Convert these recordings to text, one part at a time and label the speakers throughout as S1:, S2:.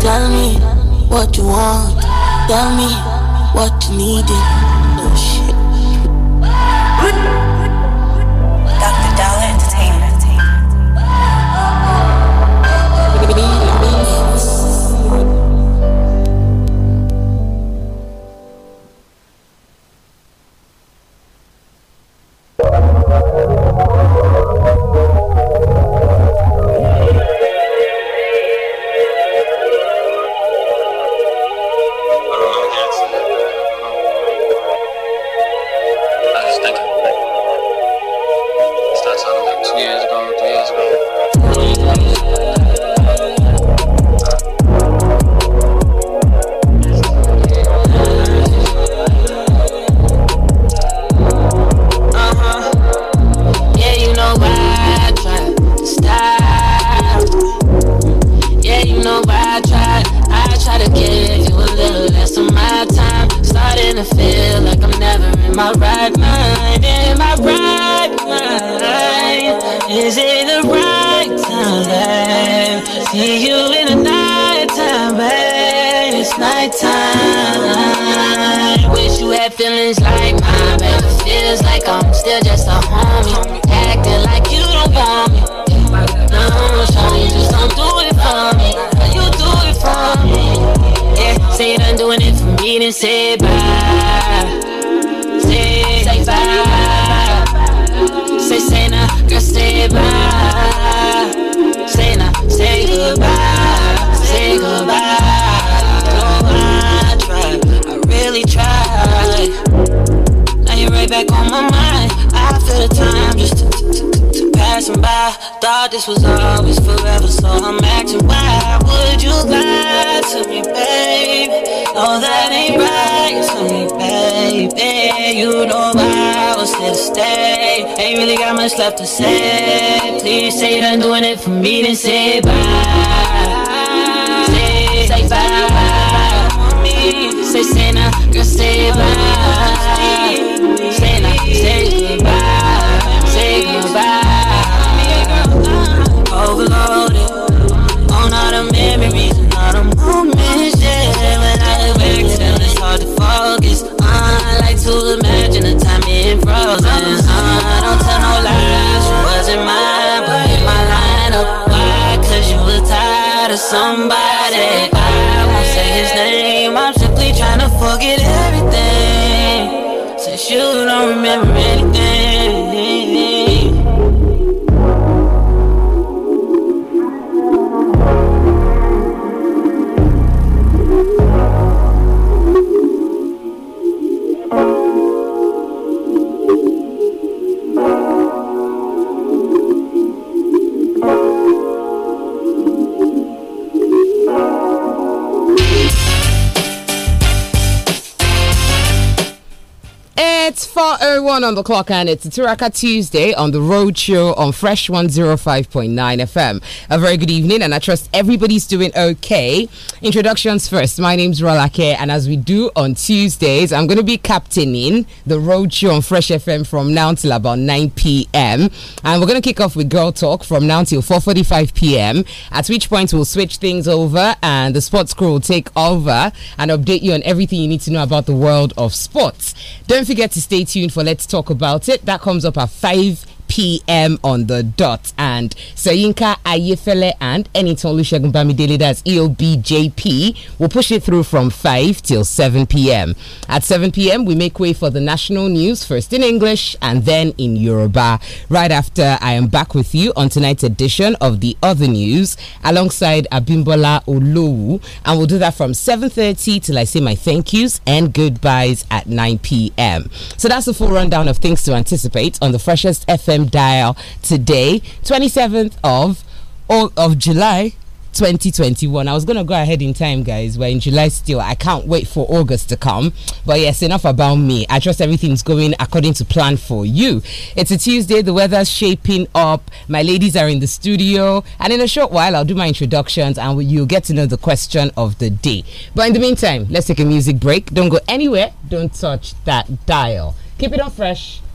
S1: Tell me what you want. Tell me
S2: what you need. for me
S3: 401 on the clock, and it's Turaka Tuesday on the Road Show on Fresh 105.9 FM. A very good evening, and I trust everybody's doing okay. Introductions first. My name's Rolake, and as we do on Tuesdays, I'm going to be captaining the Road Show on Fresh FM from now till about 9 p.m. And we're going to kick off with Girl Talk from now till 4.45 p.m., at which point we'll switch things over, and the sports crew will take over and update you on everything you need to know about the world of sports. Don't forget to stay tuned for Let's Talk About It. That comes up at 5 p.m. on the dot. And Sayinka Ayefele and Eniton Olusegun Bamidele, that's EOBJP, will push it through from 5 till 7 p.m. At 7 p.m., we make way for the national news, first in English and then in Yoruba. Right after, I am back with you on tonight's edition of The Other News alongside Abimbola Olowu. And we'll do that from 7.30 till I say my thank yous and goodbyes at 9 p.m. So that's the full rundown of things to anticipate on the freshest FM FM dial today, 27th of of July 2021. I was going to go ahead in time, guys. We're in July still. I can't wait for August to come. But yes, enough about me. I trust everything's going according to plan for you. It's a Tuesday. The weather's shaping up. My ladies are in the studio. And in a short while, I'll do my introductions and you'll get to know the question of the day. But in the meantime, let's take a music break. Don't go anywhere. Don't touch that dial. Keep it on fresh.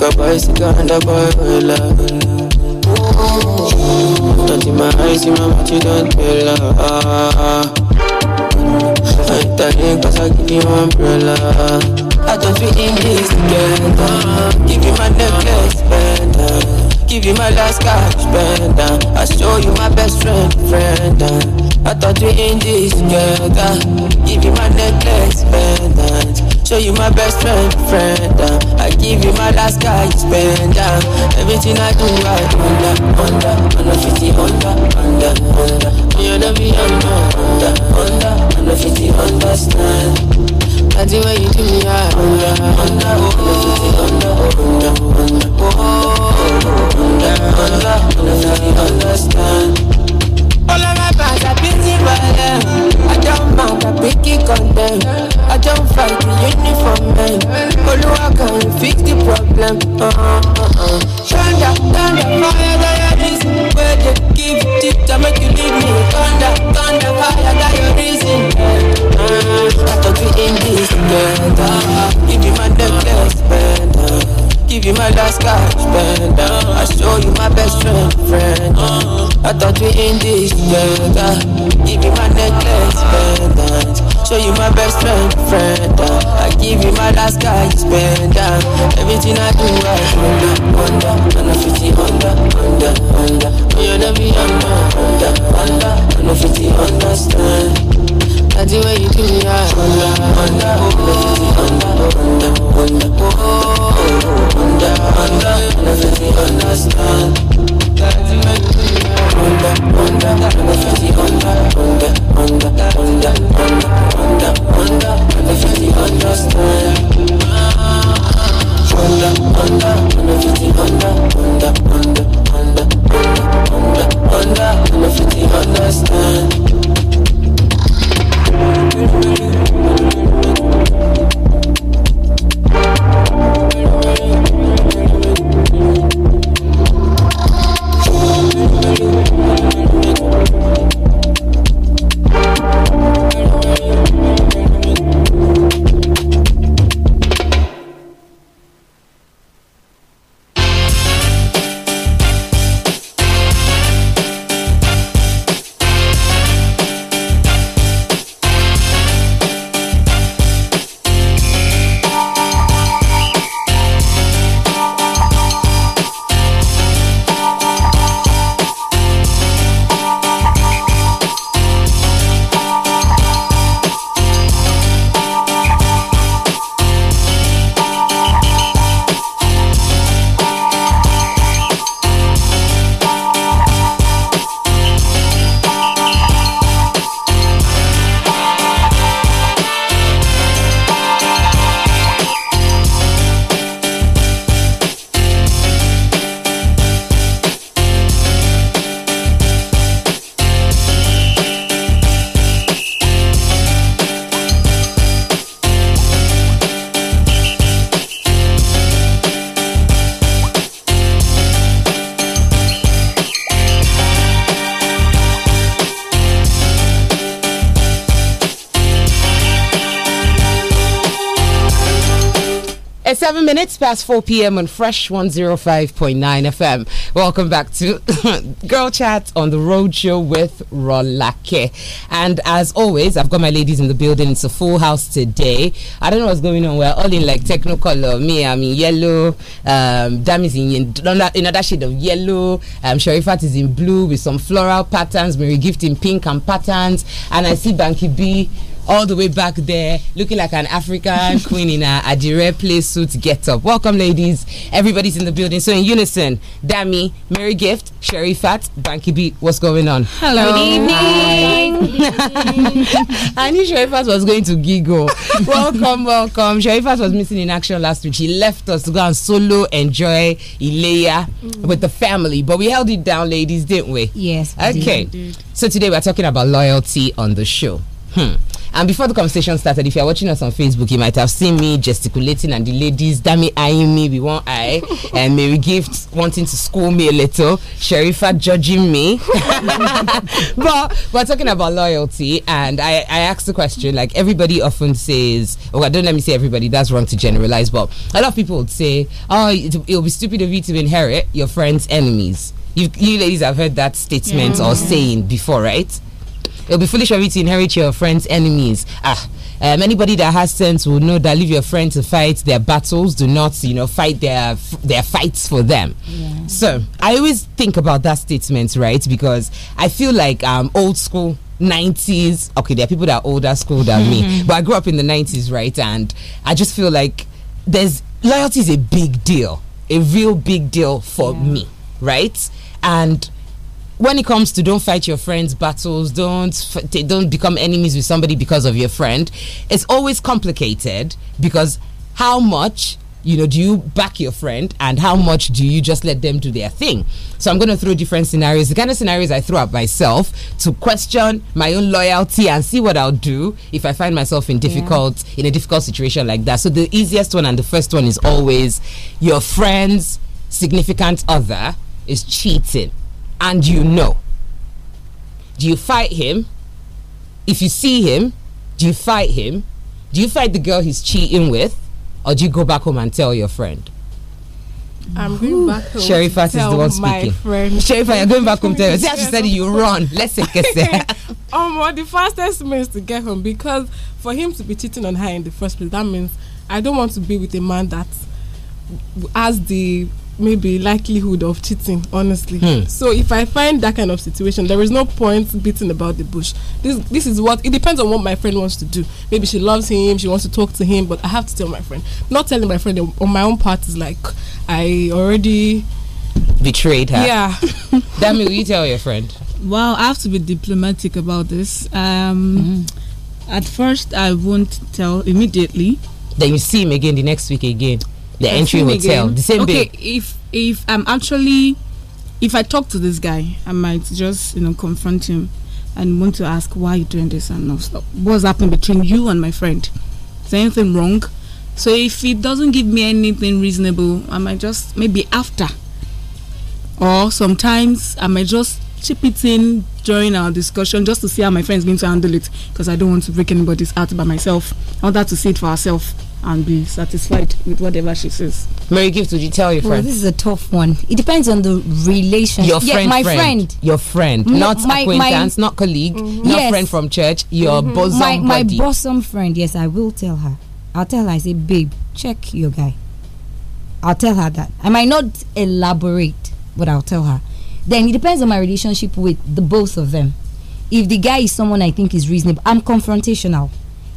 S1: like a bicycle and a boiler. Don't in my eyes, see my mouth, you don't feel love uh, uh. I tell cause I give you umbrella I don't feel in this together Give you my necklace, better Give you my last cash, better I show you my best friend, friend I thought we in this together Give you my necklace, better Show you my best friend, friend. Uh. I give you my last guy, you spend. Uh. Everything I do, I under, under, under 50, under, under, under. You know me, under, under, under, under 50, understand. That's the way you do me, I under, under, under 50, under, under, under. Oh, under, under, under 50, understand. All of my pants are busy by them. I don't mind, I picky condemn. I don't fight the uniform men. Oluwa can fix the problem. Uh uh-uh, uh uh uh. Thunder, thunder, fire that your reason. Where they give it to make you leave me. Thunder, thunder, fire that your reason. Uh, I talk you in this better. You demand the best better give you my last cash spend. Uh, I show you my best friend, friend. Uh, I thought we in this together. Uh. Give you my necklace, pendant. Show you my best friend, friend. Uh, I give you my last cash spend. Uh, everything I do, I wonder, wonder. And I feel under, under, under. You're the
S3: past 4 p.m. on Fresh 105.9 FM. Welcome back to Girl Chat on the Road Show with Rolake. And as always, I've got my ladies in the building. It's a full house today. I don't know what's going on. We're all in like techno color. Me, I'm in yellow. Um, Dami's in, in another shade of yellow. Um, Sharifat is in blue with some floral patterns. Mary Gift in pink and patterns. And I see Banky B all the way back there, looking like an African queen in a Adire play suit get up. Welcome, ladies. Everybody's in the building. So, in unison, Dami, Mary Gift, Sherry Fat, Banky B, what's going on? Hello. Good evening. I knew Sherry Fat was going to giggle. welcome, welcome. Sherry Fat was missing in action last week. She left us to go and solo enjoy Ilea mm. with the family. But we held it down, ladies, didn't we? Yes. okay. So, today we're talking about loyalty on the show. Hmm. And before the conversation started, if you're watching us on Facebook, you might have seen me gesticulating and the ladies, Dami eyeing me with one eye, and Mary Gift wanting to school me a little, Sherifa judging me. but we're talking about loyalty, and I, I asked the question like everybody often says, oh, okay, don't let me say everybody, that's wrong to generalize, but a lot of people would say, oh, it, it'll be stupid of you to inherit your friend's enemies. You, you ladies have heard that statement yeah. or saying before, right? It will be foolish of you to inherit your friend's enemies. Ah. Um, anybody that has sense will know that leave your friend to fight their battles. Do not, you know, fight their their fights for them. Yeah. So I always think about that statement, right? Because I feel like um, old school 90s. Okay, there are people that are older school than me, but I grew up in the 90s, right? And I just feel like there's loyalty is a big deal, a real big deal for yeah. me, right? And when it comes to don't fight your friends' battles, don't don't become enemies with somebody because of your friend. It's always complicated because how much you know do you back your friend and how much do you just let them do their thing so i'm going to throw different scenarios the kind of scenarios i throw up myself to question my own loyalty and see what i'll do if i find myself in difficult yeah. in a difficult situation like that so the easiest one and the first one is always your friend's significant other is cheating and you know. Do you fight him? If you see him, do you fight him? Do you fight the girl he's cheating with? Or do you go back home and tell your friend?
S4: I'm going back home. Sherifat is the one speaking.
S3: Sherifat, you're going back home. Tell her. See how she said you run. Let's take it there.
S4: Um, well, the fastest means to get home because for him to be cheating on her in the first place, that means I don't want to be with a man that has the maybe likelihood of cheating honestly hmm. so if i find that kind of situation there is no point beating about the bush this this is what it depends on what my friend wants to do maybe she loves him she wants to talk to him but i have to tell my friend not telling my friend on my own part is like i already
S3: betrayed her yeah
S4: damn will you
S3: tell your friend
S5: well i have to be diplomatic about this um, mm. at first i won't tell immediately
S3: then you see him again the next week again the entry hotel again. the same okay
S5: if if i'm um, actually if i talk to this guy i might just you know confront him and want to ask why you are doing this and what's happened between you and my friend is there anything wrong so if he doesn't give me anything reasonable i might just maybe after or sometimes i might just chip it in during our discussion just to see how my friend's going to handle it because I don't want to break anybody's heart by myself. I want that to see it for herself and be satisfied with whatever she says. Mary, give to you. Tell your
S6: friend. Well, this is a tough one. It depends on the relationship. Your friend, yeah, my friend. friend.
S5: Your
S3: friend, my, not my, acquaintance, my, not colleague, mm -hmm. not yes. friend from church. Your mm -hmm. bosom my, my bosom
S6: friend. Yes, I will tell her. I'll tell her. I say, babe, check your guy. I'll tell her that. I might not elaborate, but I'll tell her. Then it depends on my relationship with the both of them. If the guy is someone I think is reasonable, I'm confrontational.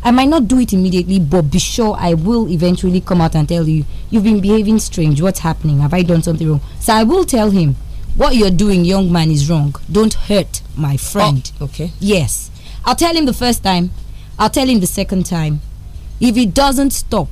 S6: I might not do it immediately, but be sure I will eventually come out and tell you, you've been behaving strange. What's happening? Have I done something wrong? So I will tell him, what you're doing, young man, is wrong. Don't hurt my friend. Oh, okay. Yes. I'll tell him the first time. I'll tell him the second time. If he doesn't stop,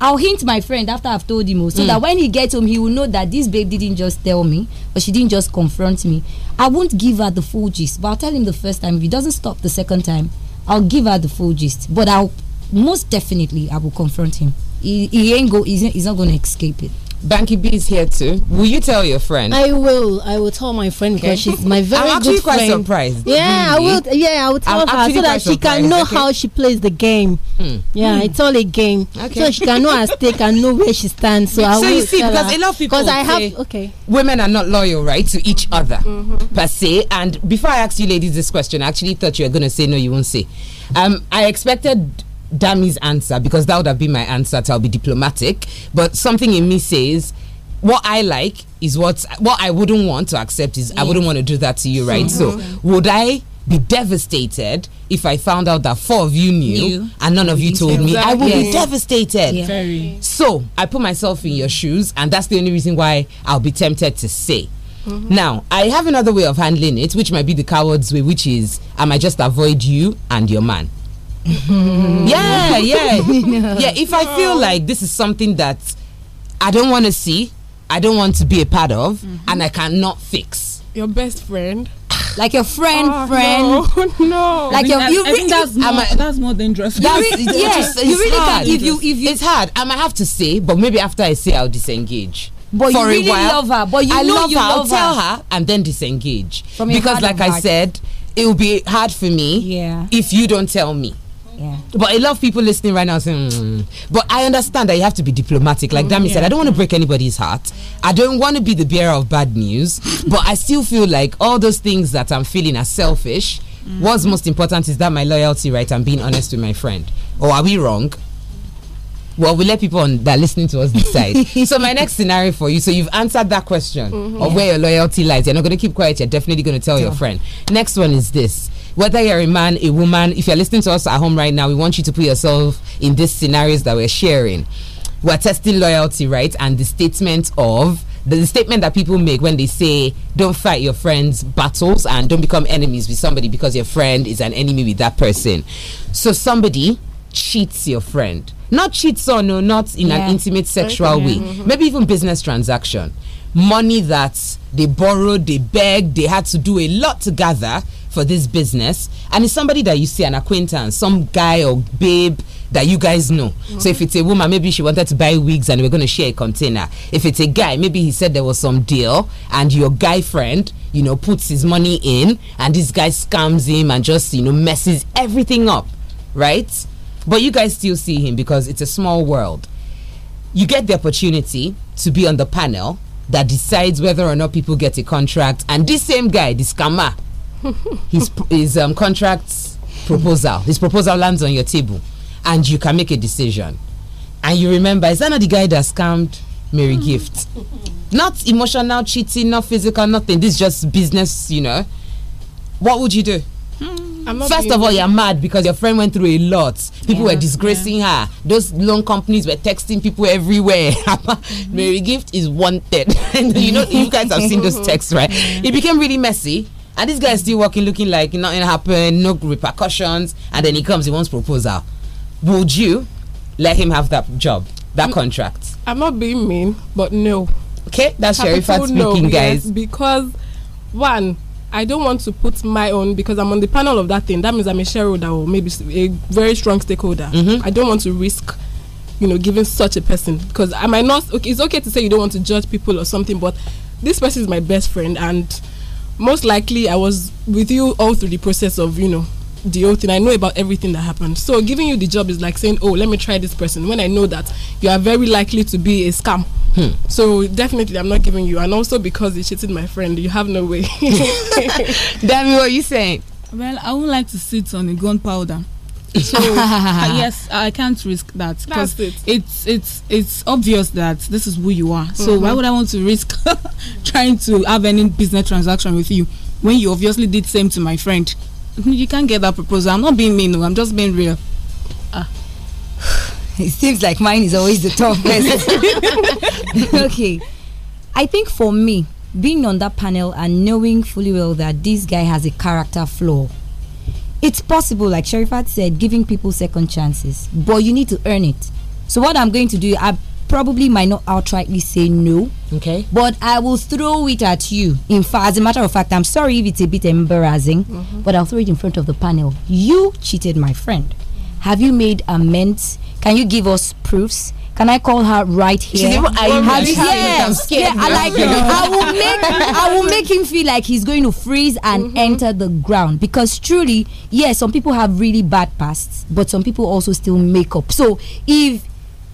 S6: I'll hint my friend after I've told him oh, so mm. that when he gets home, he will know that this babe didn't just tell me or she didn't just confront me. I won't give her the full gist, but I'll tell him the first time. If he doesn't stop the second time, I'll give her the full gist, but I'll most definitely I will confront him. He, he ain't go. He's, he's not going to escape it. Banky B is here too.
S3: Will you tell your friend? I
S6: will. I will tell my friend okay. because she's my very I'm actually quite surprised. Yeah, really? I will. Yeah, I will tell I'm her so that she can know okay. how she plays the game. Mm. Yeah, mm. it's all a game. Okay. So she can know her stake and know where she stands. So, so I will. So
S3: you see, because her. a lot of people. Because I have. Okay. Women are not loyal, right, to each other mm -hmm. per se. And before I ask you ladies this question, I actually thought you were going to say no. You won't say. Um, I expected Dami's answer because that would have been my answer. To, I'll be diplomatic. But something in me says, what I like is what what I wouldn't want to accept is yeah. I mm. wouldn't want to do that to you, right? Mm -hmm. So mm-hmm. would I be devastated if I found out that four of you knew you. and none of you told me? I would yeah. be devastated. Yeah. Very. So I put myself in your shoes, and that's the only reason why I'll be tempted to say. Mm -hmm. Now, I have another way of handling it, which might be the coward's way, which is I might just avoid you and your man yeah, yeah, yeah. If I feel like this is something that I don't want to see, I don't want to be a part of, mm -hmm. and I cannot fix.
S4: Your best friend like your friend, oh, friend. No, no. Like your, you I think that's, more, I, that's more dangerous.
S5: That's, yes, you really can. If you,
S3: if you, it's hard. I might have to say, but maybe after I say, I'll disengage. But for you really a while. love her. But you I know love you her. Love I'll her. tell her and then disengage
S7: because, like I said,
S3: it will be hard for me. Yeah. If you don't tell me. Yeah. But a lot of people listening right now saying, mm. but I understand that you have to be diplomatic. Like Dammy Dami yeah. said, I don't want to mm. break anybody's heart. I don't want to be the bearer of bad news. but I still feel like all those things that I'm feeling are selfish. Mm. What's most important is that my loyalty, right? I'm being honest with my friend. Or are we wrong? Well, we let people on, that are listening to us decide. so my next scenario for you. So you've answered that question mm -hmm. of where your loyalty lies. You're not going to keep quiet. You're definitely going to tell yeah. your friend. Next one is this whether you're a man, a woman, if you're listening to us at home right now, we want you to put yourself in these scenarios that we're sharing. We're testing loyalty, right? And the statement of the, statement that people make when they say don't fight your friends battles and don't become enemies with somebody because your friend is an enemy with that person so somebody cheats your friend not cheats or no not in yeah. an intimate sexual okay. way mm-hmm. maybe even business transaction money that they borrowed they begged they had to do a lot to gather for this business and it's somebody that you see an acquaintance some guy or babe that you guys know. Mm -hmm. So if it's a woman, maybe she wanted to buy wigs and we're going to share a container. If it's a guy, maybe he said there was some deal and your guy friend, you know, puts his money in and this guy scams him and just, you know, messes everything up, right? But you guys still see him because it's a small world. You get the opportunity to be on the panel that decides whether or not people get a contract and this same guy, the scammer, his his um, contract proposal. His proposal lands on your table, and you can make a decision. And you remember, is that not the guy that scammed Mary mm. Gift? not emotional cheating, not physical, nothing. This is just business, you know. What would you do?
S4: Hmm. First of all, you're
S3: mad because your friend went through a lot. People yeah, were disgracing yeah. her. Those loan companies were texting people everywhere. Mary Gift is wanted. and you know, you guys have seen those texts, right? Yeah. It became really messy. And this guy is still working, looking like nothing happened, no repercussions. And then he comes, he wants proposal. Would you let him have that job, that I'm, mm. contract?
S4: I'm not being mean, but no. Okay, that's Sherifa speaking, no, guys. Yes, because one, I don't want to put my own because I'm on the panel of that thing. That means I'm a shareholder or maybe a very strong stakeholder. Mm -hmm. I don't want to risk, you know, giving such a person because I might not. Okay, it's okay to say you don't want to judge people or something, but this person is my best friend and most likely I was with you all through the process of, you know, the whole thing. I know about everything that happened. So giving you the job is like saying, oh, let me try this person when I know that you are very likely to be a scam. Hmm. So definitely, I'm not giving you. And also because you cheated my friend, you have no way. Dami, what are you saying?
S5: Well, I would like to sit on the gunpowder. So uh, yes, I can't risk that because it. it's it's it's obvious that this is who you are. So mm -hmm. why would I want to risk trying to have any business transaction with you when you obviously did same to my friend? You can't get that proposal. I'm not being mean. No, I'm just being real. Uh.
S6: it seems like mine is always the toughest. okay, I think for me, being on that panel and knowing fully well that this guy has a character flaw it's possible, like Sherifat said, giving people second chances, but you need to earn it. So what I'm going to do, I probably might not outrightly say no. Okay. But I will throw it at you. In fact, as a matter of fact, I'm sorry if it's a bit embarrassing, mm -hmm. but I'll throw it in front of the panel. You cheated my friend. Have you made amends? Can you give us proofs? Can I call her right here? She's even, I have, yes, yeah, I like it. I will make I will make him feel like he's going to freeze and mm -hmm. enter the ground because truly, yes, some people have really bad pasts, but some people also still make up. So if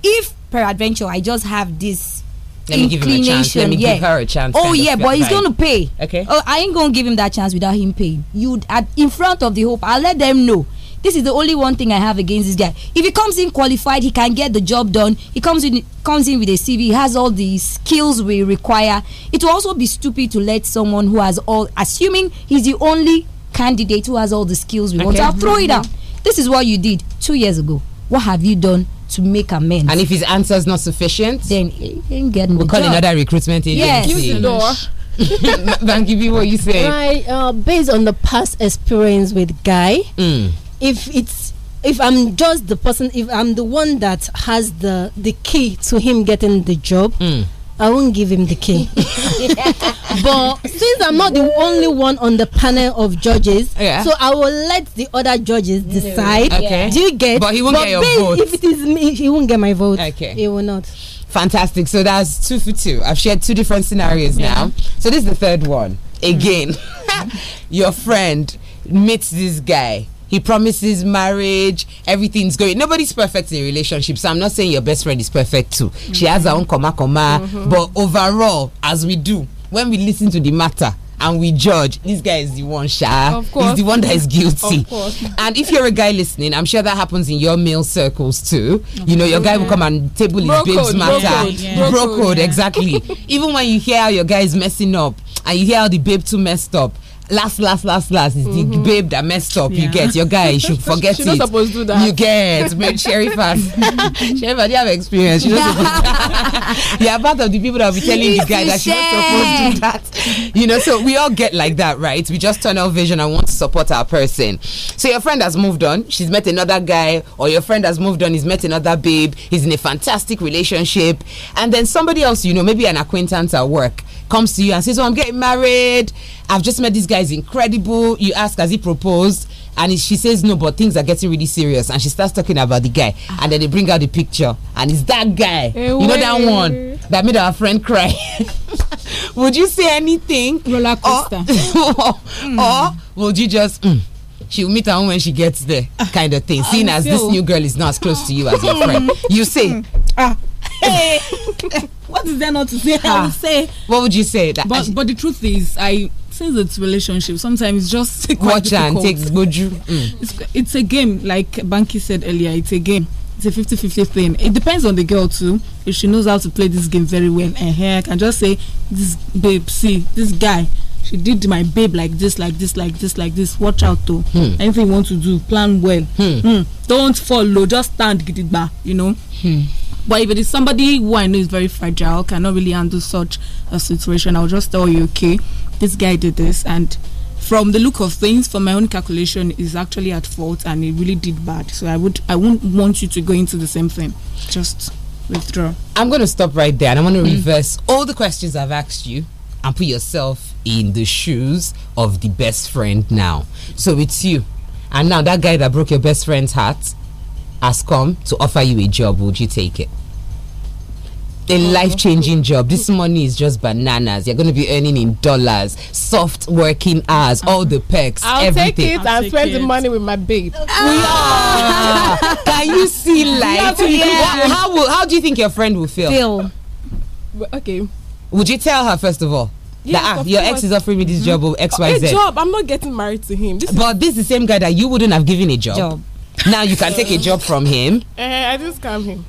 S6: if peradventure I just have this let me give him a chance. Let me yeah. give her a chance. Oh yeah, but he's gonna pay. Okay. Oh, I ain't gonna give him that chance without him paying. You in front of the hope. I'll let them know this is the only one thing I have against this guy. If he comes in qualified, he can get the job done. He comes in comes in with a CV, he has all the skills we require. It will also be stupid to let someone who has all assuming he's the only candidate who has all the skills we okay. want. I'll throw it out. This is what you did two years ago. What have you done to make amends. And if his answer is not sufficient, then he ain't getting. We will call job. another
S3: recruitment agency. Yes, use the door. Thank you.
S6: What you say? My uh, based on the past experience with Guy, mm if it's if I'm just the person, if I'm the one that has the the key to him getting the job, mm. I won't give him the key. but since I'm not the only one on the panel of judges, yeah. so I will let the other judges decide. Okay. Do you get? But he won't but get your vote. If it is me, he won't get my vote. Okay. He will not. Fantastic. So that's
S3: two for two. I've shared two different scenarios yeah. now. So this is the third one. Mm. Again, mm. your friend meets this guy he promises marriage everything's going nobody's perfect in relationships so i'm not saying your best friend is perfect too mm -hmm. she has her own comma comma mm -hmm. but overall as we do when we listen to the matter and we judge this guy is the one sha he's the one that is guilty and if you're a guy listening i'm sure that happens in your male circles too okay. you know your guy yeah. will come and table his bro babes code, matter bro code, yeah. bro code yeah. exactly even when you hear your guy is messing up and you hear how the babe too messed up last last last last is mm -hmm. the mm-hmm. babe that messed up yeah. you get your guy you should forget She's it not supposed to do that. you get but fast Sherry, but you have experience you know you are part of the people that will be telling the guy that she's
S5: not
S7: supposed to do that
S3: you know so we all get like that right we just turn our vision and want to support our person so your friend has moved on she's met another guy or your friend has moved on he's met another babe he's in a fantastic relationship and then somebody else you know maybe an acquaintance at work comes to you and says, "Oh, I'm getting married. I've just met this guy. He's incredible." You ask, "Has he proposed?" And she says, "No, but things are getting really serious." And she starts talking about the guy, and then they bring out the picture, and it's that guy. Hey, you know way. that one that made our friend cry. would you say anything? Roller coaster. Or, or, mm. or would you just? Mm, she'll meet her when she gets there, ah. kind of thing. Seeing ah, as this new girl is not as close to you as your friend, you say, hmm.
S5: ah hey, what is there not to say? I ah, would say. What would you say? That but, but the truth is, I since it's relationship, sometimes it's just watch and take Mm. It's, it's a game, like Banky said earlier. It's a game it's a 50 50 thing. It depends on the girl, too. If she knows how to play this game very well, and here I can just say, This babe, see, this guy, she did my babe like this, like this, like this, like this. Watch out, though. Hmm. Anything you want to do, plan well. Hmm. Hmm. Don't follow, just stand, you know. Hmm. But if it is somebody who I know is very fragile, cannot really handle such a situation, I'll just tell you, okay, this guy did this. And from the look of things, from my own calculation, is actually at fault and he really did bad. So I would, I wouldn't want you to go into the same thing. Just withdraw.
S3: I'm going to stop right there and I want to mm. reverse all the questions I've asked you and put yourself in the shoes of the best friend now. So it's you. And now that guy that broke your best friend's heart has come to offer you a job, would you take it? a oh, life-changing job. This money is just bananas. You're going to be earning in dollars, soft working hours, all the perks, I'll everything. Take it I'll and spend the money
S4: with my babe. We are.
S3: Can you see life? Yeah. How will, how do you think your friend will feel?
S4: Feel. Okay.
S3: Would you tell her first of all? Yeah. that, ah, your ex is offering me this mm-hmm. job mm -hmm. XYZ. A job.
S4: I'm not getting married to him. This
S3: but this is the same guy that you wouldn't have given a job. job. Now you can take a job from him.
S4: Uh, I just scam him.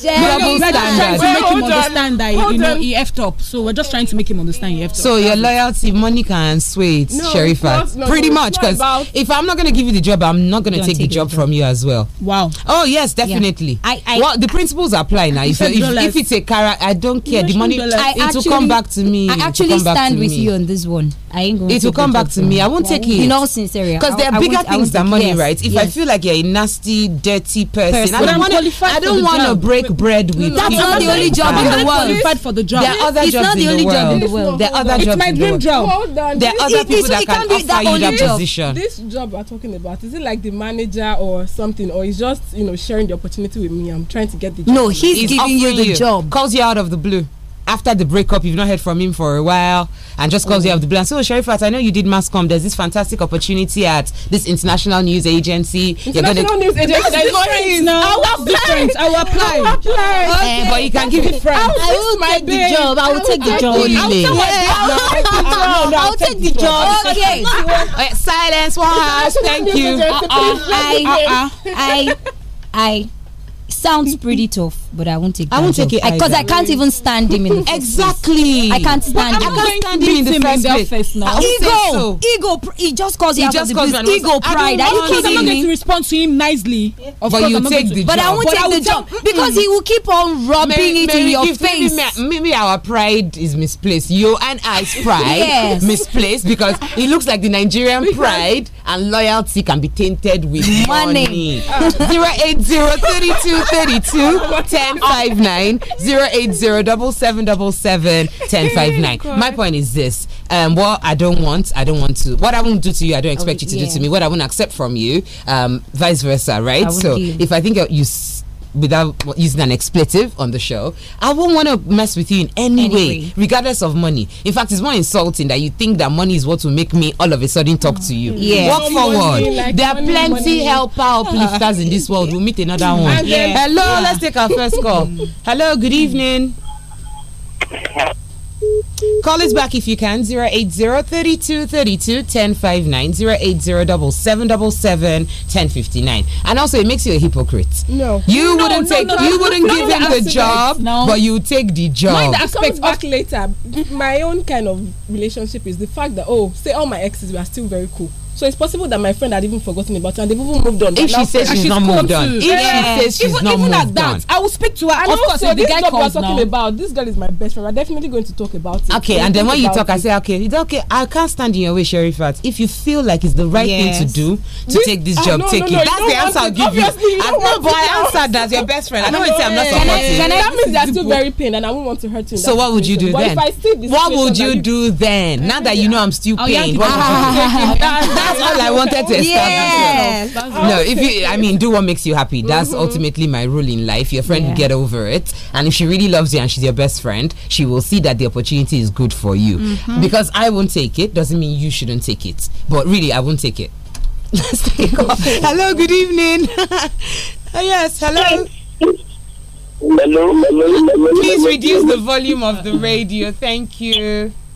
S4: yeah, no, no, make him
S5: understand on. that hold you know on. he effed up. So we're just trying to make him understand he effed up. So your loyalty, money
S3: can sway it, no, Sherifa. No, Pretty much, because if I'm not going to give you the job, I'm not going to take, the job it. from you as well. Wow. Oh yes, definitely. Yeah. I, I, well, the principles apply now. If, if, if it's a car, I don't care. The money, it will come back to me. I actually stand with you on this one
S6: ain't It will come back to me. I won't well, take it. In all sincerity, because there are bigger things than money, yes,
S3: right? If yes. I feel like you're a nasty, dirty person, person. I don't want to. I don't want to break bread with. That's not the only job in the world. Qualified for the job. There are other it's jobs not the only job in the world. There are other jobs. It's my dream job. There are other people that can offer you that position.
S4: This job we're talking about is it like the manager or something, or is just you know sharing the opportunity with me? I'm trying to get the job. No, he's giving you the job.
S3: Calls you out of the blue after the breakup, you've not heard from him for a while, and just cause mm you have the blue So, "Oh, Sherifat, I know you did mass com. There's this fantastic opportunity at this international news agency. International You're gonna news agency. That's different. No, I'll different. I will apply. I will apply. Okay. Eh, but you can that's give it. I will take the job. I will take the job. I will take the job. I will take the job. Okay. Silence. One Thank you. Uh-uh. I
S6: uh-uh. I I sounds pretty tough but I won't take. I won't take it because I, can't even stand him in the exactly. I can't stand. But him. I can't stand him in the first place. Face now. Ah, ego, so. ego. He just calls he just calls ego pride. Are I'm not going to
S5: respond to him nicely. Of but you take the job. But I won't take the job because hmm. he will keep on rubbing it in your face.
S3: Maybe our pride is misplaced. You and I's pride misplaced because it looks like the Nigerian pride and loyalty can be tainted with money. Ah. Zero eight zero thirty two thirty two. Ten five nine zero eight zero double seven double seven ten five nine. My point is this um, what I don't want, I don't want to, what I won't do to you, I don't expect oh, you to yeah. do to me, what I won't accept from you, um, vice versa, right? So if I think you without using an expletive on the show, I won't want to mess with you in any, way, regardless of money. In fact, it's more insulting that you think that money is what will make me all of a sudden talk to you. Mm. Yeah. Walk forward. Like there are plenty money. helper uplifters in this world. We'll meet
S4: another one. Yeah. Hello, yeah. let's
S3: take our first call. Hello, good evening. Call us back if you can. 080-3232-1059. And also it makes you a hypocrite.
S7: No. You no, wouldn't no, take no, you wouldn't
S4: give him the job, but you
S3: take the job. Mind aspect
S4: back later. My own kind of relationship is the fact that oh, say all my exes were still very cool so it's possible that my friend had even forgotten about her and they've even moved on. If she says she's, not moved on, if she says she's even, on, even at that, I will speak to her. And of course, also, this guy girl talking now. about, this girl is my best friend. I'm definitely going to talk about it. Okay, so and then when you talk, it. I say,
S3: okay, it's okay. I can't stand in your way, Sherifat. If you feel like it's the right yes. thing to do to this, take this oh, job, no, take no, no, it. That's the answer I'll give you. No, but I answered that your best friend. I don't say I'm not supporting. That means they're still very
S4: pained and I won't want to hurt you. So what would you do then?
S3: What would you do then? Now that you know I'm still
S4: pain, what would you do? that's all I wanted to establish. Yes. No, if you, I
S3: mean, do what makes you happy. That's mm -hmm. ultimately my rule in life. Your friend yeah. will get over it, and if she really loves you and she's your best friend, she will see that the opportunity is good for you. Mm -hmm. Because I won't take it doesn't mean you shouldn't take it. But really, I won't take it. Let's take Hello, good evening. oh, yes, hello. Hello, hello, hello. Please reduce the volume of the radio. Thank you.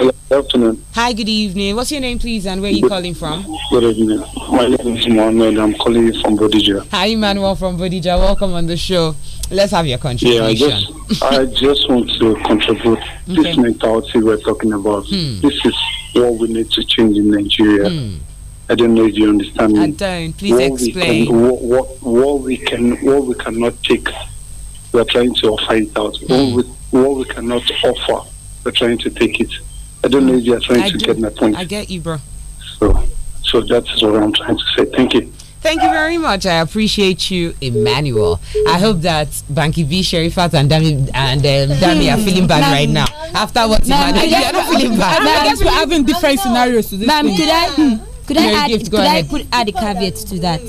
S8: good afternoon.
S3: Hi, good evening. What's your name, please, and where are you good, calling from?
S8: Good evening. My name is Mohamed. I'm calling you from Bodija.
S3: Hi, Manuel from Bodija. Welcome on the show. Let's have your contribution. Yeah, I
S8: just, I just want to contribute. Okay. This mentality we're talking about, hmm. this is what we need to change in Nigeria. Hmm. I don't know if you understand me. I don't. Please what explain. Can, what, what, what, we can, what we cannot take, we're trying to offer it out. Hmm. What, we, what we cannot offer, we're trying to take it. I don't know if you are trying I to do. get my point. I get you, bro. So, so that's what I'm trying to say. Thank you.
S3: Thank you very much. I appreciate you, Emmanuel. I hope that Banky B, Sherifat, and Dami, and uh, hmm. Dami are feeling bad right now. After what you are not feeling bad. I guess we're having different scenarios to this. Ma'am, could I, hmm.
S6: could I, add, gift, could I put, add a caveat to that?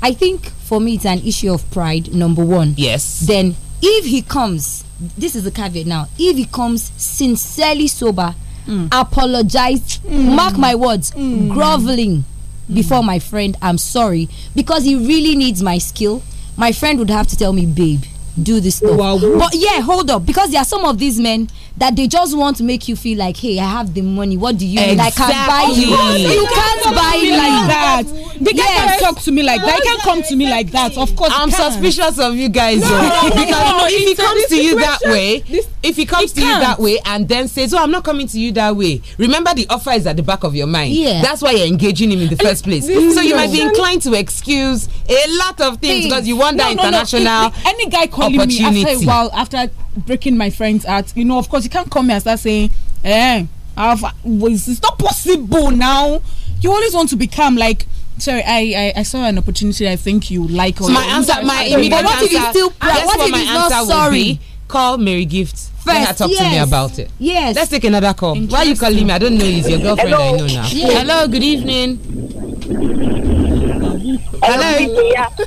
S6: I think for me, it's an issue of pride, number one. Yes. Then, if he comes, this is the caveat now, if he comes sincerely sober, mm. apologized, mm. mark my words, mm. groveling mm. before my friend, I'm sorry, because he really needs my skill. My friend would have to tell me, babe, do this stuff. But yeah, hold up, because there are some of these men that they just want to make you feel like, hey, I have the money. What do you exactly. Like, I can buy you. You can't buy me like that.
S5: They can't talk to me like that. They can't come to me like that. Of course, I'm suspicious of you guys. No, no, because no, no, if he comes to you that
S9: way,
S3: this, if he comes to can't. you that way and then says, "Oh, I'm not coming to you that way," remember the offer is at the back of your mind. Yeah, that's why you're engaging him in the first place. This so you might be inclined to excuse a lot of things because you want that international. If, if any guy comes killing me after a while
S5: after breaking my friend's heart you know of course you can't come here and start saying eh I've, it's not possible now you always want to become like sorry I, I, I saw an opportunity i think you like so my answer my immediate but what answer, if you still what, what if he's not sorry call mary
S3: gift first talk yes. to me about it yes let's take another call why are you calling me i don't know he's your girlfriend hello. i know now yeah. hello good evening Hello.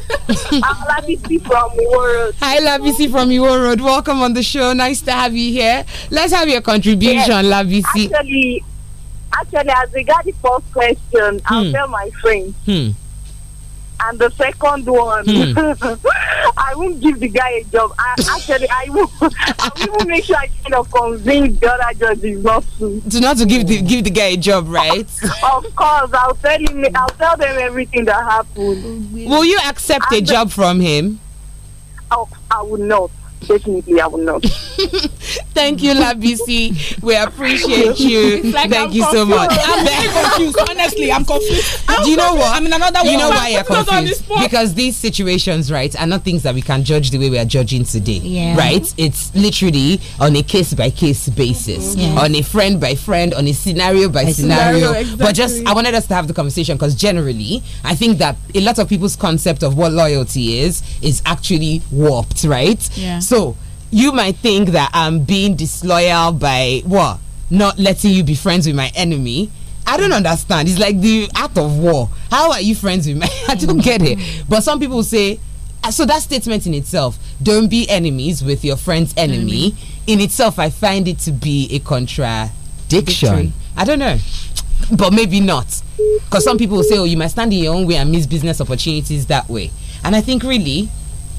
S3: I'm Labisi from Iwo Road. Hi, Labisi from Iwo Road. Welcome on the show.
S10: Nice to have you here. Let's have your contribution, yes. Labisi. Actually, actually, as regard the first question, hmm. I'll tell my friend. Hmm and the second one, hmm. I won't give the guy a job. I, actually, I will. I will make sure I kind of convince the other judges not to. To not to give the give the guy a job, right? of course, I'll tell him. I'll tell them everything that happened. Will you accept and a job from him? I, oh, I would not. Definitely, I will not.
S3: Thank you, Labisi. We appreciate you. Like Thank I'm you confused. so much. I'm very
S5: confused. Honestly, I'm confused. Do you know what? I'm in another You know why you're confused?
S3: Because these situations, right, are not things that we can judge the way we are judging today. Yeah. Right? It's literally on a case by case basis, mm -hmm. on a friend by friend, on a scenario by, scenario. scenario exactly. But just, I wanted us to have the conversation because generally, I think that a lot of people's concept of what loyalty is is actually warped, right? Yeah. So so you might think that I'm being disloyal by what? Not letting you be friends with my enemy. I don't understand. It's like the act of war. How are you friends with me? I don't get it. But some people say, uh, so that statement in itself, don't be enemies with your friend's enemy, in itself, I find it to be a contradiction. I don't know. But maybe not. Because some people say, oh, you might stand in your own way and miss business opportunities that way. And I think really,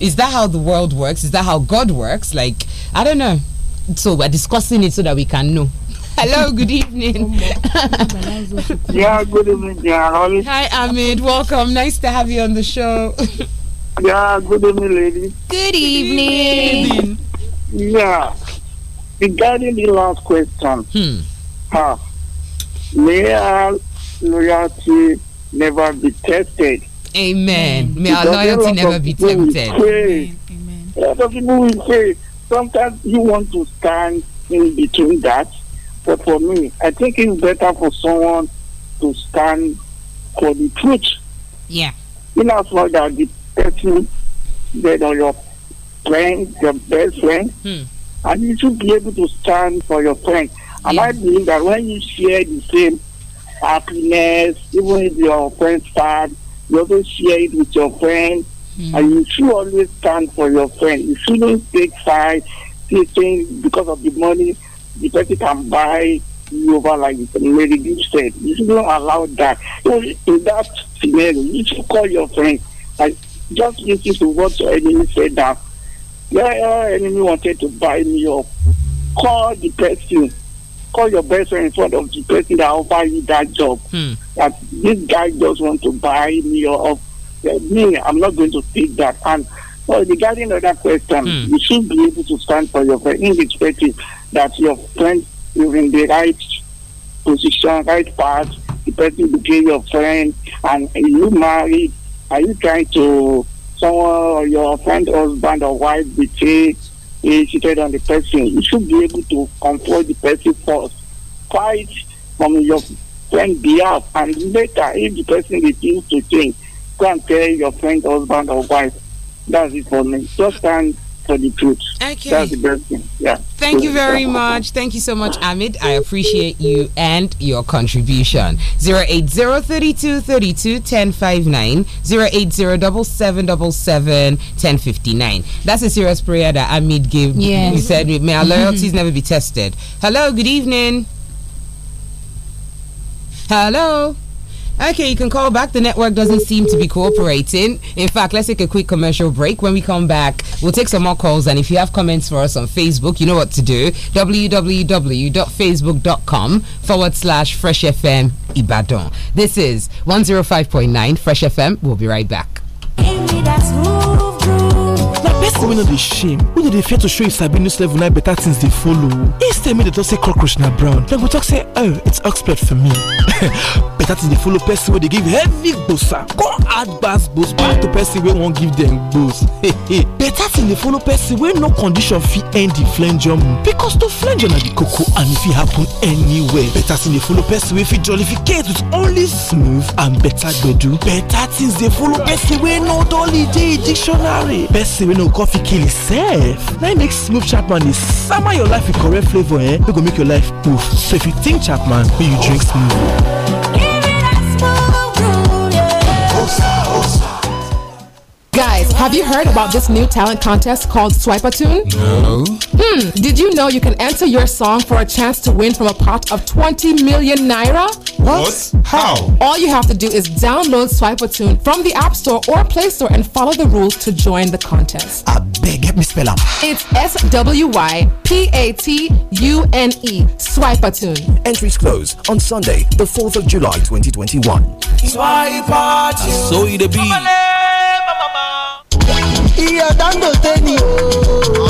S3: is that how the world works? Is that how God works? Like, I don't know. So we're discussing it so that we can know. Hello, good evening.
S10: yeah, good evening. Yeah,
S3: Hi, Ahmed. Welcome. Nice to have you on the show.
S10: yeah, good evening, ladies.
S11: Good evening. Good evening. Yeah. Regarding the last question, hmm. huh, ah. loyalty never be tested
S3: Amen. May our loyalty never be tempted.
S11: Amen. Amen. A lot of people will say, sometimes you want to stand in between that. But for me, I think it's better for someone to stand for the truth. Yeah. In as much that the person that are your friend, your best friend, hmm. and you should be able to stand for your friend. And yeah. I believe that when you share the same happiness, even if your friend sad. You always share it with your friends. Mm. And you should always stand for your friend. You shouldn't take sides, things because of the money because you can buy you over like Mary Gibbs said. You should not allow that. So in that scenario, you should call your friend. and just listen to what your enemy said that your enemy wanted to buy me up. Call the person call your best friend in front of the person that offer you that job. Hmm. That this guy just want to buy me or me. I'm not going to take that. And well, regarding other question, hmm. you should be able to stand for your friend, irrespective that your friend is in the right position, right path. The person became your friend, and you married. Are you trying to someone your friend, husband or wife became? is on the person, you should be able to control the person first, fight from your friend behalf, and later, if the person refuses to change, go and tell your friend, husband, or wife. That's it for me. Just stand the truth. Okay. That's the best thing. Yeah. Thank you very
S3: much. Thank you so much, Ahmed. I appreciate you and your contribution. 08032321059, 08077771059. That's a serious prayer that Ahmed gave. Yes. He said, May our loyalties never be tested. Hello, good evening. Hello. Okay, you can call back. The network doesn't seem to be cooperating. In fact, let's take a quick commercial break. When we come back, we'll take some more calls. And if you have comments for us on Facebook, you know what to do www.facebook.com forward slash Fresh FM Ibadan. This is 105.9 Fresh FM. We'll be right back
S12: person we no dey shame wey no dey fear to show e sabi news level na better things they follow Instead me they dem talk say cockroach na brown dem go talk say oh it's expert for me better things they follow person where they give heavy gbosa Go add bass boost back to person wey wan give them boost. better things they follow person where no condition fit end the flenjum because to flenjum na the cocoa and if it happen anywhere better things they follow person where fit jollificate with only smooth and better gbedu better things they follow person where no dolly dey dictionary person where no coffee kill itself. Now it makes Smooth Chapman is summer your life with correct flavor, eh? It go make your life poof. So if you think Chapman, may you drink Smooth.
S13: Have you heard about this new talent contest called Swipe a Tune? No. Hmm. Did you know you can enter your song for a chance to win from a pot of 20 million naira? What? How? All you have to do is download Swipe a Tune from the App Store or Play Store and follow the rules to join the contest.
S14: I beg, help me spell it.
S13: It's S W Y P A T U N E. Swipe a Tune.
S15: Entries close on Sunday, the 4th of July, 2021.
S12: Swipe a Tune. So you the beat. iyọ̀ Dangote ni o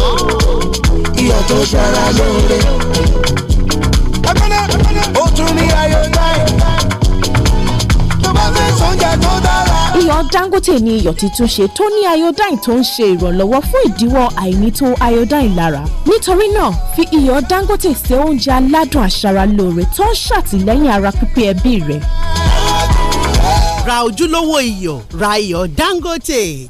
S12: iyọ̀ tó
S16: ṣara lóore.
S12: ó tún ní iodine
S16: tó bá fẹ́ sọ́jà tó dára
S5: iyọ̀ dangote ni iyọ̀ titun ṣe tó ní iodine tó ń ṣe ìrànlọ́wọ́ fún ìdíwọ́ àìnító iodine lára. nítorí náà fi iyọ̀ dangote ṣe oúnjẹ aládùn aṣaralóore tó ń ṣàtìlẹ́yìn ara pípé ẹbí rẹ̀. ra ojúlówó iyọ̀ ra iyọ̀ dangote.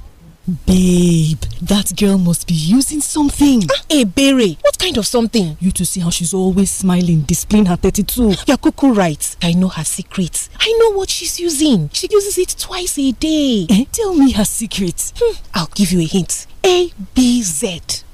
S5: Babe, that girl must be using something. hey, ah, eh, Berry, what kind of something? You to see how she's always smiling, displaying her 32. Yakuku writes, right. I know her secrets. I know what she's using. She uses it twice a day. Eh? Tell me her secrets.
S15: Hmm, I'll give you a hint. A B Z.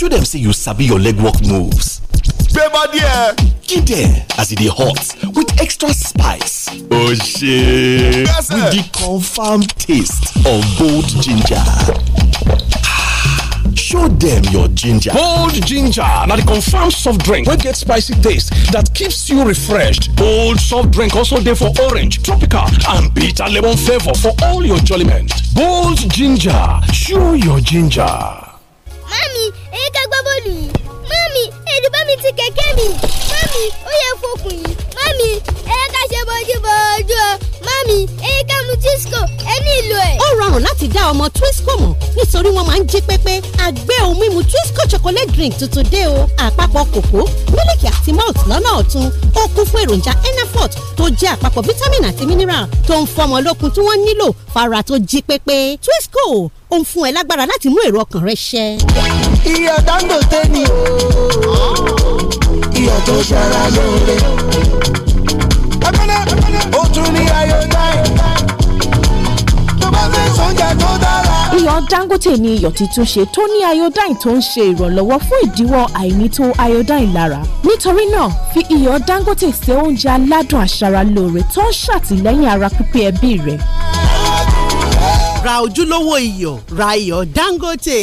S12: show dem say you sabi your legwork moves. Beba there! Gide as e dey hot with extra spice. Oh shit! Yes, with the confirmed taste of bold ginger. show them your ginger. bold ginger not the confirmed soft drink We get spicy taste that keeps you refreshed. bold soft drink also dey for orange tropical and bitter lemon flavour for all your jolliment. jollyment. bold ginger show your ginger.
S9: mami èyí ká gbá bọ́ọ̀lù yìí mami èdè bá mi ti kẹ̀kẹ́ mi mami ó yẹ fokùn yìí mami èyí ká ṣe bójúbójú o mami èyí ká mu Twisco ẹ nílò ẹ̀. ó rọrùn
S6: láti dá ọmọ Twisco mọ̀ nítorí wọ́n máa ń jí pépé àgbẹ̀ ohun mímu Twisco chocolate drink tuntun dé o àpapọ̀ kòkó mílìkì àti malt lọ́nà ọ̀tun ó kún fún èròjà enafort tó jẹ́ àpapọ̀ vitamin àti mineral tó ń fọmọ lókun tí wọ́n nílò fara tó jí pépé Twisco ó ń
S9: fún ẹ lágbára láti mú èrò ọkàn rẹ ṣẹ. iyọ̀ Dangote ni o
S7: iyọ̀ tó ṣara lóore
S16: ó tún ní ayọ̀dáì iyọ̀
S5: dangote ni iyọ̀ titun ṣe tó ní iodine tó ń ṣe ìrànlọ́wọ́ fún ìdíwọ́ àìnító iodine lára. nítorí náà fi iyọ̀ dangote ṣe oúnjẹ aládùn aṣaralóore tó ń
S16: ṣàtìlẹ́yìn ara pípé ẹbí rẹ̀. ra ojúlówó iyọ̀ ra iyọ̀ Dangote.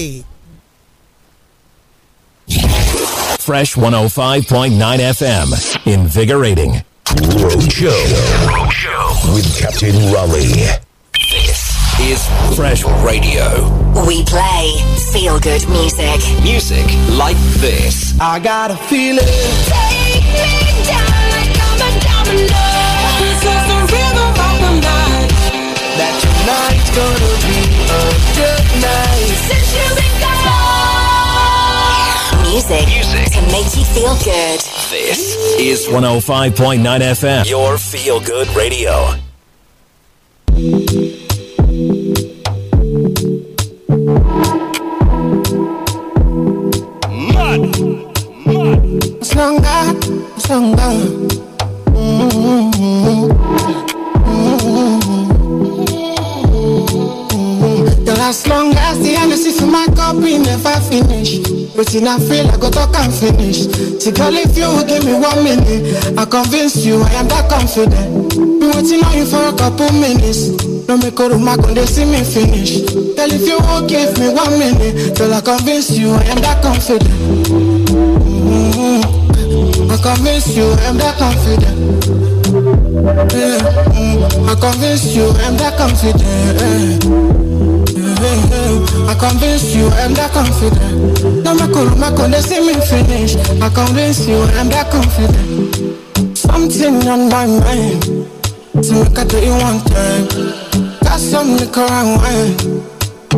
S17: Fresh 105.9 FM. Invigorating. Roadshow. Roadshow. With Captain Raleigh. This is Fresh Radio. We play feel good music. Music like this.
S12: I got a feeling. Take me down like
S1: I'm a domino. This is the
S2: real. Tonight's gonna be a good night. Since you've been gone. Music, Music make
S17: you feel good. This is 105.9 FM, your feel good radio.
S16: Mud, mud. It's longer, As long as the Hennessy for my cup, we never finish. But in I feel I go talk and finish. See, girl, if you give me one minute, I convince you I am that confident. Been waiting on you for a couple minutes. No make a room, I can they see me finish. Tell if you won't give me one minute, till I convince you I am that confident. Mm-hmm. I convince you I am that confident. Yeah, mm, I convince you I'm that confident. Yeah. I convince you I'm that confident. No my makuru they see me finish. I convince you I'm that confident. Something on my mind. To make I do it one time. Got some liquor and wine.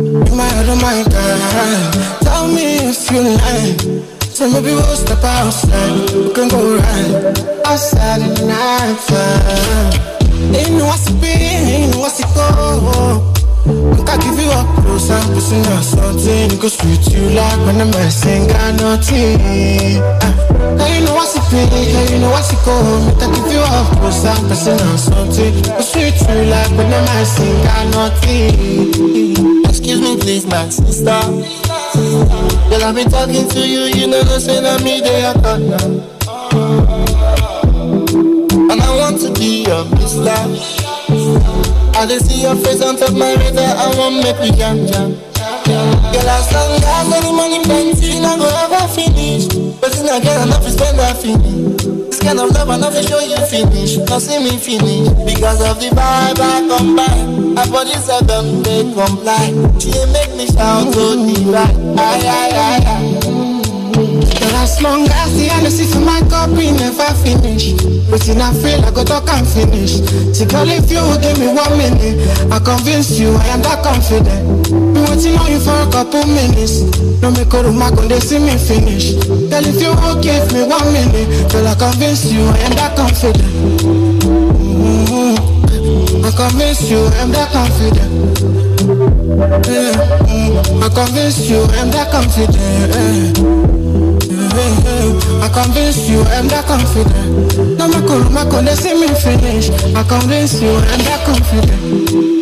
S16: In my head, oh my God. Tell me if you like. So maybe we'll step outside. We can go right outside in the night time. Ain't no what's be, ain't no what's it go. Look, I give you up, those I'm missing or something. It goes sweet you like when I'm missing, got nothing. Uh, ah, now you know what's it be, now you know what's it go. Look, I give you up, those I'm missing or something. It goes sweet you like when I'm missing, got nothing. Excuse me, please, my sister. Girl, I've been talking to you, you know, saying that me, they are gone now. And I want to be your mistress. I just see your face on top my radar. I want make we jam jam. Girl, as long as any money plenty, I go ever finish. But then again, enough is spend I finish. This kind of love, I am never show you finish. do Not see me finish because of the vibe I come by. Our bodies are done, they comply. She make me shout so oh, divine. Aye aye aye aye. But as long as the see for my cup, we never finish. But in I feel I go talk and finish. See, girl, if you give me one minute, I convince you I am that confident. Been waiting on you for a couple minutes. No make a room, I can they see me finish. Girl, if you will give me one minute, girl, I convince you I am that confident. Mm-hmm. I convince you I'm that confident. I convince you I'm that confident I convince you I'm that confident No, my cool, my cool, they see me finish I convince you I'm that confident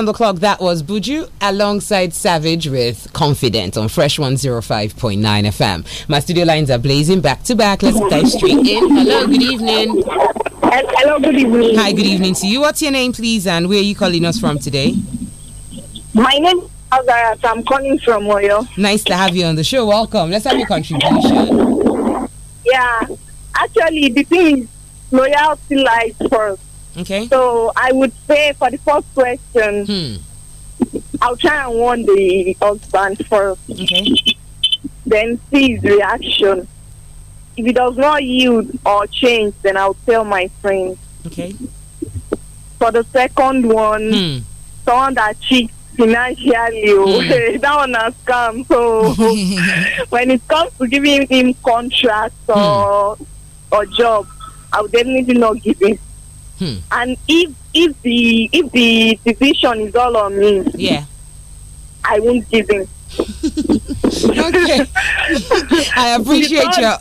S3: on the clock, that was Buju alongside Savage with Confident on Fresh 105.9 FM. My studio lines are blazing back to back. Let's dive straight in. Hello, good evening. Hello, good evening. Hi, good evening to you. What's your name, please, and where are you calling us from today?
S10: My name is Azara. I'm calling from
S3: Oyo. Nice to have you on the show. Welcome. Let's have your contribution.
S10: Yeah, actually, the thing is loyalty lies first Okay. So I would say for the first question, hmm. I'll try and warn the husband first. Okay. Then see his reaction. If he does not yield or change, then I'll tell my friend. Okay. For the second one, hmm. someone that cheats financially, mm. that one has come. So when it comes to giving him contracts or mm. or job, I would definitely not give it. Hmm. And if if the if the decision is all on me, yeah, I won't give in. okay, I appreciate because, your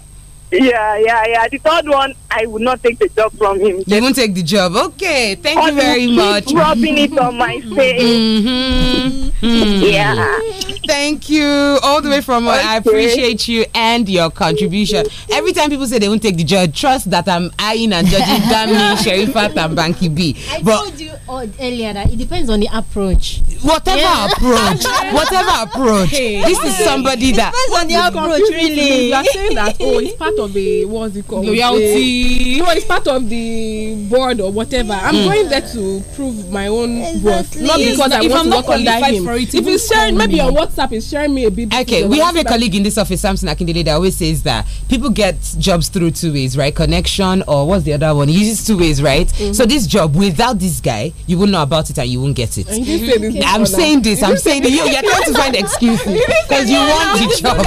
S10: yeah, yeah, yeah. The third one, I will not take the job from him. You won't take the job. Okay, thank you very
S3: much. Rubbing it on my face. Mm -hmm. Mm -hmm. Yeah. Mm-hmm. Thank you all the way from. Okay. I appreciate you and your contribution. Every time people say they won't take the job, trust that I'm eyeing and judging Dami, Sherifat, and Banky B. I but,
S6: told you oh, earlier that it depends on the approach. Whatever yeah. approach, whatever approach. Hey. This is somebody it that depends on the approach. Really, you are saying that oh, it's
S4: part of a what's it called loyalty it's part of the board or whatever i'm mm. going there to prove my own exactly. worth not yes, because i want am to work under him it, if he's sharing maybe on whatsapp he's sharing me a bit okay we have a colleague
S3: in this office samson akindele that always says that people get jobs through two ways right connection or what's the other one he uses two ways right mm -hmm. so this job without this guy you will know about it and you won't get it mm
S7: -hmm.
S3: i'm saying this i'm saying this you're trying to find
S4: excuses
S3: because you want the job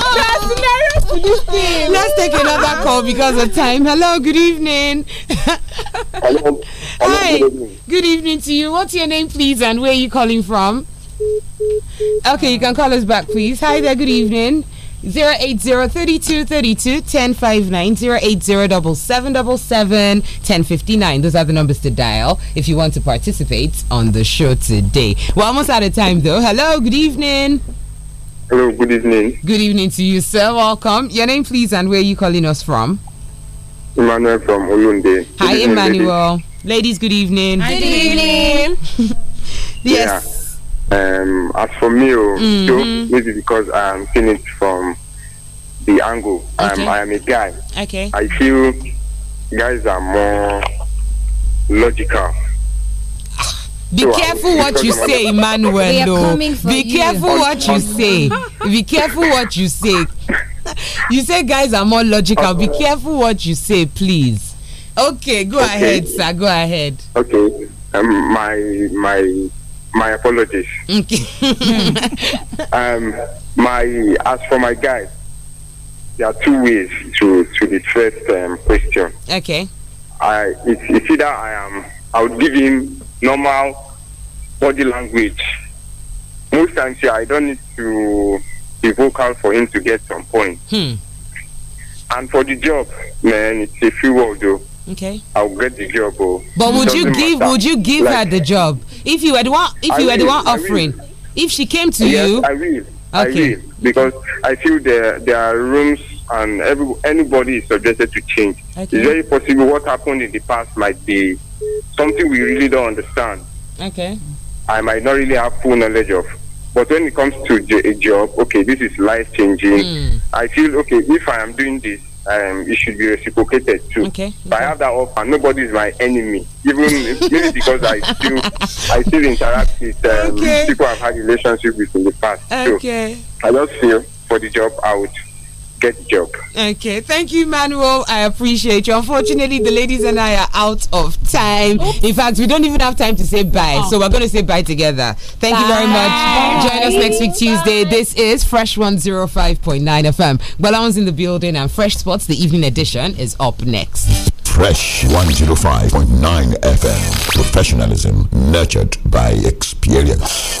S16: to this thing. Let's take another call
S3: because of time. Hello, good evening. Hello. Hello. Hi. Good evening. good evening to you. What's your name, please, and where are you calling from? Okay, you can call us back, please. Hi there, good evening. 080-3232-1059, Those are the numbers to dial if you want to participate on the show today. We're almost out of time though. Hello, good evening.
S18: Hello, good evening.
S3: Good evening to you, sir. Welcome. Your name, please, and where are you calling us from?
S18: Emmanuel from Olunde. Hi, evening, Emmanuel.
S3: Ladies. ladies. good evening. good evening.
S18: yes. Yeah. Um, as for me, mm -hmm. maybe because I'm seeing it from the angle. Okay. I am a guy. Okay. I feel guys are more logical be careful what you say,
S3: Emmanuel. Be careful what you say. Be careful what you say. you say guys are more logical. Be careful what you say, please. Okay, go okay. ahead, sir. Go ahead.
S18: Okay. Um, my my my apologies. Okay. um, my as for my guys, there are two ways to to the first um, question. Okay. I it's, it's either I am I would give him normal body language. Most times, yeah, I don't need to be vocal for him to get some points. Hmm. And for the job, man, it's a few words though. Okay. I'll get the job. Oh. But would you give matter. would you give like,
S3: her the job if you were the one if you were the one offering if she came to yes, you? I
S18: will. Okay. I will because I feel there there are rooms and every anybody is subjected to change. Okay. It's very possible what happened in the past might be something we really don't understand. Okay. I might not really have full knowledge of. But when it comes to a job, okay, this is life changing. Mm. I feel okay if I am doing this, um, it should be reciprocated too. Okay. okay. I have that offer. Nobody is my enemy, even maybe because I still I still interact with um, okay. people I've had relationship with in the past. Okay. So I just feel for the job, I would get the job.
S3: Okay, thank you, Manuel. I appreciate you. Unfortunately, the ladies and I are out of time. In fact, we don't even have time to say bye, oh. so we're going to say bye together. Thank bye. you very much. Bye. Join us next week, Tuesday. Bye. This is Fresh 105.9 FM. was in the building and Fresh Sports, the evening edition, is up next.
S17: Fresh 105.9 FM. Professionalism nurtured by experience.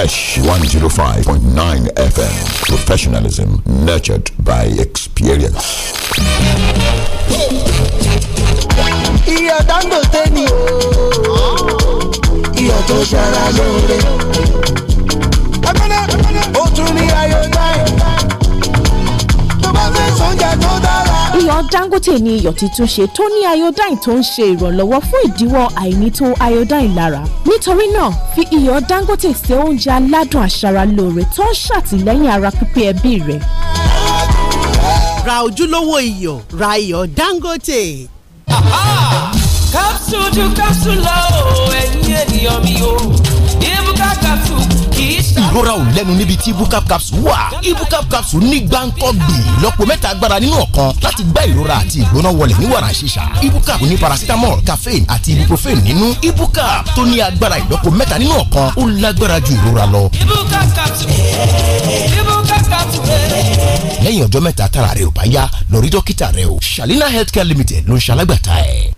S17: Fresh 105.9 FM. Professionalism nurtured by experience.
S12: Iyọ̀ Dangote ni o, iyọ̀ tó lóore.
S16: oúnjẹ tó dára.
S5: iyọ̀ Dangote ni iyọ̀ titun ṣe tó ní iodine tó ń ṣe ìrànlọ́wọ́ fún ìdíwọ́ àìnító iodine lára nítorí náà fi iyọ̀ Dangote ṣe oúnjẹ aládùn aṣaralóore tó ń ṣàtìlẹ́yìn ara pípé ẹbí rẹ̀.
S16: ra ojúlówó iyọ̀ ra iyọ̀ Dangote.
S1: capsule ju capsule lọ ẹ̀yin ènìyàn mi o ibùkà capsule
S12: ìrora ò lẹ́nu níbi tí ibucap capsule wà ibucap capsule ní gbáǹkọ́ gbì lọ́pọ̀ mẹ́ta agbára nínú ọ̀kan láti gbá ìrora àti ìgbóná wọlé ní wàrà ṣíṣà ibucap ní paracetamol caffeine àti ibuprofen nínú ibucap tó ní agbára ìlọ́pọ̀ mẹ́ta nínú ọ̀kan ó lágbára ju ìrora lọ.
S16: ibucap capsule ibucap capsule.
S12: lẹ́yìn ọjọ́ mẹ́ta tára rẹ̀ ò bá yá lọ rí dókítà rẹ̀ o Shalina Healthcare Limited ló ń ṣalágbàtà ẹ̀.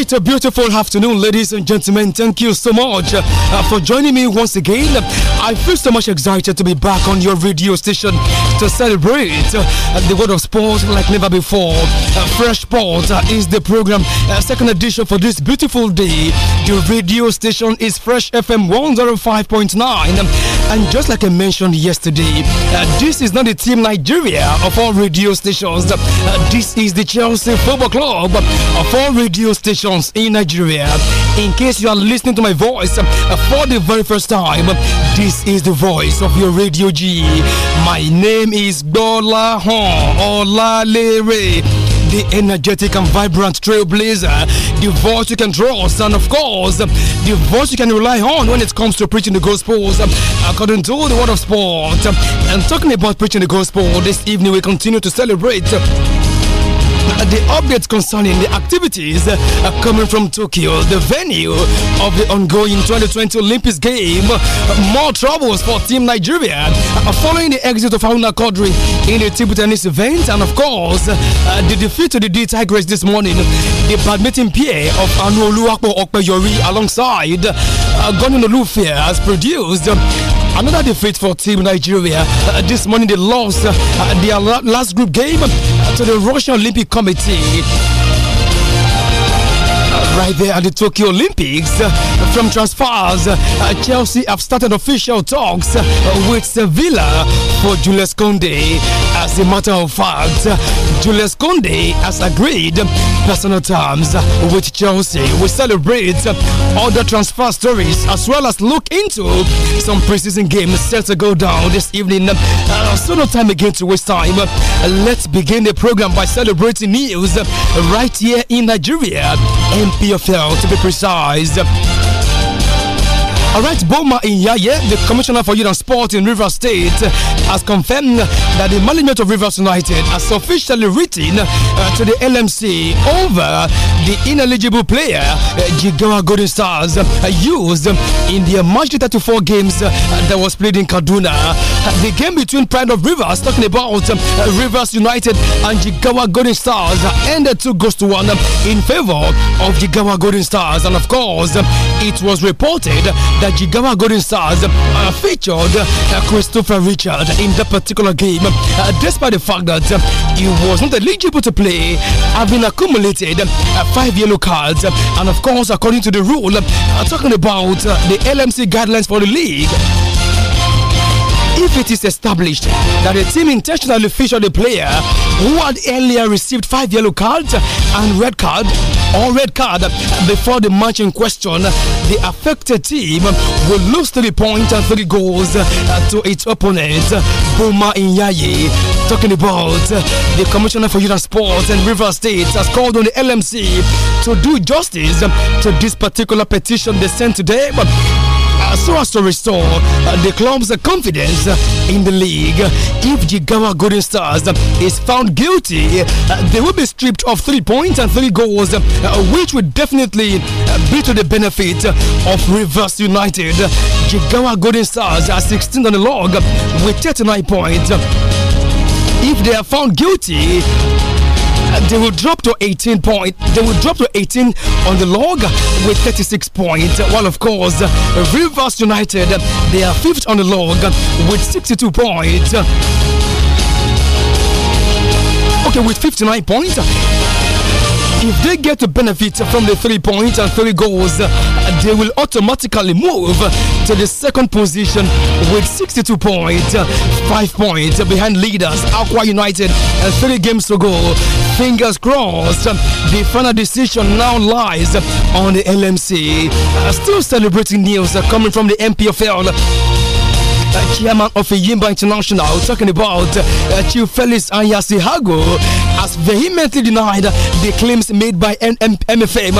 S15: Quite a beautiful afternoon, ladies and gentlemen. Thank you so much uh, for joining me once again. I feel so much excited to be back on your radio station to celebrate uh, the world of sports like never before. Uh, Fresh Sports uh, is the program, uh, second edition for this beautiful day. The radio station is Fresh FM 105.9. And just like I mentioned yesterday, uh, this is not the Team Nigeria of all radio stations. Uh, this is the Chelsea Football Club of all radio stations stations in Nigeria. In case you are listening to my voice uh, for the very first time, this is the voice of your Radio G. My name is Bola Hon Olalere the energetic and vibrant trailblazer, the voice you can trust, and of course, the voice you can rely on when it comes to preaching the gospel. Uh, according to the word of sport, and talking about preaching the gospel, this evening we continue to celebrate. Uh, the updates concerning the activities uh, coming from Tokyo, the venue of the ongoing 2020 Olympics game. Uh, more troubles for Team Nigeria following the exit of Haruna Kodri in the table tennis event, and of course, the defeat to the D Tigers this morning. The badminton pair of Anu Oluwapo Okpeyori alongside Gonin Olufia has produced another defeat for Team Nigeria. This morning they lost their last group game to the Russian Olympic committee right there at the Tokyo Olympics. From transfers, uh, Chelsea have started official talks uh, with Sevilla for Julius Conde. As a matter of fact, Julius Conde has agreed personal terms with Chelsea. We celebrate other transfer stories as well as look into some preseason games set to go down this evening. Uh, so no time again to waste time. Let's begin the program by celebrating news right here in Nigeria. MP Bielefeld to be precise. All right, Boma Inyaye, the commissioner for youth and sport in Rivers State, has confirmed that the management of Rivers United has officially written uh, to the LMC over the ineligible player uh, Jigawa Golden Stars uh, used in the match 34 games uh, that was played in Kaduna. the game between Pride of Rivers, talking about uh, Rivers United and Jigawa Golden Stars, ended 2 goals to 1 in favor of Jigawa Golden Stars. And of course, it was reported that Jigawa Golden Stars uh, featured uh, Christopher Richard in that particular game, uh, despite the fact that uh, he was not eligible to play, having accumulated uh, five yellow cards. And of course, according to the rule, uh, talking about the LMC guidelines for the league if it is established that the team intentionally featured a player who had earlier received five yellow cards and red card or red card before the match in question, the affected team will lose three points and three goals uh, to its opponent, Boma Inyaye. Talking about the Commissioner for Youth and Sports and River State has called on the LMC to do justice to this particular petition they sent today so as to restore uh, the club's confidence uh, in the league. If Jigawa Golden Stars uh, is found guilty, they will be stripped of three points and three goals, which would definitely be to the benefit of Reverse United. Jigawa Golden Stars are 16 on the log with 39 points. If they are found guilty, uh, they will drop to 18 point. They will drop to 18 on the log with 36 points. While of course, uh, Rivers United they are fifth on the log with 62 points. Okay, with 59 points. If they get to benefit from the three points and three goals, they will automatically move to the second position with 62 points, five points behind leaders Aqua United, and three games to go. Fingers crossed, the final decision now lies on the LMC. Still celebrating news coming from the MPFL uh, chairman of Yimba International, talking about uh, Chief Felix Anyasihago, has vehemently denied the claims made by MFM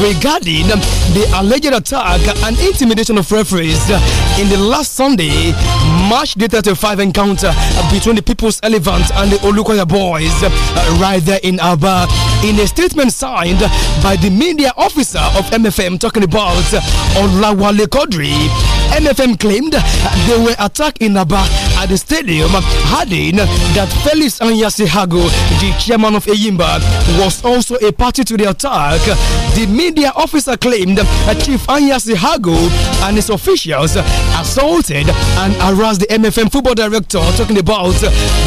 S15: regarding the alleged attack and intimidation of referees in the last Sunday, March the 35 encounter between the People's Elephant and the Olukoya Boys uh, right there in Aba. In a statement signed by the media officer of MFM, talking about uh, Olawale Kodri, NFM claimed they were attacked in Aba at the stadium, adding that Felix Anyasehago, the chairman of Eyimba, was also a party to the attack. The media officer claimed Chief Anyasehago and his officials assaulted and harassed the MFM football director, talking about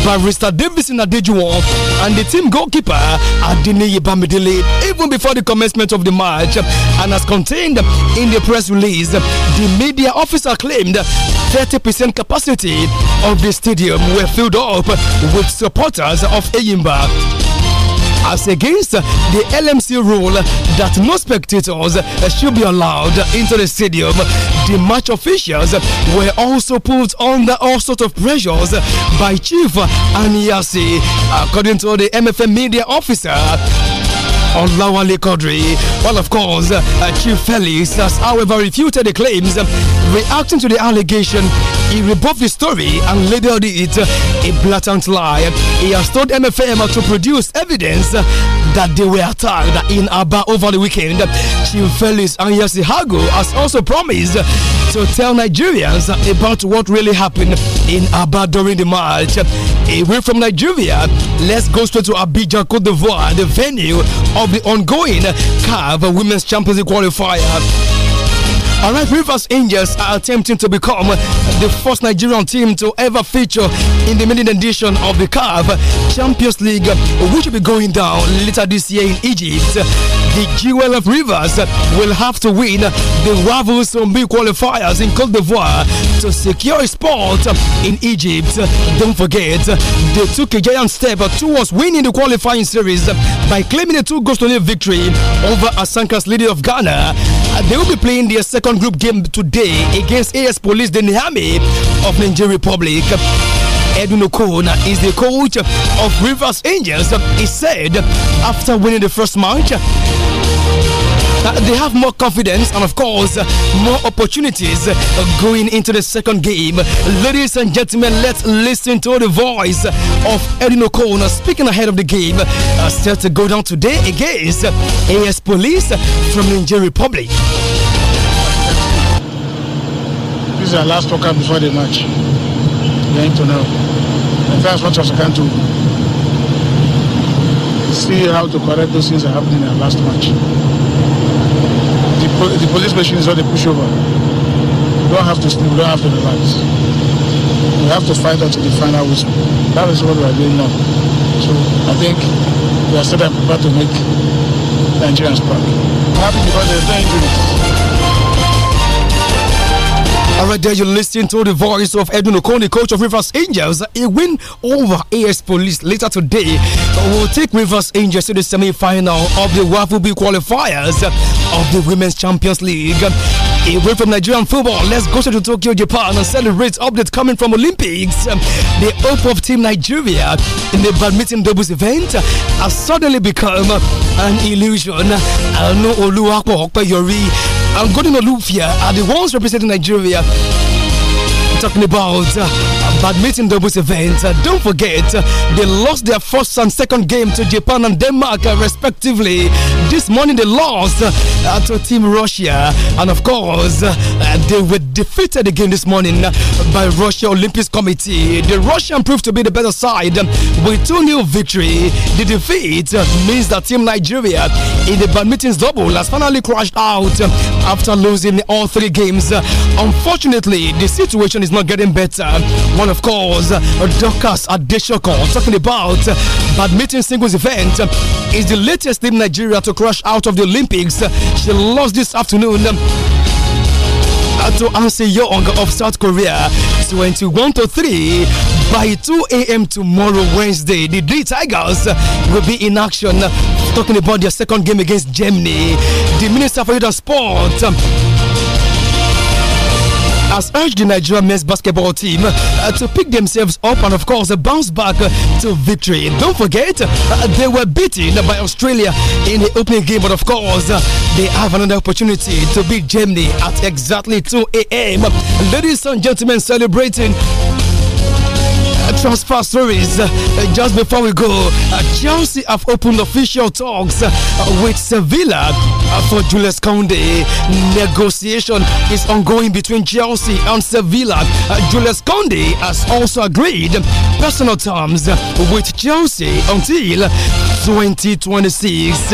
S15: Barrister Davidson Adejuwon and the team goalkeeper Adini Bamidele, even before the commencement of the match. And as contained in the press release, the media officer claimed 30% capacity of the stadium were filled up with supporters of Eyimba as against the LMC rule that no spectators should be allowed into the stadium. The match officials were also put under all sorts of pressures by Chief Aniasi, according to the MFM media officer. Olawale Kodri. Well, of course, uh, Chief Felix has, however, refuted the claims. Um, reacting to the allegation, he rebuffed the story and labeled it uh, a blatant lie. He has told MFM to produce evidence uh, that they were attacked in Aba over the weekend. Chief Felix Hago has also promised to tell Nigerians about what really happened in Aba during the march. Away from Nigeria, let's go straight to Abidjan, Cote d'Ivoire, the venue of the ongoing CAV Women's Champions League qualifier. All right, Rivers Angels are attempting to become the first Nigerian team to ever feature in the maiden edition of the CAF Champions League, which will be going down later this year in Egypt. The of Rivers will have to win the Ravel Zombie qualifiers in Cote d'Ivoire to secure a spot in Egypt. Don't forget, they took a giant step towards winning the qualifying series by claiming a two goals to nil victory over Asanka's leader of Ghana. They will be playing their second second group game today against AS Police the Niamey of Nigeria Republic. Edwin Okona is the coach of Rivers Angels. He said after winning the first match, uh, they have more confidence and, of course, more opportunities going into the second game. Ladies and gentlemen, let's listen to the voice of Edwin O'Connor speaking ahead of the game uh, set to go down today against AS Police from Nigeria Republic
S19: is our last workout before the match. They need to know. And much as I can to See how to correct those things that happened in our last match. The, po- the police machine is not a pushover. We don't have to sleep, we don't have to relax. We have to fight to the final whistle. That is what we are doing now. So I think we are up prepared to make Nigerians proud. I'm happy
S18: because there's no injuries.
S15: All right, there you listen to the voice of Edwin Okoni, coach of Rivers Angels. A win over AS Police later today will take Rivers Angels to the semi final of the Waffle B qualifiers of the Women's Champions League. Away from Nigerian football, let's go to Tokyo, Japan and celebrate updates coming from Olympics. The hope of Team Nigeria in the badminton doubles event has suddenly become an illusion. Anu Oluwapo Okpeyori and Godin Olufia are the ones representing Nigeria. talking about badminton doubles event. Uh, don't forget, uh, they lost their first and second game to Japan and Denmark, uh, respectively. This morning, they lost uh, to Team Russia, and of course, uh, they were defeated again this morning uh, by Russia Olympics Committee. The Russian proved to be the better side um, with 2 new victory. The defeat means that Team Nigeria in the badminton double has finally crashed out um, after losing all three games. Unfortunately, the situation is not getting better. One of course, Dorcas Adeshoko talking about badminton singles event is the latest team Nigeria to crash out of the Olympics. She lost this afternoon to Anse Young of South Korea 21 to 3 by 2 a.m. tomorrow Wednesday. The D Tigers will be in action talking about their second game against Germany. The Minister for Youth and Sport has urged the Nigerian men's basketball team uh, to pick themselves up and, of course, bounce back uh, to victory. And don't forget, uh, they were beaten by Australia in the opening game, but of course, they have another opportunity to beat Germany at exactly 2 a.m. Ladies and gentlemen, celebrating uh, transfer stories. Uh, uh, just before we go, Chelsea have opened official talks with Sevilla for Julius Conde. Negotiation is ongoing between Chelsea and Sevilla. Julius Conde has also agreed personal terms with Chelsea until 2026.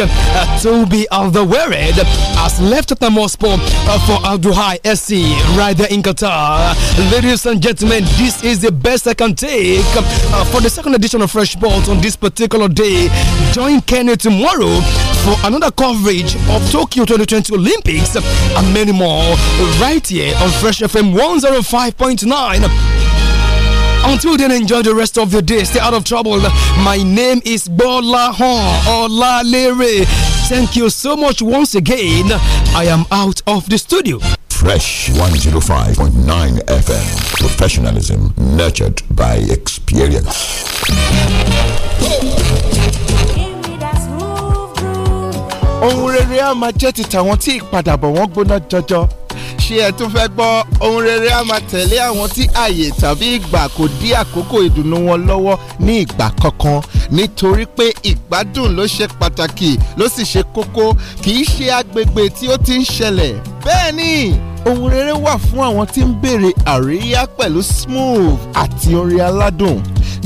S15: Toby Alderweireld has left the uh, for Al Duhai SC right there in Qatar. Ladies and gentlemen, this is the best I can take break uh, for the second edition of Fresh Balls on this particular day. Join Kenny tomorrow for another coverage of Tokyo 2020 Olympics and many more right here on Fresh FM 105.9. Until then, enjoy the rest of your day. Stay out of trouble. My name is Bola Hon Olalere. Thank you so much once again. I am out of the studio.
S17: Fresh 105.9 FM. Professionalism nurtured by experience.
S12: Ohun rere á máa jẹ́ ti tàwọn tí ìpadàbọ̀ wọn gbóná jọjọ. Ṣé ẹ tún fẹ́ gbọ́ ohun rere á máa tẹ̀lé àwọn tí àyè tàbí ìgbà kò dí àkókò ìdùnnú wọn lọ́wọ́ ní ìgbà kankan nítorí pé ìgbádùn ló ṣe pàtàkì ló sì ṣe kókó kì í ṣe agbègbè tí ó ti ń ṣẹlẹ̀ bẹ́ẹ̀ ni ohun rere wà fún àwọn tí ń béèrè àríyá pẹ̀lú smooth àti orin aládùn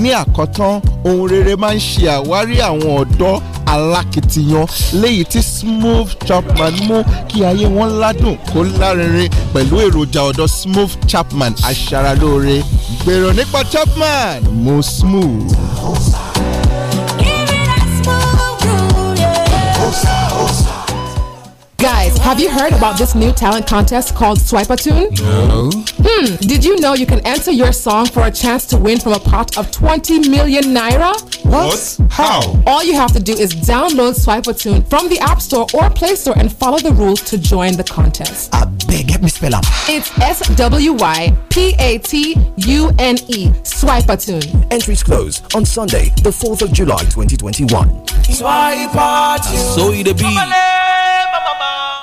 S12: ní àkọ́tán ohun rere máa ń ṣe àwárí àwọn ọ̀dọ́ alákìtiyan léyìí tí smooth chapman mú kí ayé wọn ládùn kó lárinrin pẹ̀lú èròjà ọ̀dọ̀ smooth chapman aṣaralóore gbèrò nípa chapman mo smooth.
S13: Guys. guys, have you heard about this new talent contest called Swipe a Tune? No. Hmm, did you know you can enter your song for a chance to win from a pot of 20 million naira? What? How? All you have to do is download Swipe a Tune from the App Store or Play Store and follow the rules to join the contest. I
S14: beg, help me spell
S13: out. It's S W Y P A T U N E. Swipe a Tune.
S15: Entries close on Sunday, the 4th of July, 2021.
S12: Swipe a Tune. So you the beat.
S15: Eh,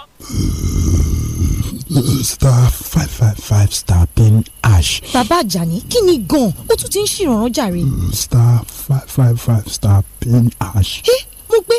S19: star five five five star pin ash.
S6: bàbá àjàní kí ni gan-an ó tún ti ń ṣèrànràn jàre.
S12: star five five five star pin ash.
S19: ẹ eh, mo
S6: gbé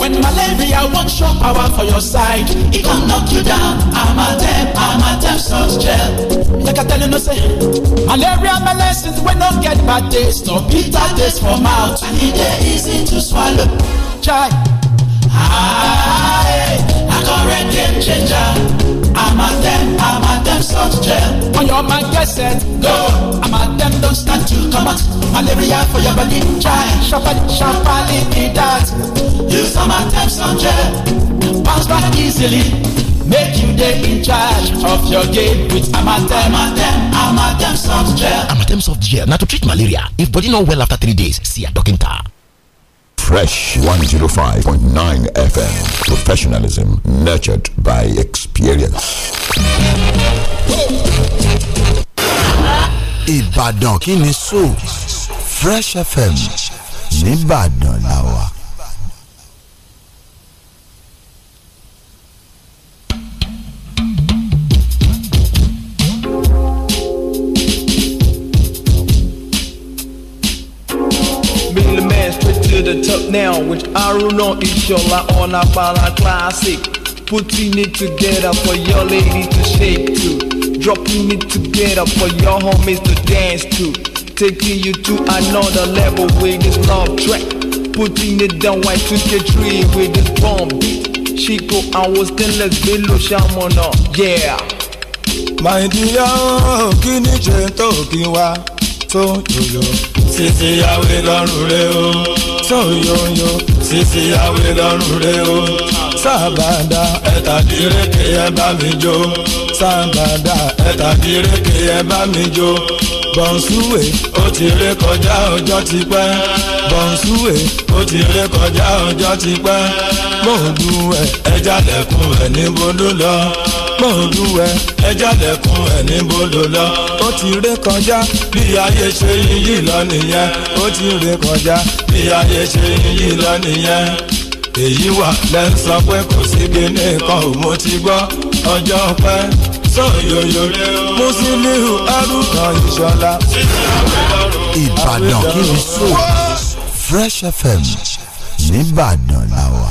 S12: When malaria won't show power for your side, it can knock you down. I'm a dem, I'm a dem sauce gel. Like I tell you no say, malaria medicines we don't get bad taste or bitter taste for mouth, and it easy to swallow. Try. Ah.
S14: You're a game changer.
S12: Amatem, Amatem salt gel. On your mind, get set, go. I'm Amatem don't start to come out. Malaria for your body, try. Sharply, sharply, need that. Use Amatem salt gel. Bounce back easily. Make you day in charge of your game with Amatem. Amatem, Amatem soft gel. Amatem soft gel. Now to treat malaria. If body not well after three days, see a doctor.
S17: Fresh 105.9 FM. Professionalism nurtured by experience.
S12: Ìbàdàn kí so Fresh FM nìbàdàn làwà.
S15: the top now with Aruna Ishola on a Bala Classic.
S12: Putting it together for your lady to shake to. Dropping it together for your homies to dance to. Taking you to another level with this love track. Putting it down right to the tree with this bomb beat. Chico, I was telling stainless, Bello Shamona, yeah. My dear, kí gentle, jẹ́ tó kí wá tó yòyò? Títí yàwé lọ́rùn rẹ̀ o sọ̀yọ̀yọ̀ sisi awe lọ́rùn rẹ o. sábàdà ẹ̀tàdírẹ́kẹ̀ ẹ bá mi jó. sábàdà ẹ̀tàdírẹ́kẹ̀ ẹ bá mi jó. bọ̀nsúwe ó ti ré kọjá ọjọ́ ti pẹ́. bọ̀nsúwe ó ti ré kọjá ọjọ́ ti pẹ́. mò ń du ẹ̀ ẹja níbo ló lọ pọ̀ olúwẹ̀ ẹ jálẹ̀kùn ẹ̀ ní bòdò lọ. ó ti ré kọjá bí ayé ṣe yíyí lọ nìyẹn ó ti ré kọjá bí ayé ṣe yíyí lọ nìyẹn. èyí wà lẹ́ ń sọ pé kò sí gíní kan ò mo ti gbọ́ ọjọ́ pẹ́ sọ̀yọ̀yọ̀ mùsùlùmí arúgbó ìṣọ̀lá. ìbàdàn kí ni so Fresh
S17: FM nìbàdàn làwà.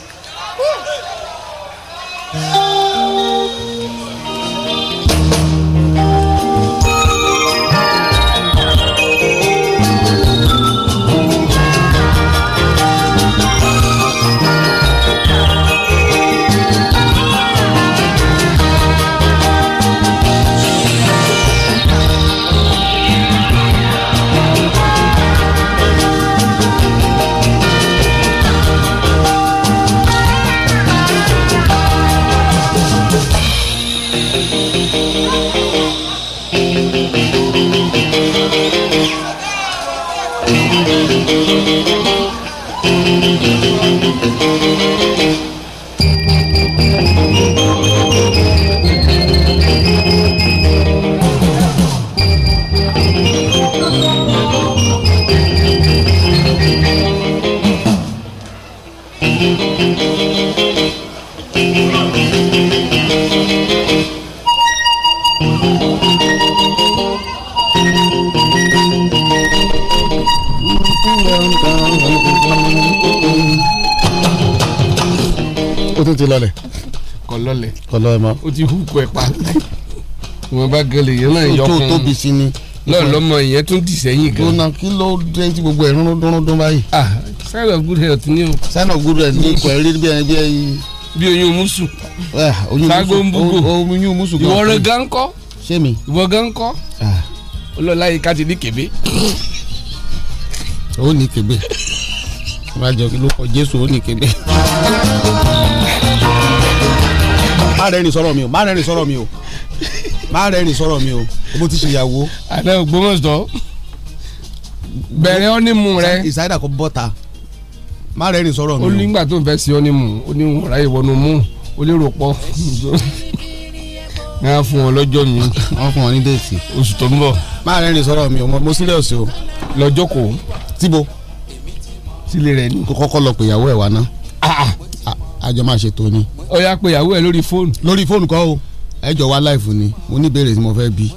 S20: ti lọlẹ̀. kọ lọlẹ̀ kọ lọlẹ̀ ma. o ti hùkù ẹ̀ pa wọn bá gẹlẹ̀ yẹn náà yọ fún tó tóbi sí ni. náà yẹn tún dì sẹ́yìn gan. dọ́nà kí ló dé tí gbogbo ẹ̀ rún dún dún báyìí. ah sign of good health ni o. sign of good health ni kò ẹ rí bí ẹni bí ẹni. bí oyún musu. Ah, sago ń bugo oyún musu kan. ìwọ rẹ gan kọ. ṣé mi. ìwọ gan kọ. olóòlá ah. yìí ká ti ní kébé. ó ní kébé. ìbájọ́ kí ló kọ jésù ó ní kébé má rẹ́rìn sọ̀rọ̀ mi o má rẹ́rìn sọ̀rọ̀ mi o má rẹ́rìn sọ̀rọ̀ mi o mo ti ṣèyàwó. àná Ògbómọ̀ṣọ́ bẹ̀rẹ̀ ọ́nímù rẹ. ìsáyédà kò bọ́ta má rẹ́rìn sọ̀rọ̀ mi o. ó nígbà tó ń fẹ́ sí ọ́nímù onímù ráyè wọnú mú oníròpọ̀ wọ́n fún wọn lọ́jọ́ mi. wọ́n fún wọn ní déètì. oṣù tó ń bọ̀. má rẹ́rìn sọ̀rọ̀ mi o mo serious o. lọ́jọ́ kò. tíbo. sílé rẹ ni. kọ́kọ́ lọ pèyàwó ẹ̀ wá ná. Ah, ah àjọ máa ṣètò ni. ó yá pé ìyàwó ẹ lórí fóònù. lórí fóònù kọ́ o ẹ jọ wá láìfù ni mo ní ìbéèrè tí mo fẹ́ bí.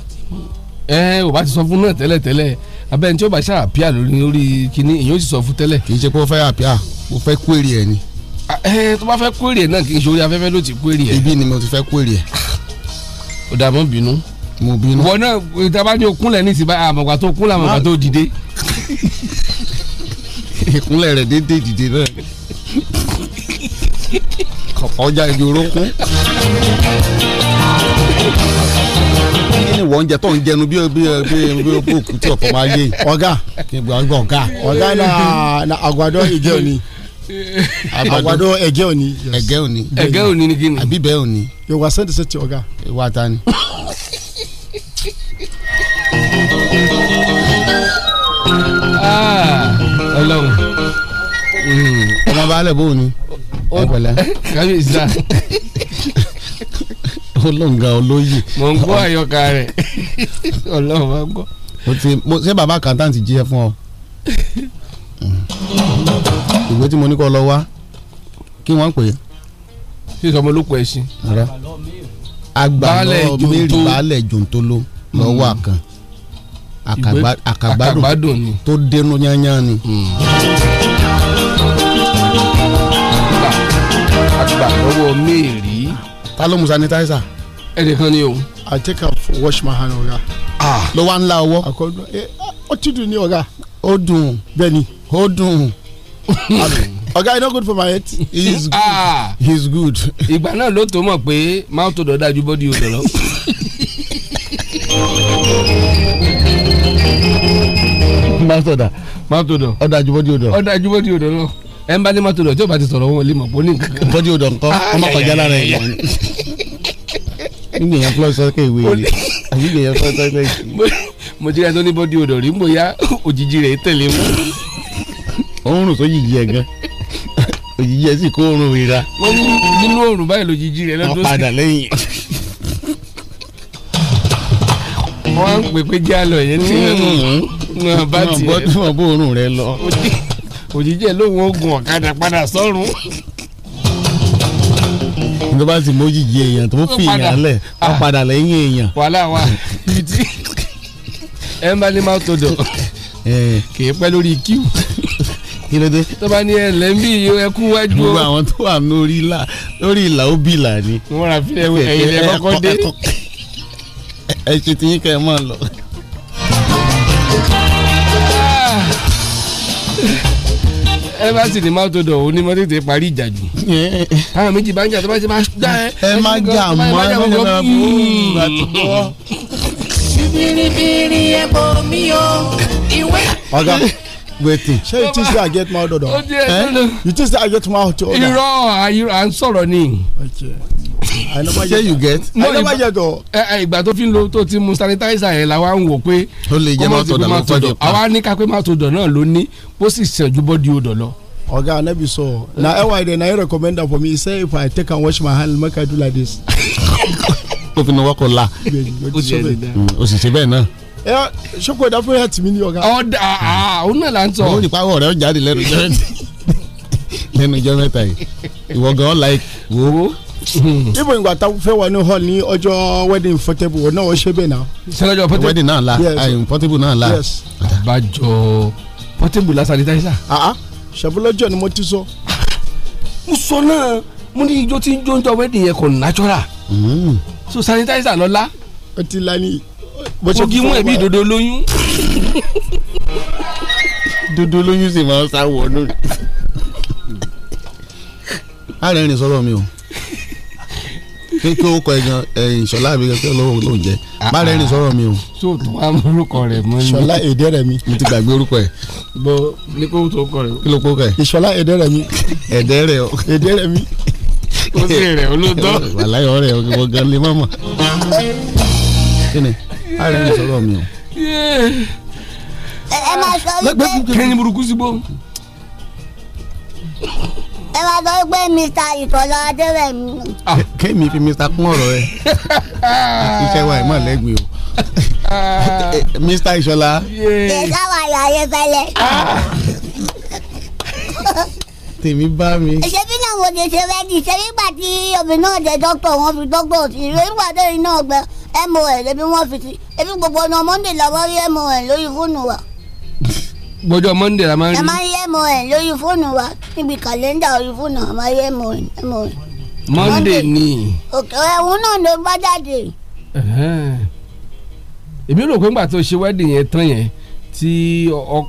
S20: ẹ ò bá ti sọ fún náà tẹ́lẹ̀ tẹ́lẹ̀ abẹ́ni tí ó bá ṣe àpíà lórí lórí kinní èyàn ó sì sọ fún tẹ́lẹ̀. kì í ṣe pé ó fẹ́ àpíà mo fẹ́ kúèrè ẹ ni. ẹ tó bá fẹ́ kúèrè ẹ náà kì í ṣe orí afẹ́fẹ́ ló ti kúèrè ẹ. ibi ni mo ti fẹ́ kúèrè ẹ. ó dà mọ́ bínú. mo bínú. wọ náà ìtaba ni okun lẹ ní ìsìnbá àmọ̀gbà tó kún làmọ̀gbà tó dìde. ìkúnlẹ̀ rẹ̀ déédéé dìde náà ọjà ìjòrò kún kí ni wọ́n ń jẹ tó ń jẹnu bí òkú tí ọ̀pọ̀ máa yé ọ̀gá ọ̀gá ọ̀gá na àgbàdo ẹ̀jẹ̀ òní àgbàdo ẹ̀jẹ̀ òní. ẹ̀gẹ́ òní ẹ̀gẹ́ òní ni kí ni. àbí bẹ́ẹ̀ òní. yorùbá sẹ́ńtì sẹ́ńtì ọ̀gá. ìwà ta ni. Ah, ọlọ́run ọmọ hmm, baálẹ̀ bó ni ọ̀pẹ̀lá kábíyèsí náà olóńgá olóyè. mo ń gbọ́ àyọkà rẹ̀ ọlọ́run máa gbọ́. o ti mo ṣé bàbá àkántáǹtì jíṣẹ́ fún ọ. ìwé tí mo ní kọ́ lọ wá kí wọ́n pè é. ṣé ìsọmọ olóko ẹṣin. agbalọ mẹ́rin baálẹ̀ jòǹtóló lọ́wọ́ hmm. àkàn àkàgbádùn tó dénú yányán ni. Hmm. gbà lọ́wọ́ mẹ́ẹ̀rí. ta ló mu ni o. I take a wash my hand ọ̀gá. ló wá ń la ọwọ́. What ẹ ó ti dùn ní ọ̀gá. ó dùn. bẹ́ẹ̀ni. ó dùn. ọ̀gá e no good for my head. he is good. Ah. he is good. ìgbà náà ló tó mọ̀ pé máa tó dọ̀dá ju bọ́dí odò lọ. tó the máa tó ọ̀dà ju odò. ọ̀dà ju odò lọ. ẹ ń bá ní mọ́tò rẹ̀ tí ó bá ti sọ̀rọ̀ wọn lè mọ̀ pé ó ní nǹkan. bọ́jú odò nǹkan ọmọ kọjá lára ẹ̀ wọ́n. nígbìyànjú fúlọ́ sọ́kẹ́ ìwé rẹ̀ àbí gbìyànjú fúlọ́ sọ́kẹ́ ìwé rẹ̀. mo ti rí aṣọ ní bọ́jú odò rí mo ya òjijì rẹ̀ tẹ̀lé mu. oorun tó yìí yẹ òjijì ẹ sì kó oorun ìra. nínú oorun báyìí lòjijì rẹ̀ lọ́dún sí. padà lẹ́yìn. wọ́n á pèpè jálọ̀ yẹn tí wọ́n mm-hmm. bá tiẹ̀. wọ́n bọ́ tí wọ́n
S8: bó oorun rẹ lọ òjijì
S20: lòun ó gun ọ̀kadà padà sọ́run. tó bá sì mójìjì èèyàn tó fi èèyàn lẹ̀ á ah. padà lẹ́yìn èèyàn. wàhálà wa ibi tí ẹ ń bá ní máa tó dọ̀ kì í pẹ́ lórí kíw kí ló dé. tó bá ní ẹlẹ́mí ẹkú wájú. gbogbo àwọn tó wà lórí ìlà lórí ìlà ó bìlà ni. wọ́n ra fílẹ̀ ẹ̀yìn ẹ̀kọ́kọ́ dé. ẹ ṣe tí yín ẹ máa lọ. ẹ bá sì ní má tó dọ̀ òní mọ́ tètè parí ìjà jù. àwọn méjì bá ń jà tó bá ti máa dá ẹ. ẹ má jà mọ́ ẹ má jà
S8: mọ́
S1: bíríbírí ẹ bò mí o
S8: ìwé. wetin ṣé you think say i get mouth odor
S1: oh,
S9: eh?
S8: you think
S20: say i get mouth odor. irọ́ à ń sọ̀rọ̀ ni.
S9: ṣé
S20: you get. no eh, eh, ìgbà tó fi ń lo tó ti mu sanitizer yẹn la wa ń wò pé ó lè jẹ́ mouth odor mouth odor àwa ní ká pé mouth odor náà ló ní bó sì sàn ju body odor lọ. oga anabi
S12: so na ewa dey na him recommend am for me he say if i take am wash my hand make i do like this.
S20: ó fi nawọ́ kò la ó sì ṣe bẹ́ẹ̀ náà.
S12: ẹ ṣoko ẹdá fún
S20: ẹtì mi ní ọgá. ọ̀dà òun náà là ń sọ. òun nípa ọ̀rẹ́ ọ̀jà rè lẹ́nu jẹ́ lẹ́nu jẹ́ mẹ́ta yìí ìwọ gan ọ́ láì wo.
S12: ibo ìgbà tá a fẹ́ wà ní hall ní ọjọ́ wedding portable ọ̀nà wọ́n ṣe bẹ́ẹ̀ náà.
S20: sẹ́lẹ̀jọ́ portable wedding náà la portable náà la. àbájọ portable la sanitizer. Ah, ah. ṣàbúlọ́jọ́ ni mo ti sọ. mo sọ náà mo ní ijó tí ń jó ń jọ wedding yẹn kò natural. Mm. so sanitizer lọ́la. ó ti la ní ogi mú ẹbí dodo lóyún. dodo lóyún sì máa ń sáwọ lórí. arìnrìn sọ̀rọ̀ mi o kí ó kọ ẹ̀gàn ìṣọ̀lá mi kẹ́kẹ́ lọ́wọ́ ló ń jẹ́ márẹ́rìn sọ̀rọ̀ mi o. tó o tún wá orúkọ rẹ̀ mọ́ ni. ìṣọ̀lá èdè rẹ̀ mi. mo ti gbàgbé orúkọ ẹ̀.
S1: bọ ní kó tó kọ rẹ̀. kí ló
S20: kó kẹ. ìṣọ̀lá èdè rẹ̀ mi. èdè rẹ̀ o. èdè rẹ̀ mi. ó sì rẹ̀ olóòótọ́. wàláyọ̀ rẹ̀ o kí gan lè má mọ̀. kí ni ààrẹ mi sọ̀rọ̀ mi o.
S9: ẹ máa sọ wípé
S20: kẹrin burúkú sí bò.
S9: ẹ máa sọ wípé Mr. ìtọ́lọ adéwẹ̀mí.
S20: Ah, kémi fi Mr. kún ọ̀rọ̀ ẹ iṣẹ́ wa ẹ̀ mọ̀ lẹ́gbẹ̀ẹ́ o. Ah. Mr. Ìṣọ̀lá. ìṣọ̀lá
S9: wà láyé fẹ́lẹ́ ah.
S8: tèmi bá mi.
S9: ṣebí náà mo ṣe ṣe rẹ́dì ṣebí gbà obìnrin náà jẹ́ dókítà wọn fi dókítà òsì rẹ̀ nígbà tó yìí náà gbẹ mon ebi wọ́n fi ti ebi gbogbo ọ̀nà monday la wọ́n rí mon lórí fóònù wa.
S20: gbọ́dọ̀ monday la máa ń rí. máa ń
S9: rí mon lórí fóònù wa níbi kàlẹ́ndà orí fóònù a máa rí mon mon.
S20: monday ni.
S9: òkè ẹ̀hún náà ló bá jáde.
S20: èmi rò pé ńgbà tó ṣe wedding yẹn tán yẹn tí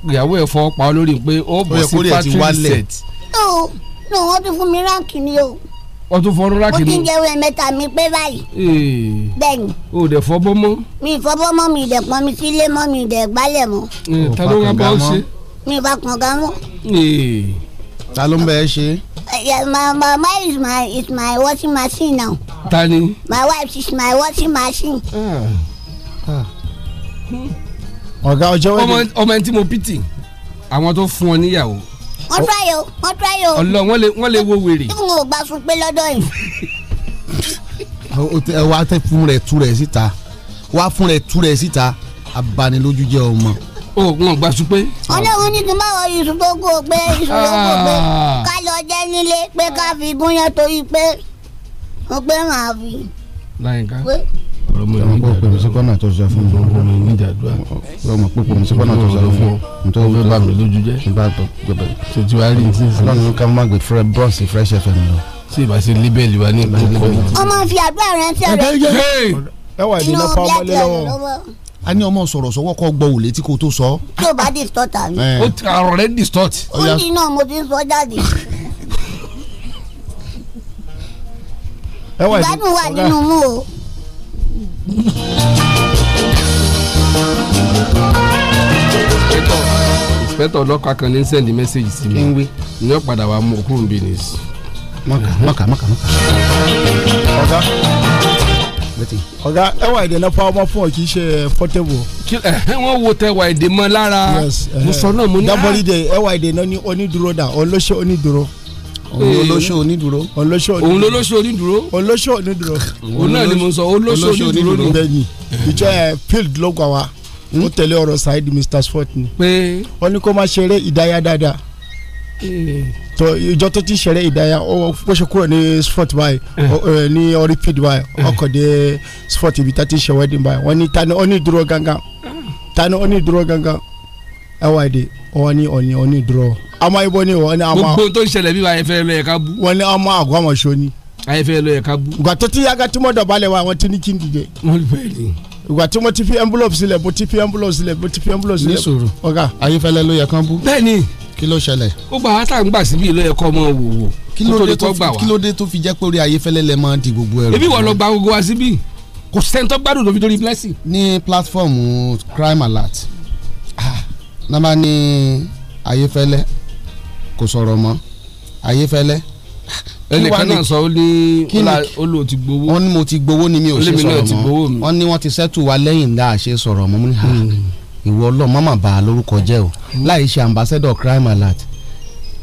S20: ìyàwó ẹ̀ fọ́ pa ọ́ lórí pé ó bọ̀ sí factory set.
S9: no no wọ́n ti fún mi ránkì ni o o tún fọrọ láti mú. mo ti ń jẹun ẹ̀mẹ́ta mi pé báyìí.
S20: Eh. bẹ́ẹ̀ni. o dẹ̀ fọ́bọ́ mọ́.
S9: mi fọ́bọ́ mọ́ mi dẹ̀ pọn mi sílé mọ́ mi dẹ̀ gbálẹ̀ mọ́.
S20: Eh, eh. ta ló ń bá ọ ṣe.
S9: mi bá kàn ga
S20: mọ́. ta ló ń bẹ ẹ ṣe.
S9: my mama is my is my washing machine now. ta ni. my wife is my washing machine.
S20: Ah. Ah. ọ̀gá ọjọ́ wẹ́ẹ̀dì. ọmọ ẹni tí mo pìtì àwọn tó fún ọ níyàwó wọ́n try
S9: o wọ́n try o. ọlọ
S20: wọn lè wọn lè wo wèrè. tí
S9: mo gbà fún pé lọ́dọ̀ yìí.
S20: ẹ wá tẹ fún rẹ tú rẹ síta wá fún rẹ tú rẹ síta abanilójú jẹ ọmọ. o wọn gbà sùn pé. ọlọ́run
S9: ní kí wọ ìṣù kú o pé ìṣù kú o pé ah. ká jẹ́ nílé pé ká fi gún yẹn torí pé o pé màá fi. láyìnká pé
S20: ọmọ mi nígbà pèmí sí kọ́nà tó sọ fún mi ọmọ mi
S9: fi àgbà rẹ ti rẹ
S20: ẹwà ìdí lọ́pọ̀ lọ́wọ́ a ní ọmọ sọ̀rọ̀ sọ́wọ́ kọ́ gbọ́ òlé tí kò tó sọ.
S9: tí o bá distort àmì. o ti already
S20: distort. ó ní
S9: náà mo ti ń sọ jáde.
S20: ìgbádùn wà nínú mú o ìpẹ́tọ̀ ọlọ́kọ̀ akànnì ń sẹ́ndí mẹ́sẹ̀gì sí mi ní ọ̀padà wa mú òkú mi ní sí. mọ̀kà Maka, maka, mọ̀kà.
S12: ọ̀gá ọ̀gá ẹwà èdè náà fáwọn ọmọ fún ọ kì í ṣe portable.
S20: wọ́n wo tẹwà èdè mọ́ lára mo sọ náà mo ní. dábọ̀lì dẹ ẹwà èdè náà ní onídùúró dà ọ lọ́sẹ̀ onídùúró òun olóṣó onídùúró òun olóṣó
S12: onídùúró olóṣó onídùúró òun náà ni mo sọ
S20: olóṣó onídùúró ni. bẹ́ẹ̀ni ìjọ ẹ field ló gbà wá hmm? ó tẹ̀lé ọ̀rọ̀ Saheed Mr Sport ni. pé ó ní kó máa ṣeré ìdáyà dáadáa tọ ìjọ tó ti ń ṣeré ìdáyà ó ṣe kúrò ní sport báyìí ní orí field báyìí ọkọ̀ dé sport ibi tá ti ṣe wedding báyìí wọ́n ní tani ó ní dúró gangan ah. tani ó ní ẹwàdì ọwọ ni ọni ọni dúró ọmọ ibo ni wọn ni ọmọ. gbogbo tó ń ṣẹlẹ̀ bí wàá fẹ́ lọ yẹ ká bú. wọn ni
S12: ọmọ àgọ́ ọmọ sọ́ni. ayé fẹ́ lọ yẹ ká bú. ìgbà tó ti yága tí mo dọ̀bálẹ̀ wa àwọn tí ní kí n dìde. wọ́n lè bẹ̀rẹ̀ ni. ìgbà tí mo ti fi envelope sílẹ̀ mo ti fi envelope sílẹ̀ mo ti fi envelope sílẹ̀.
S20: ní sòrò ọ̀gá ayé fẹ́ lọ yẹ kán bú. bẹ́ẹ̀ni kí ló ṣẹlẹ̀. ó gbà átà ń gbà síbi ìlú ẹ̀kọ́ ọmọ wò wò. kí ló dé tó fi jẹ́ pé orí ayéfẹ́lẹ́ lẹ máa ń di gbogbo ẹ̀rọ. ebi wọ́n lọ gba gbogbo wa síbí kò sẹ́ńtọ́ gbádùn lóbi lórí blessing. ní pílátífọ̀mù crime alert náà bá ní ayéfẹ́lẹ́ kò sọ̀rọ̀ mọ́ ayéfẹ́lẹ́
S9: ẹnìkan náà sọ
S20: ó ní ó ti gbowó wọ́n ní mo ti gbowó ni mi ò ṣe sọ̀rọ̀ mọ́ wọ́n ní wọ́n ti sẹ́tù wa lẹ́yìn dá a sọ̀rọ̀ mọ́ mo ní ha hmm. ìwọ ọlọ́ọ̀ mọ́mà bá a lórúkọ jẹ́ o hmm. láì ṣe ambassador crime alert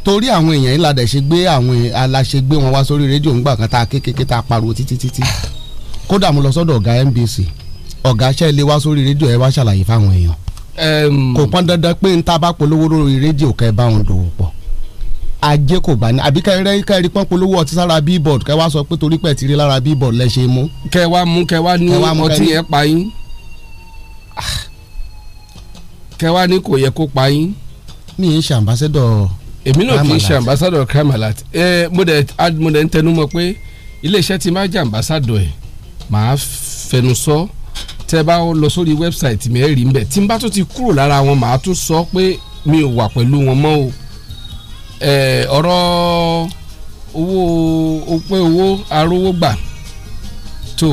S20: torí àwọn èèyàn yìí ládàá ṣe gbé àwọn aláṣẹ gbé wọn wá sórí rédíò ńgbà kan tá a kékeré tá a pariwo títí títí kódà mo lọ sọ́dọ̀ ọ̀gá NBC ọ̀gá ṣẹ́ ilé wá sórí rédíò ẹ wá ṣàlàyé fáwọn èèyàn kò pọn dandan pé n ta bá polówó lórí rédíò kẹ bá wọn dòwò pọ̀ ajé kò bá ní àbí kẹrẹ kẹrẹ pọn polówó ọtí sára bíbọọdù kẹ wá sọ pé torí pẹ ti rí lára bíbọọdù lẹ ṣe mú. kẹ wá mú kẹ wá ní ọtí yẹn pa yín ah. kẹ wá ní kò yẹ kó pa yín. mi ń ṣe ambassador. èmi náà kì í ṣe ambassador kramalat ẹ mo dẹ̀ ń tẹnu mọ́ pé iléeṣẹ́ ti máa jẹ́ ambassador ẹ̀ máa fẹnu sọ. So tẹ́ bá lọ sórí wẹ́bsáìtì mi ẹ̀ rí mbẹ̀ tí n bá tún ti kúrò lára wọn màá tún sọ pé mi ò wà pẹ̀lú wọn mọ́ o ọ̀rọ̀ owó ọpẹ́ owó arówó gbà tó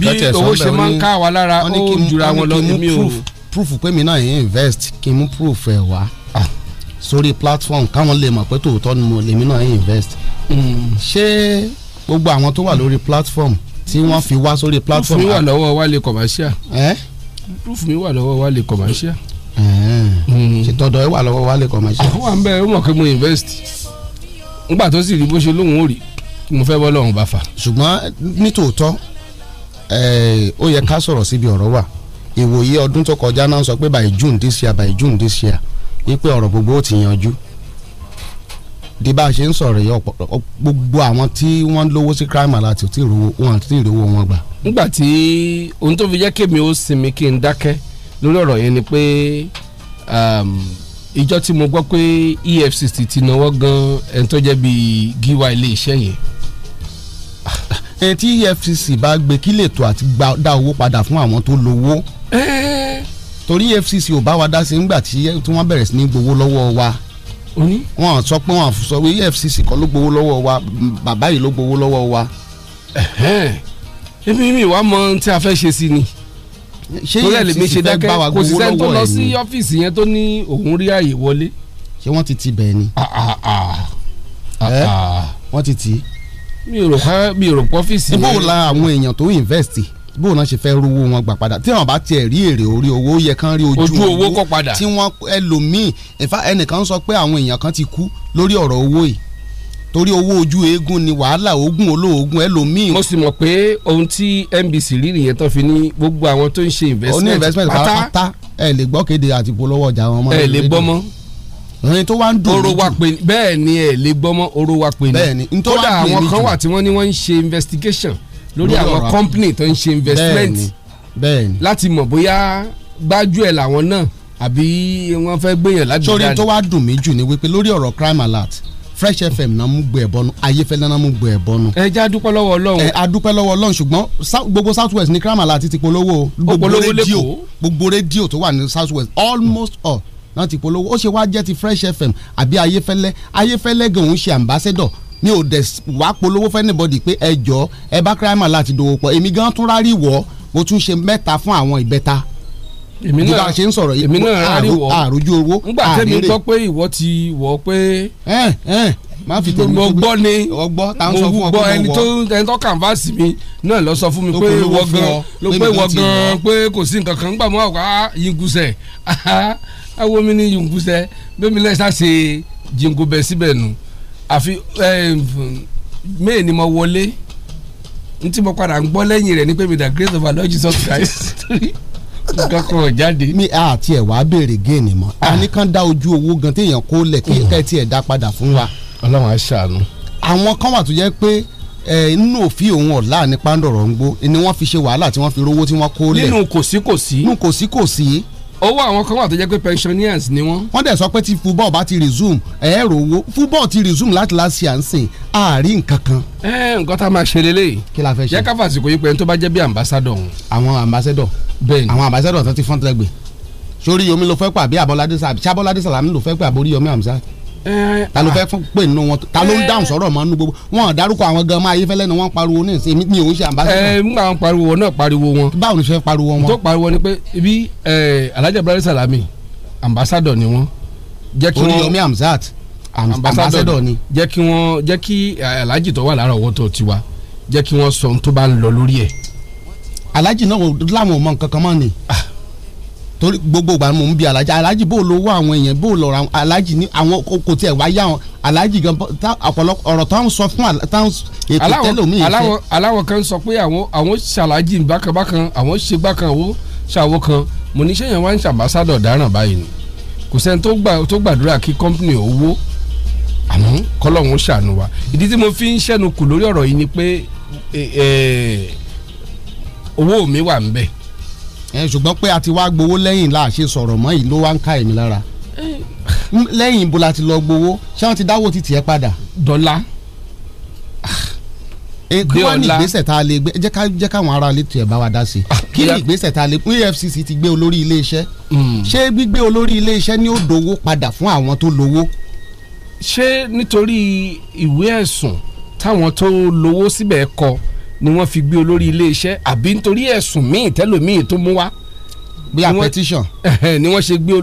S20: bí owó ṣe máa ń ká wa lára ó jura wọn lọ ní mi ò proof pé mi náà yẹn invest kí n mú proof ẹ̀ wá ah. sórí platform káwọn lè mọ̀ pé tòótọ́ ni mo lèmi náà yẹn invest hmm. ṣé gbogbo àwọn tó wà lórí platform. Mm tí wọ́n fi wá sórí platform. proof mi wà lọ́wọ́ Wálé commercial. proof mi wà lọ́wọ́ Wálé commercial. Hmm. ṣètọ́dọ̀ ẹ wà lọ́wọ́ Wálé commercial. àwọn àmì bẹ́ẹ̀ ó mọ̀ pé mo invest ngbà tó sì rí bó ṣe lóhùn ó rí mo fẹ́ bọ́ lọ́hùn bá fà. ṣùgbọ́n nítòótọ́ ó yẹ ká sọ̀rọ̀ síbi ọ̀rọ̀ wa ìwòye ọdún tó kọjá náà sọ pé by June this year by June this year wípé ọ̀rọ̀ gbogbo ó ti yanjú di bá a ṣe ń sọ̀rọ̀ yìí ọ̀pọ̀ gbogbo àwọn tí wọ́n lówó sí crime alert ò tí ì rówó wọn àti ìrówó wọn gbà. nígbà tí ohun tó fi jẹ́ kémi ó sinmi kí n dákẹ́ lórí ọ̀rọ̀ yẹn ni pé um, ìjọ tí mo gbọ́ pé EFCC ti náwó gan ẹni tó jẹ́ bíi gíwá ilé iṣẹ́ yẹn. ẹni tí EFCC bá gbé kí lè tó àti dá owó padà fún àwọn tó lówó torí EFCC ò bá wa dá sí nígbà tí wọ́n bẹ̀rẹ̀ sí ní gbowó lọ́wọ́ wa wọn sọ pé wọn sọ pé EFCC kọ́ ló gbowó lọ́wọ́ wa bàbá yìí ló gbowó lọ́wọ́ wa. ebi mi wàá mọ ohun tí a fẹ́ ṣe sí ni ṣé EFCC fẹ́ bá wa gbowó lọ́wọ́ ẹ̀ ni kò sí sẹ́ni lọ sí ọ́fíìsì yẹn tó ní òun rí àyè wọlé. ṣé wọ́n ti ti bẹ́ẹ̀ ni. Ah, ah, ah. wọ́n ti ti. mi ò rò pé ibo la àwọn èèyàn tó invest bó náà ṣe fẹ́ rówó wọn gbà padà tí wọn bá tiẹ̀ rí èrè orí owó yẹ kán rí ojú owó kọ́ padà tí wọ́n ẹlòmíì ẹ̀fà ẹnìkan sọ pé àwọn èèyàn kan ti kú lórí ọ̀rọ̀ owó yìí torí owó ojú eégún ni wàhálà ogun olóògùn ẹlòmíì. mo sì mọ̀ pé ohun tí NBC rí nìyẹn tó fi ní gbogbo àwọn tó ń ṣe investment. oní investment pátá ẹ lè gbọ́ kéde àti polówó ọjà wọn mọ́. ẹ lè gbọ́ mọ́ ẹni tó wá ń dùn oró wa pé bẹ́ẹ̀ ni ẹ lè gbọ́ mọ́ oró wa pé kódà àwọn kan wà tí wọ́n ní wọ́n ń ṣe investigation lórí àwọn company tó ń ṣe investment láti mọ̀ bóyá gbájú ẹ̀ làwọn náà àbí wọ́n fẹ́ gbéyàn láti dáadáa. sórí tó wá dùn mí jù ni wípé lórí ọ̀rọ̀ crime alert fresh fm náà mú gbé ẹ̀bọnú ayéfẹ́lẹ́ náà mú gbé ẹ̀bọnú. ẹ jẹ́ adúpẹ́ lọ́wọ́ ọlọ́run. ẹ adúpẹ́ lọ́wọ́ ọlọ́run ṣùgbọ́n gbogbo south west ní crime alert ti polówó gbogbo rédíò gbogbo rédíò tó wà ní south west almost all náà ti polówó ó ṣe wá jẹ́ ti fresh fm àbí ayéfẹ́lẹ́ ayéfẹ́lẹ́ gan òun ṣe ambassador mi ò dẹ̀ wá polówó fẹ́ anybody pé ẹ jọ ẹ bá kírámà láti dòwò pọ̀ èmi gan tún rárí wọ̀ mo tún ṣe mẹ́ta fún àwọn ìbẹ́ta
S9: èmi náà ṣe ń sọ̀rọ̀ èmi náà rárí wọ̀ àròjú
S20: owó àrèrè ńgbà tẹ́mi gbọ́ pé ìwọ ti wọ̀ pé má fi tèmi tó gbọ́ ni mo gbọ́ ẹni tó ẹni tó kànfàsì mi náà lọ sọ fún mi pé wọ gan ló pé wọ gan pé kò sí nǹkan kan gbà mọ́ àwọn yingusẹ̀ awo mi ni yingusẹ̀ bẹ́ẹ̀ mi lẹ́sà ṣe jingo bẹ́ẹ̀ síbẹ̀ nù àfi eh, may ni mo wọlé n tí mo padà ń gbọ́ lẹ́yìn rẹ̀ ni pé with the grace of our lord jesus christ nǹkan kan jáde. mi a àti ẹ̀ wá béèrè géènì mọ́ a ní kán dá ojú owó gan téèyàn kó lẹ̀ kí ẹ tiẹ̀ dá padà fún wa. ọlọ́run á ṣàánú. àwọn kan wà tó jẹ́ pé nínú eh, òfin òun ọ̀la ní pàǹdọ̀rọ̀ ń gbó ni wọ́n fi ṣe wàhálà tí wọ́n fi rówó tí wọ́n kó lẹ̀. nínú kòsíkòsí. nínú kòsíkòsí owó àwọn kan wà tó jẹ́ pé pensioners ni wọ́n. wọ́n dẹ̀ sọ pé tí football bá ti resume ẹ̀ rò owó football ti resume láti láti à ń sìn àárín nǹkan kan. ẹ nǹkan tá a máa ṣe lélẹ̀. kí la fẹ́ ṣe. jẹ́ ká fàṣìkò yìí pé ẹni tó bá jẹ́ bí ambassador òun. àwọn ambassador bẹ́ẹ̀ni àwọn ambassador tó ti fọ́n tẹ́gbẹ̀ sórí yomi ló fẹ́ pàbí abọ́ládé sàlámì ló fẹ́ pàbórí yomi hamzat Eh, ta ló fẹ́ ah. fún pé nínú wọn ta ló ń eh. dáhùn sọ̀rọ̀ mọ́ nínú gbogbo wọn dárúkọ àwọn gan máa Ayéfẹ́lẹ́ ni wọ́n pariwo ní ìsìn mi ò ń ṣe àǹbáṣẹ́. ẹ eh, nígbà wọn pariwo wọn náà pariwo wọn. báwo ni fẹ́ pariwo wọn. tó pariwo ni pé ibi Alhaji Ibrahim Salami ambassadọ ni wọn. jẹ́ kí wọ́n Oríyọ̀mí Hamzat ambassadọ ni. jẹ́ kí wọ́n jẹ́ kí Alhaji tó wà lára ọwọ́ tó ti wa jẹ́ kí wọ́n sọ ohun tó bá ń lọ lórí ẹ̀. Alhaji náà láwọn ò mọ nǹkan kan mọ́ ni. Ah torí gbogbo ìgbà mò ń bi alájì alájì bó lo wá àwọn èèyàn bó lọ ra alájì ní àwọn kò tiẹ̀ wá yá wọn alájì gan ọ̀pọ̀lọpọ̀ ọ̀rọ̀ táwọn sọ fún táwọn ètò tẹ́lòmíì fẹ́. aláwọ̀ kan sọ pé àwọn àwọn ṣàlájì bákanbákan àwọn ṣe bákan owó ṣàwó kan mo ní sẹ́yìn wá ń ṣàmbásádọ̀ dáràn báyìí ni kò sẹ́ni tó gbàdúrà kí kọ́mpìnì owó àmọ́ kọ́lọ́hún ṣàánú wa ìdí tí mo fi ń ṣẹ́nu kù lórí ọ̀rọ̀ yìí ni pé owó mi wà ń bẹ́ẹ̀ ẹ ṣùgbọ́n pé a ti wá gbowó lẹ́yìn là ṣe sọ̀rọ̀ mọ́ yìí ló wá ń ká èmi lára eh. lẹ́yìn ibo la ti lọ gbowó ṣé wọ́n ti dáwọ́ ti tiẹ̀ padà. dọ́là ah. eh, kí wọ́n ní ìgbésẹ̀ tá a lè gbé jẹ́ ká jẹ́ káwọn ará ilé tiẹ̀ bá wa dá sí i ah, kí ni ìgbésẹ̀ tá a lè EFCC ti gbé olórí iléeṣẹ́ hmm. ṣé gbígbé olórí iléeṣẹ́ ni ó dowó padà fún àwọn tó lówó. ṣé nítorí ìwé ẹ̀sùn táwọn tó lówó síbẹ̀ kọ ni wọ́n fi gbé olórí iléeṣẹ́ àbí nítorí ẹ̀sùn míì tẹ́lòmíì tó mú wá. bí a petition. ni wọ́n ṣe gbé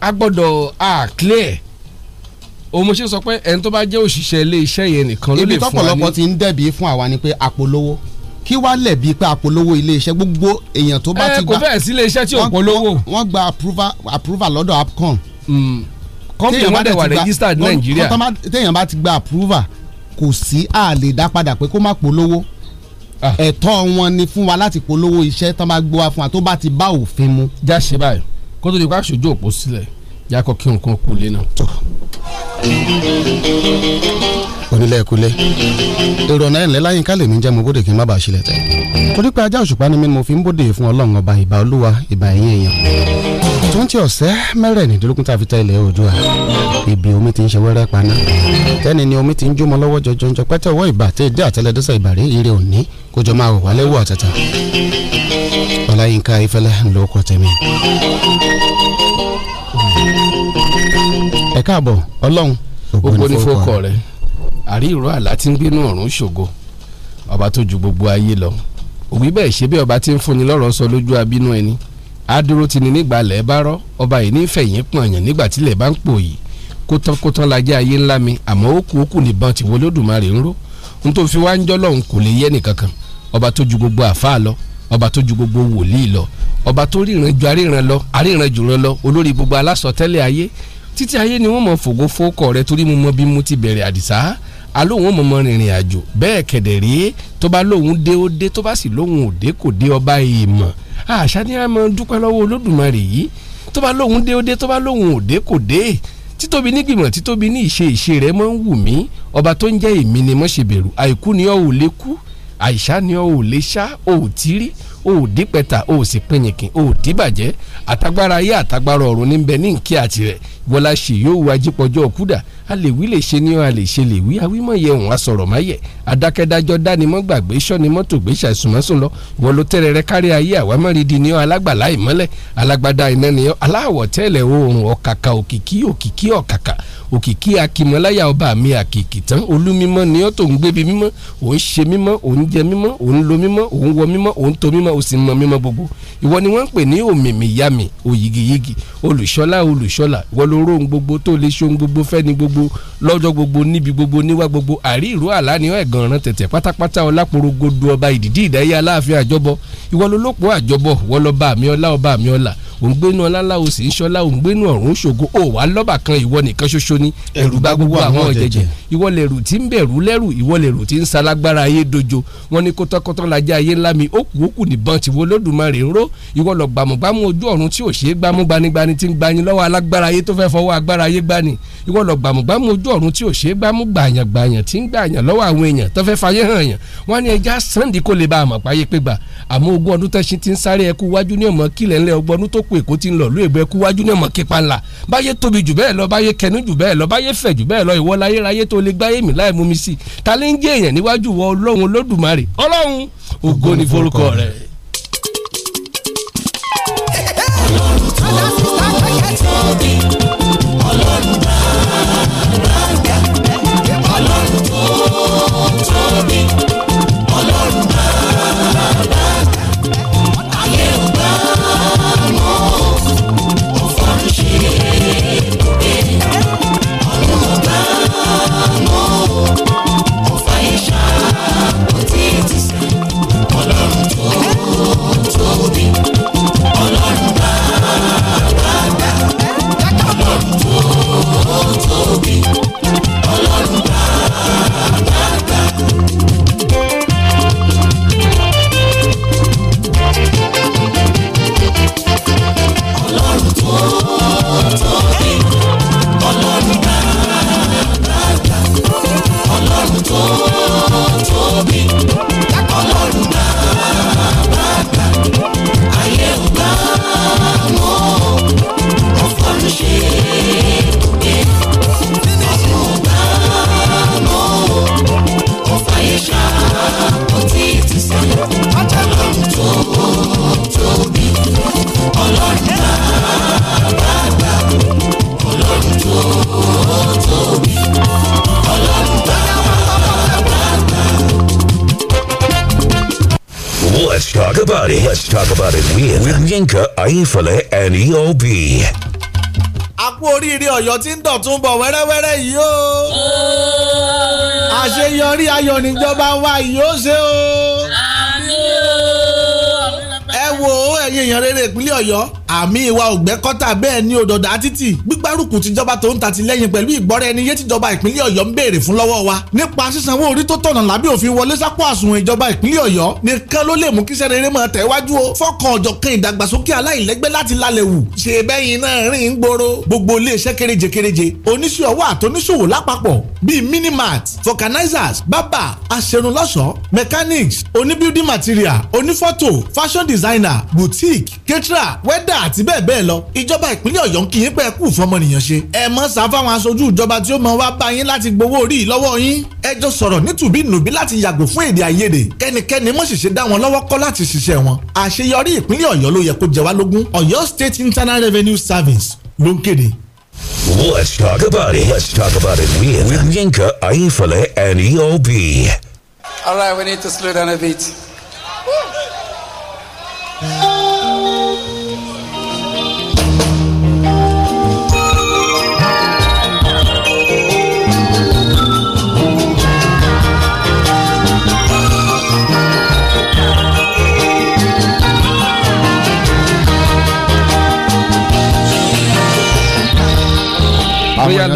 S20: a gbọ́dọ̀ a clear òun mo ṣe sọ pé ẹni tó bá jẹ́ òṣìṣẹ́ iléeṣẹ́ yẹn nìkan ló lè fún wa ní. ibi tọ́pọ̀lọpọ̀ ti ń dẹ̀bi fún àwa ni pé àpolówó kí wàá lẹ̀bi pé àpolówó iléeṣẹ́ gbogbo èèyàn tó bá ti gbà. ẹ kò fẹ́ẹ̀ sí iléeṣẹ́ tí ò polówó. wọ́n gba approval lọ́dọ̀ APCON. kọ́mpì wọn dẹ̀ wà registered Nàìjíríà. téèyàn bá ti gba approval kò sí àlè dá padà pé kó má polówó Ah. ẹ̀tọ́ wọn ni fún wa láti polówó iṣẹ́ tán bá gbé wa fún wa tó bá ti bá òfin mu. já báyìí kó tó di pa òpó sílẹ̀ jákọ̀ kí nǹkan kù lé náà. onílẹ̀ kulẹ̀ èrò ọ̀nà ẹ̀ńlẹ́ láyé ká lèmi jẹ́ mo bóde kí n má bàa ṣílẹ̀ tẹ̀. torí pé ajá òṣùpá ni mí ni mo fi ń bóde fún ọlọ́run ọba ìbà olúwa ìbà ẹ̀yìn èèyàn. tó ń ti ọ̀sẹ́ mẹ́rẹ̀ẹ́nìdínlógún tá a fi tẹ ilẹ̀ oòdùà ibi omi ti ń ṣe wẹ́rẹ́ paná tẹ́ni ni omi ti ń jómọ lọ́wọ́ jọjọjọ pẹ́tẹ́ ọwọ́ ìbà tẹ́ ìdí àtẹlẹdẹ́sẹ̀ ìbàrí ire òní kójọ máa wọ̀ wálé wọ̀ àtẹ̀tẹ̀ ọláyínká ifẹ̀lẹ́ ńlọ́kọ̀ tẹ̀mí ẹ káàbọ̀ ọlọ́run ògo ní fọkọ rẹ àrí ìró àlá tí ń gbénú ọ̀run ṣògo ọba tó ju gbogbo ayé lọ òwí bẹ́ẹ̀ ṣe bí ọba tí ń fúnni lọ́rọ̀ sọ lójú abínú ẹni adúró ti ni nígbà lẹ́ẹ̀ bá rọ́ ọba yìí nífẹ̀yìn pọ̀nyàn nígbà tílẹ̀ bá ń pò yìí kótánkótán lajẹ́ ayé ńlá mi àmọ́ ó kú ó kù nìbọn tìwọ́ lódùmarè ń ró n tó fi wá ń jọ́lọ́hún kò lè yẹ nìkankan ọba tó ju gbogbo àfáà lọ ọba tó ju gbogbo wòlíì lọ ọba tó ríran ju aríran lọ aríran jùlọ lọ olórí gbogbo alásọtẹ́lẹ̀ ayé títí ayé ni wọ́n mọ̀ fògo fókọ̀ rẹ torí mo mọ bí mo ti bẹ̀rẹ̀ àdìsá alóhùn mọ̀mọ́ rìnrìn àjò bẹ́ẹ̀ kẹ̀dẹ̀ rí tó bá lóhùn dé ó dé tó bá sì lóhùn ò dé kò dé ọba èèmọ̀ àṣà ni a máa dúpẹ́ lọ́wọ́ olódùmarè yìí tó bá lóhùn dé ó dé tó bá lóhùn ò dé kò dé títóbi nígbìmọ̀ títóbi ní ìṣe ìṣe rẹ̀ máa ń wù mí ọba tó ń jẹ́ èmi ni mo ṣe bẹ̀rù àìkú ni ọ ò lè kú àìsá ni ọ ò lè sá ò tí rí o ò dípẹ́ta o ò sì pinyìnkìn o si díbàjẹ́ àtagbára ayé àtagbára ọ̀run ní bẹ ní nkí àtirẹ̀ wọlá ṣèyí òwú ajípọ̀jọ́ òkúdà a lè wí lè ṣe ni a lè ṣe lè wí awímọ̀ yẹ òun asọ̀rọ̀ máyẹ̀ adákẹ́dájọ́ dánimọ̀ gbàgbé sọ́nimọ́tò gbé ṣàìsùnmọ́sùn lọ wọ́n ló tẹ́rẹ̀ rẹ kárí ayé àwámọ́rìndì ni ọ́ alágbàlá ìmọ́lẹ̀ alágbádá iná ni ọ́ aláwọ̀ tẹ́lẹ̀ oòrùn ọ̀kàkà òkìkí òkìkí ọ̀kàkà òkìkí akímọ́láyà ọba mi àkìkì tán olúmímọ́ ni ọ́ tó ń gbébi mímọ́ òun ṣe mímọ́ òun jẹ mímọ́ òun lo mímọ́ òun wọ mímọ́ òun to mímọ́ òun sì mímọ́ gbogbo ìwọ ni wọ́n ń pè ní òmìmìyàmì òyìgìyìgì olùṣọ́lá olùṣọ́lá ìwọ lóró ohun gbogbo tó lè ṣe ohun gbogbo fẹ́ ni gbogbo lọ́jọ́ gbogbo níbi gbogbo níwá gbogbo àrí àlá ni ẹ̀gàn ràn tẹ̀tẹ̀ pátápátá ọláporogodo ọba ìdìdí ìdáyé aláàfin àjọbọ àjọbọ ọba òǹgbẹ́nu ọláńlá ń ṣọlá òǹgbẹ́nu ọ̀run ṣògo lọ́bà kan ìwọ nìkan ṣoṣo ni ẹ̀rù bá gbogbo àwọn ọ̀jẹ̀jẹ̀ ìwọ tí ń bẹ̀rù lẹ́rù ìwọ tí ń salágbára ayé dojo wọn ni lajẹ́ ayé ńlá mi lódùmarè ń ró ìwọ lọ gbàmùgbàmù ojú ọ̀run tí ò gbámú gbanigbani tí ń gbani lọ́wọ́ alágbára ayé tó fẹ́ fọwọ́ agbára ayé gbani ìwọ lọ gbàmù àgbámú ojú ọ̀run tí ò ṣeé gbámú gbàyàn gbàyàn tí ń gbàyàn lọ́wọ́ àwọn èèyàn tó fẹ́ fàyè hàn yàn wọ́n ní ẹja sànńdí kó lè bá àmọ̀ páyé pé gbà àmọ́ ogún ọdún tẹ́sí ti ń sáré ẹkú wájú ní ọmọ kílẹ̀ ńlẹ̀ ọgbọ́n ọdún tó kù èkó ti ń lọ lóye bọ́ ẹkú wájú ní ọmọ kípa ńlá báyé tóbi jù bẹ́ẹ̀ lọ báyé kẹnu jù bẹ́ẹ̀ lọ báyé fẹ̀ jù ta ni forúkọ rẹ̀. ọlọ́run tó
S7: tóbi ọlọ́run bá Oh, tóbi ọlọ́run bàbá gbà. ọlọ́run tó tóbi ọlọ́run bàbá gbà ọlọ́run
S17: Let's talk about it. Let's talk about it with, with Yinka Ayefele and EOB.
S12: a kú oríire ọ̀yọ́ tí ń dọ̀tún bọ̀ wẹ́rẹ́wẹ́rẹ́ yìí o àṣeyọrí ayọ̀ níjọba wa yìí ó ṣe o. ẹ̀yin èèyàn rere ìpínlẹ̀ ọ̀yọ́ àmì ìwà ògbẹ́kọ́tà bẹ́ẹ̀ ni òdòdó àtìtì gbígbárùkù tìjọba tó ń tàtìlẹ́yìn pẹ̀lú ìgbọ́ra ẹni yé tìjọba ìpínlẹ̀ ọ̀yọ́ ń béèrè fún lọ́wọ́ wa nípa sísanwó orí tó tọ̀nà lábẹ́ òfin wọlé sápò àsùnwọ̀n ìjọba ìpínlẹ̀ ọ̀yọ́ nìkan ló lè mú kíṣẹ́ rere máa tẹ̀ wájú o fọ́kàn ọ̀jọ̀kan ìdàgbàsókè aláìlẹ́gbẹ́ láti lálẹ́ wù ṣe bẹ́yìn náà rìn ń gbòòrò gbogbo iléeṣẹ́ kéréje kéréje oníṣẹ́ ọwọ́ àtọ́níṣòwò lápapọ̀ bíi minimart vulcanizers bábà aṣerunlọ́ṣọ́ mechanics oní building material onífọ́tò fashion designer boutique traffic ketra wẹ́dà àti bẹ́ẹ̀ bẹ́ẹ̀ lọ ìjọba ìpínlẹ̀ ọ̀yọ́ ń kí yín kú fọmọnìyàn ṣe ẹ mọ́ sá aṣojú ìjọba tí ó mọ wá bá yín láti gbowó orí lọ́wọ́ yín ẹ jọ sọ̀rọ̀ nítùbí nùbí láti yàgò fún èdè àìyedè kẹ́nikẹ́ni mọ̀ ṣẹ̀ṣẹ̀ dá wọn lọ́wọ́ kọ́ láti ṣiṣẹ́ wọn àṣeyọrí ìpínlẹ̀ ọ̀yọ́ ló yẹ kó jẹ wá lógún ọ̀yọ́ state internal revenue service ló ń kéde.
S17: Let's talk about it. Let's talk about it with, with Yinka Ayefele and EOB.
S20: All right, we need to slow down a bit.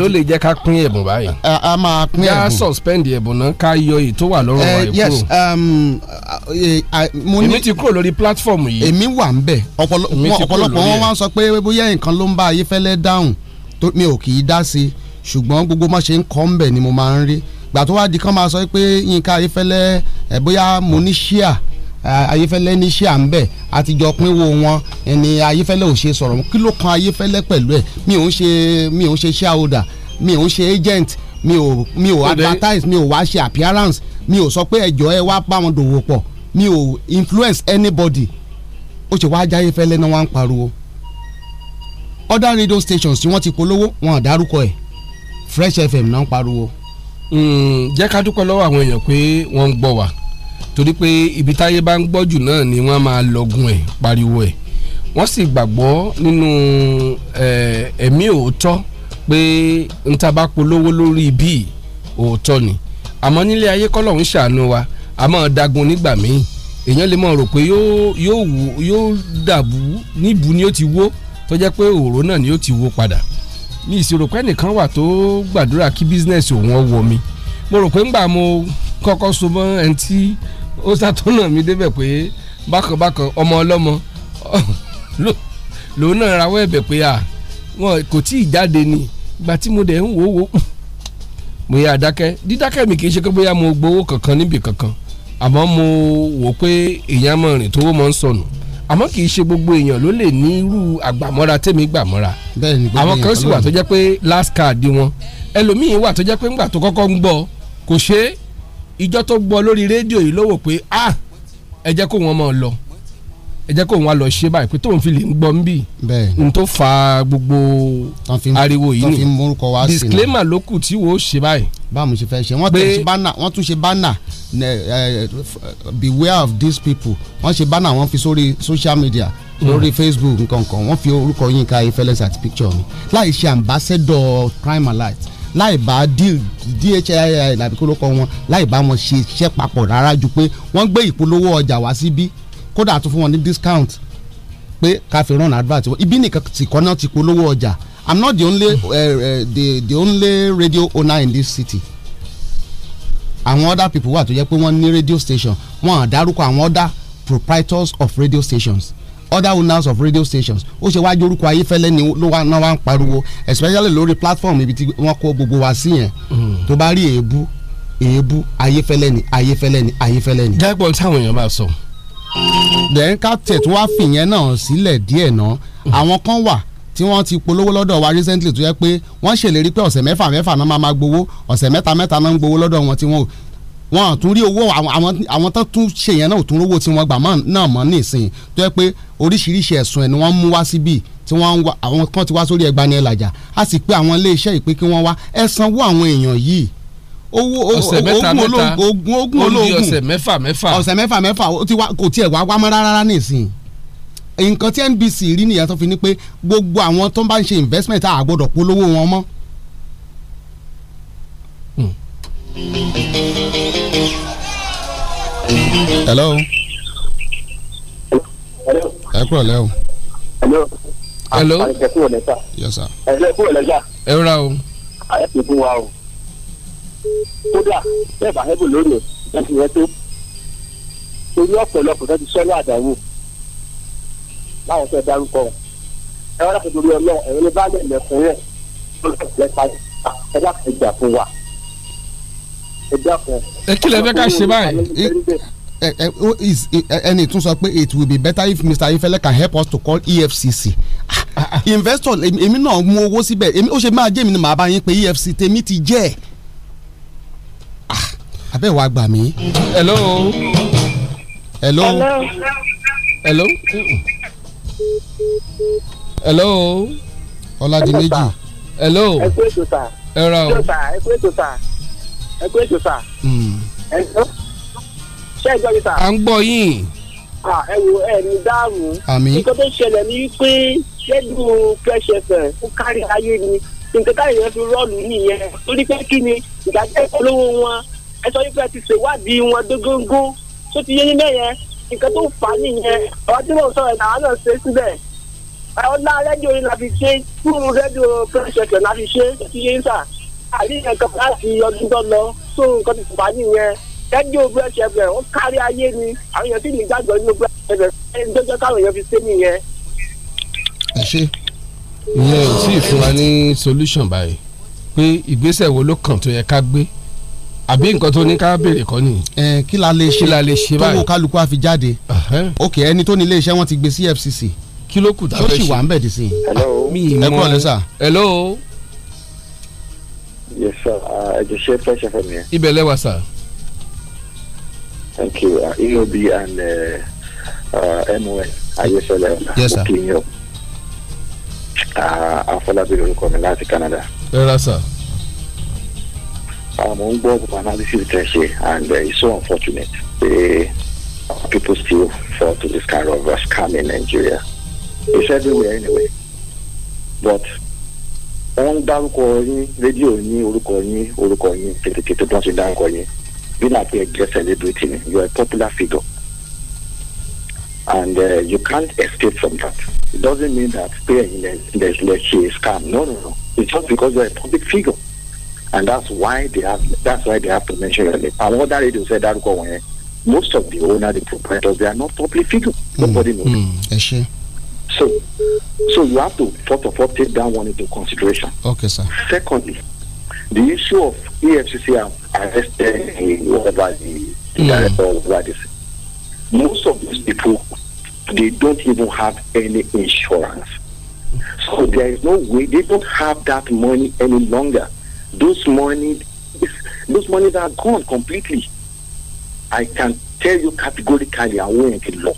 S20: tó lè jẹ́ ká pín ẹ̀bùn báyìí. a máa pín ẹ̀bùn. yá suspend ẹ̀bùn náà ká yọ èyí tó wà lọ́rùn wa eh, kúrò. Um, eh, èmi ti kúrò lórí platform yìí. èmi wà ń bẹ̀ ọ̀pọ̀lọpọ̀ wọn wá sọ pé bóyá nǹkan ló ń bá Ayéfẹ́lẹ́ dáhùn mi ò kì í dá sí ṣùgbọ́n gbogbo mọ́ ṣe ń kọ́ ń bẹ̀ ni mo máa ń rí gbà tó wá di kán máa sọ pé Yínká Ayéfẹ́lẹ́ ẹ̀ eh, bóyá mo ní ṣíà Eh, ayéfẹ́lẹ́ ní ṣé à ń bẹ̀ àtijọ́ pínwó wọn ẹni ayéfẹ́lẹ́ ò ṣe sọ̀rọ̀ kí ló kan ayéfẹ́lẹ́ pẹ̀lú ẹ̀ mi ò ń ṣe mi ò ń ṣe shareholder mi ò ń ṣe agent mi ò mi ò advertise mi ò wá ṣe appearance mi ò sọ pé ẹjọ́ ẹ wá bá wọn dòwò pọ̀ mi ò influence anybody ó ṣe wáá jáyé fẹ́lẹ́ náà wá ń pariwo other radio stations tí wọ́n ti polówó wọn àdárúkọ ẹ̀ Fresh FM náà ń pariwo. Hmm, jẹ́ ká dúpẹ́ lọ́wọ́ àwọn èèyàn pé wọ́n ń gbọ́ wa torí pé ibi táyé bá ń gbọ́jù náà ni wọ́n máa lọ́gùn ẹ̀ pariwo ẹ̀ wọ́n sì gbàgbọ́ nínú ẹ̀mí òótọ́ pé n ta bá polówó lórí bíi òótọ́ ni àmọ́ nílé ayé kọ́lọ̀ ń ṣàánú wa àmọ́ dagun nígbà míì èèyàn lè mọ̀ rò pé yóò dàbú níbu ni ó ti wó tó jẹ́ pé òòró náà ni ó ti wó padà mi ìṣirò pé ẹnìkan wà tó gbàdúrà kí bísínẹ́sì òun ọ̀wọ́ mi mo rò pé ńgbà mo kọ́kọ́ so mọ́ ẹni tí ó ṣàtúnà mi débẹ̀ pé bákan bákan ọmọ ọlọ́mọ lòun náà rawọ́ ẹ̀bẹ̀ pé à wọn kò tí ì jáde ni ìgbà tí mo dẹ̀ ń wò wò mo yà dákẹ́ dídákẹ́ mi kì í ṣe pé bóyá mo gbowó kankan níbi kankan àmọ́ mo wò pé èèyàn mọ̀ rìn tówó mọ̀ ń sọnù àmọ́ kì í ṣe gbogbo èèyàn ló lè ní irú àgbàmọ́ra tèmi gbàmọ́ra àwọn kan sì wà tó jẹ́ pé last card wọn ẹlòmíín wà tó jẹ́ pé ńgbà tó kọ́kọ́ ń gbọ́ kò ṣe ìjọ tó gbọ́ lórí rédíò yìí ló wò pé ah, ẹ jẹ́ kó wọn máa lọ ẹ jẹ́ kó wọn lọ ṣe báyìí pé tóun fi lè gbọ́ ń n tó fa gbogbo ariwo yìí ni disclaimer ló kù tí wò ṣe báyìí. báwo ṣe fẹ́ ṣe wọ́n tún ṣe bánà beware of these people wọ́n ṣe bánà wọ́n fi sórí social media lórí hmm. Facebook nǹkan kan wọ́n fi orúkọ Yínká Ayéfẹ́lẹ́ àti picture mi láì ṣe ambassador crime alert láì bá DHII làbí kó ló kọ wọn láì bá wọn ṣe iṣẹ́ papọ̀ rárá ju pé wọ́n gbé ìpolówó ọjà wá síbí kódà tún fún wọn ní discount pé ká fi rán advert wọn ibi nìkan tí kọ́ náà ti polówó ọjà I'm not the only uh, uh, the, the only radio owner in this city àwọn other people wà tó jẹ́ pé wọ́n ní radio station wọ́n á dárúkọ àwọn other proprietors of radio stations other owners of radio stations ó ṣe wájú orúkọ ayéfẹ́lẹ́ ni ló wà náà wà ń pariwo especially lórí platform ibi tí wọ́n kó gbogbo wa sí yẹn hmm. tó bá rí èébú èébú ayéfẹ́lẹ́ ni ayéfẹ́lẹ́ ni ayéfẹ́lẹ́ ni. jágbọ́n táwọn èèyàn máa sọ. then captain tó wá fìyẹn náà sílẹ̀ díẹ̀ náà hmm. àwọn kan wà tí wọ́n ti polówó lọ́dọ̀ wa recently tó yẹ pé wọ́n ṣèlérí pé ọ̀sẹ̀ mẹ́fà mẹ́fà náà máa máa gbowó ọ̀sẹ̀ mẹ́ta mẹ́ta náà ń gbowó lọ́dọ̀ wọn tí wọ́n wọn àtún owó àwọn tó tún ṣe yẹn náà ò tún rówó tí wọ́n gbà náà mọ́ nísìnyí tó yẹ pé oríṣiríṣi ẹ̀sùn ẹ̀ ni wọ́n mú wá síbí tí wọ́n àwọn kan ti wá sórí ẹgbàá ní ẹlàjà a sì pé àwọn iléeṣẹ́ ìpè kí wọ́n wá ẹ sanwó àwọn èèyàn yìí owó ogun ológun ológun ọ̀sẹ̀ mẹ́fà mẹ́fà ọ̀sẹ̀ mẹ́fà mẹ́fà kò tiẹ̀ wá wá mọ́ rárá nísìnyí nǹkan tí NBC rí nìyẹn fi ní pé gbogbo àwọn tó ń bá ń ṣe investment àgbọ̀dọ̀ polówó wọn mọ́ hello. ẹ kúrò Hello.
S21: hello. ẹ kúrò ah, yes sir. ẹ kúrò lẹ́sà. ẹ rà o. Ah, ẹ kì í fún wa o. kódà
S22: bẹ́ẹ̀ bá hẹ́bù lónìí láti rẹ tó. torí ọ̀pọ̀lọpọ̀ tó ti sọ́lá àdáwò láwọn fẹ́ dárúkọ wọn ẹ wá láti dorí ọlọ́run ẹ̀rọ ní bá lẹ̀ lẹ́kùnrin ẹ̀ lọ́sọ̀tẹ̀ lẹ́pàá ẹ̀ láti gbà fún wa ẹ
S23: dákun.
S20: ẹ fẹ́ ká ṣe báyìí ẹni tún sọ pé it will be better if Mr. Ifele can help us to call EFCC ah, ah, ah. investor èmi náà mú owó síbẹ̀ ó ṣe máa jẹ́ mi ni màá bá yín pé EFCC tèmi ti jẹ́ ẹ̀ abẹ́ wa gbà mí. hello. hello. hello. hello. ọ̀làdìmẹ́jì.
S21: hello. ẹ pé ètò ta. ẹ ra o. ètò ta ẹ pé ètò ta ẹ kú ètò sà. Hmm. ṣé ẹ gbọ́ mi sà. à ń gbọ́ yín. ẹ wo ẹ ní dáàmú. àmì. nǹkan tó ṣẹlẹ̀ ni pé ṣẹ́gun fresh fm ó kárí ayé ni nǹkan táyà yẹn fi rọ́ọ̀lù nìyẹn torí pé kí ni ìdájọ́ ìpolówó wọn ẹ sọ wípé ẹ ti ṣèwádìí wọn dógóńgó tó ti yé nílẹ̀ yẹn nǹkan tó fà á nìyẹn ọ̀rọ̀ tí mò ń sọ ẹ̀ náà náà ṣe síbẹ̀ ọ̀la rédíò yìí la fi ṣe fún rédíò fresh fm la fi ṣe ti yé sà àríyàn kan láti ọdún tó lọ tó nǹkan ti fà nìyẹn rẹ́díò fresh fm ó kárí ayé ni àwọn èèyàn sì ní ìgbàgbọ́ nínú fresh fm ẹni tó jẹ́ káwọn èèyàn fi ṣe nìyẹn.
S23: ẹ ṣe ìyẹn ò tí ì fún
S20: wa ní solution báyìí pé ìgbésẹ̀ wo ló kàn tó yẹ ká gbé àbí nǹkan tó ní ká béèrè kọ́ nìyí. ẹ kí la lè ṣe kí la lè kálukú àfi jáde ok ẹni tó ní ilé iṣẹ́ wọn ti gbé sí FCC kí ló kù tá a fẹ́ ṣe tó sì wà ń bẹ̀ dì sí
S22: i. ẹ kúrò lẹ́sà. hello. hello? Yes, sir. Uh, I just share pressure from here. Ibelewa, sir. Thank you. Uh, EOB and uh, uh, MON. Ah, yes, sir. Yes, sir. Opinion. Afọlábí lorúkọ mi láti Canada. Rẹ́rà sà. Ah, mo ń gbọ́ gbogbo analysis tẹ̀ and uh, it's so unfortunate The uh, people still fall to this kind of uh, scam in Nigeria. It's everywhere anyway. But wọ́n ń dárúkọ yín rédíò yín orúkọ yín orúkọ yín kétékété bí wọ́n ṣe dárúkọ yín bí náà pé ẹgbẹ́ celebrity ni you are a popular figure and uh, you can't escape from that it doesn't mean that pé ẹ̀yin lè ṣe scam no no no it's just because you are a public figure and that's why they have that's why they have to mention your name àwọn ọ̀dà rédíò ṣe dárúkọ wọ̀nyẹn most of the owner, the proprietors they are not public figures hmm, nobody mm,
S20: knows. Mm,
S22: So, so you have to first of all take that one into consideration. Okay, sir. Secondly, the issue of EFCC arrested whatever the, the hmm. director of that is. Most of these people, they don't even have any insurance. So there is no way they don't have that money any longer. Those money, those monies are gone completely. I can tell you categorically, I won't law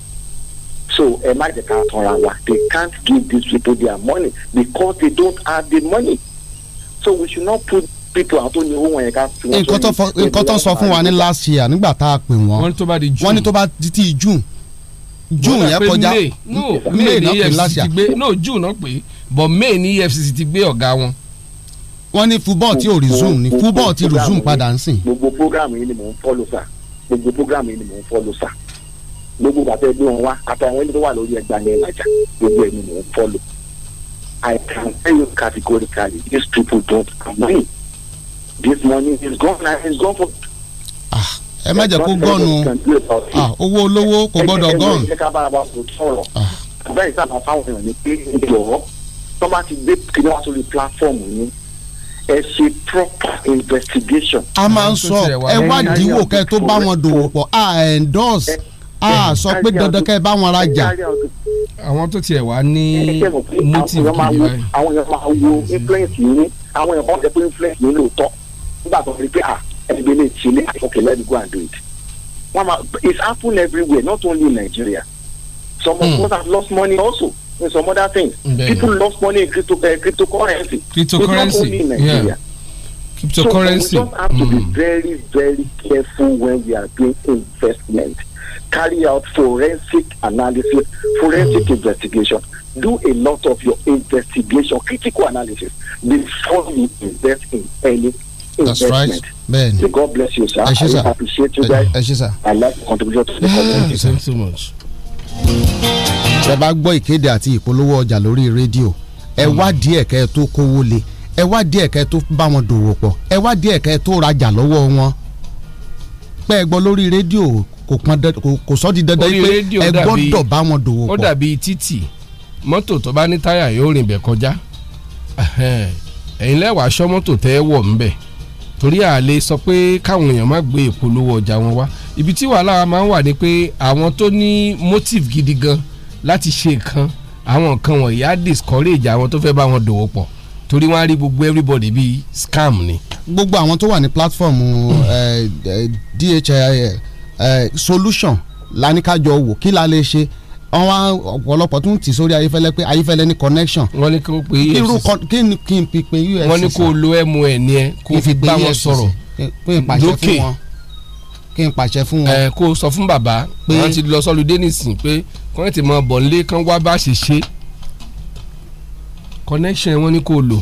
S22: so ẹ má jẹ ká wa they can't give these people their money because they don't have the money so we should not put people out on ní owó wọn yẹn ká fi wọn sọ ní. nǹkan tó sọ fún wa ní
S20: last year nígbà tá a pè wọ́n wọ́n ní tó bá di ti june june yẹn kọjá may náà pè e last year no june náà pè but may ní efcc ti gbé ọ̀gá wọn wọ́n ní football tí ò resume ni football ti resume padà ń sìn. gbogbo
S22: program yìí ni mò ń fọ́lù sà gbogbo program yìí ni mò ń fọ́lù sà gbogbo bàtà ẹgbẹ́ wọn wá àtàwọn ẹni tó wà lórí ẹgbàá ní ìlàjà gbogbo ẹni mò ń fọ́lò I can tell you categorically these people don't have money this money is gone and it's gone for.
S12: Ah, ẹ má jẹ́ kó gọ́ọ̀nù ah, owó olówó kò gbọ́dọ̀ gọ́ọ̀nù.
S22: ẹ ká bára wa kò sọ̀rọ̀ ah. bẹ́ẹ̀ sábà fáwọn èèyàn ní pé ìjọ̀wọ́ tó bá ti gbé kíní wá sórí pílátọ́ọ̀mù yín ẹ ṣe proper investigation.
S19: a máa ń sọ ẹ
S22: wádìí wò kẹ́ tó bá wọn
S20: dòwò pọ̀ a endorse. a ah, sọ pé dandan kẹ́ ẹ bá wọn rajà.
S22: àwọn tó tiẹ̀ wá ní motive kìí rẹ̀. àwọn èèyàn máa wo influence yìí àwọn èèyàn kan jẹ́ pé influence yìí lóòótọ́ nígbà tó rí pé à ah, ẹgbẹ́ lè ti ní okay let me go and do it. wọ́n máa it's happen everywhere not only in Nigeria some mm. of hmm. us have lost money also in some other things people lost money in crypto, uh, cryptocurrency cryptocurrency it's not only in Nigeria. Yeah So we just have to mm. be hmm. very, very careful when we are doing investment carry out forensic analysis, forensic investigation. Do a lot of your investigation, critical analysis before you invest in any that's investment. right. Ben. May God bless you, sir. I appreciate you guys. I like to contribute to the community.
S20: Thank you so much. Ẹ bá gbọ́ ìkéde àti ìpolówó ọjà lórí rédíò. Ẹ hmm. wádìí ẹ̀kẹ́ tó kówó le. Ẹ wádìí ẹ̀kẹ́ tó bá wọn dòwò pọ̀. Ẹ wádìí ẹ̀kẹ́ tó rajà lọ́wọ́ wọn. Pẹ́ ẹ gbọ́ lórí rédíò kò pọn dandan kò sọ́ di dandan yìí pé ẹ gbọ́dọ̀ bá wọn dòwò pọ̀. ó dàbí títì mọ́tò tó bá ní táyà yóò rìn bẹ̀ kọjá ẹ̀yin lẹ́wàá aṣọ mọ́tò tẹ́ wọ̀ ńbẹ̀ torí àlè sọ pé káwọn èèyàn má gbé ìpolówó ọjà wọn wá ibi tí wàhálà máa ń wà ni pé àwọn tó ní motive gidi gan láti ṣe nǹkan àwọn nǹkan wọ̀nyí á discourage àwọn tó fẹ́ bá wọn dòwò pọ̀ torí wọ́n á rí gbogbo everybody bíi scam ni. gbogbo àwọn tó wà ní platform eh, eh, DHIL solution la ní ká jọ wò kí la lè ṣe wọn wá ọ̀pọ̀lọpọ̀ tún ti sórí ayífẹ́lẹ́ pé ayífẹ́lẹ́ ní connection. wọ́n ní kó pe efcc kí ni kí n pe efcc. wọ́n ní kó lo ẹmu ẹ̀ ní ẹ kó fi bá wọn sọ̀rọ̀ lókè kí n pàṣẹ fún wọn. ẹ kó sọ fún bàbá pé wọn ti lọ sọlù denison pé kọ́ńtì mọ bọ̀nlé kan wá bá ṣe ṣe connection wọn ní kó lò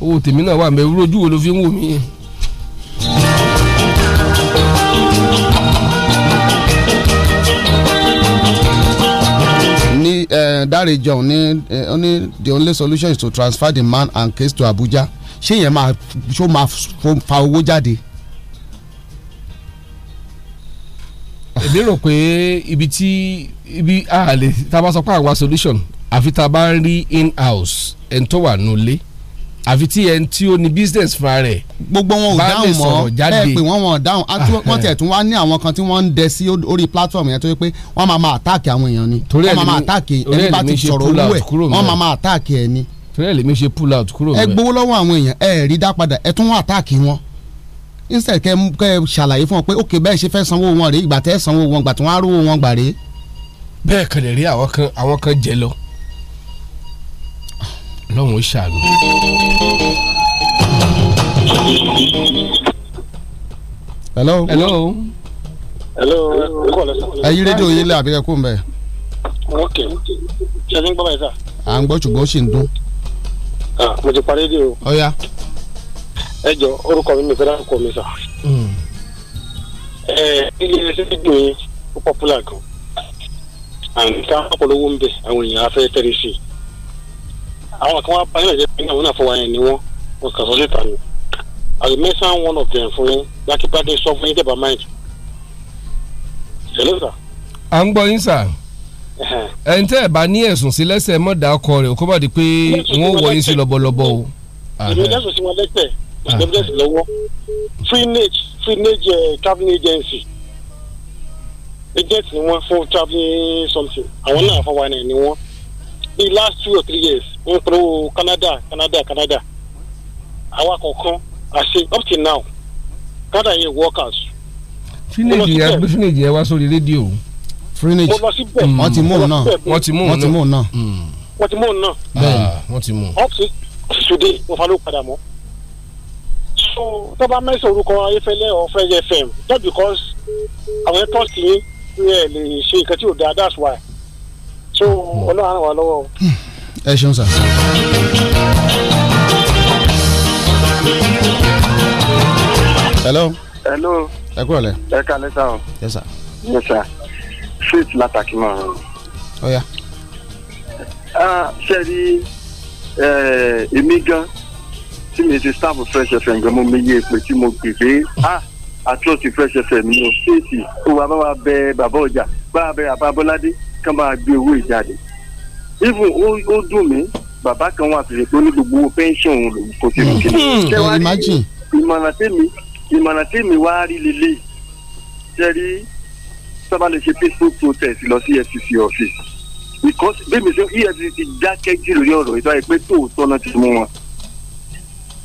S20: owó tèmi náà wà mẹ́rin ojú wo ló fi ń wò mí yẹn. tí eh, Dáre John eh, the only solution is to transfer the man and case to Abuja ṣé yẹn máa ṣó máa fa owó jáde. èmi rò pé ibi tí ibi a tá a bá sọ pé àwa solution àfi tá a bá ń rí in house ẹni tó wà nulẹ̀. No àfi tí ẹni tí ó ní business fúnra rẹ̀. gbogbo wọn ò dáhùn mọ́ bẹ́ẹ̀ pé wọ́n wọn ò dáhùn ah, wọ́n eh. tiẹ̀ tún wá ní àwọn kan tí wọ́n ń dẹ sí orí platform yẹn tó yẹ pé wọ́n máa máa àtáàkì àwọn èèyàn ni wọ́n máa máa àtáàkì ẹni bá ti sọ̀rọ̀ owó ẹ̀ wọ́n máa máa àtáàkì ẹ̀ ni. torí ẹ̀ lèmi ṣe pull out kúrò mẹ́rẹ̀. ẹ gbowó lọ́wọ́ àwọn èèyàn ẹ rí dá padà ẹ tún wọ́n àtáàkì wọn instead kẹ kẹ ṣàlàyé fún wọn pé ok lọ́hùn ó ṣàánú. hello. hello.
S8: hello. ẹyin rédíò yín
S20: lé àbíkẹ́ kó ń bẹ̀.
S8: ok ṣe ti ń gbọ́ báyìí sá.
S20: à ń gbọ́ ṣùgbọ́n ó sì ń dún.
S8: mo ti parí rédíò. ọ̀ya. ẹ jọ orúkọ mi mi fẹ́ dákọ̀ mi sá. Hmm. ẹ ẹ ṣe ti dùn yín ó pọ́pùlà gan. àǹtí àwọn ọ̀pọ̀lọpọ̀ ń bẹ àwọn èèyàn afẹ́ tẹ̀lé sí i àwọn kan wá báyìí lọ́jọ́ pé àwọn náà fọwọ́ yẹn ni wọ́n kà sọ létà ni I remember one of them fún yín dákíbádé sọ fún yín dẹ́ba mind. hello sir.
S20: à ń gbọ́ yín sà ẹni tẹ́ ẹ̀ bá ní ẹ̀sùn sí lẹ́sẹ̀ mọ́dà ọkọ rẹ̀ kó bá di pé wọ́n wọ yín sí lọ́bọ̀lọ́bọ̀ o.
S8: Eh, traveling agent ni wọ́n fún traveling something àwọn náà fọwọ́ yẹn ni wọ́n the last two or three years n pro Canada Canada Canada àwa I say, up till now Canada yẹn workers.
S20: fínèjì yẹn gbé fínèjì yẹn wá sórí rédíò. fínèjì hmm. wọ́n ti mú un náà wọ́n ti mú un náà.
S8: wọ́n ti mú un náà. bẹ́ẹ̀ ah, wọ́n ti mú un. up to today mo fa ló padà mọ́ so tó bá mẹ́sàn orúkọ ayéfẹ́lẹ́ ọ̀fẹ́ fm just because àwọn ẹ̀tọ́ sí ẹ̀ lè ṣe nǹkan tí ò dáa that's why so ọlọ́run á ràn wá lọ́wọ́ o. Hmm. ẹ ṣeun sà. hello. hello.
S20: ẹ kúrò lẹ.
S21: ẹ kálẹ́ sá o. ẹ sà. ẹ sà faith látàkì mọ́ ọ. ọ̀ya. ṣe rí èmi gan tí mi ti staff fresh fm gan mo mi yé pé tí mo gbè pé ah, àtúntì fresh fm mi ò faith kó wa bá wa bẹ bàbá ọjà bá wa bẹ àbá bọ́ládé kán bá gbé owó ìjáde even ó dùn mí bàbá kan wà tó ṣe pé ó ní gbogbo pension òun lòun kò ṣe kékeré hmm,
S8: hmm,
S21: ìmọ̀ràn tèmi ìmọ̀ràn tèmi wá rí lélẹ̀ jẹ́rí sábà ṣe peaceful protest lọ sí EFCC office because bẹ́ẹ̀ mi sọ EFCC ti dákẹ́ jìròyìn ọ̀rọ̀ ìtọ́ àìpé tòótọ́ náà ti mú wọn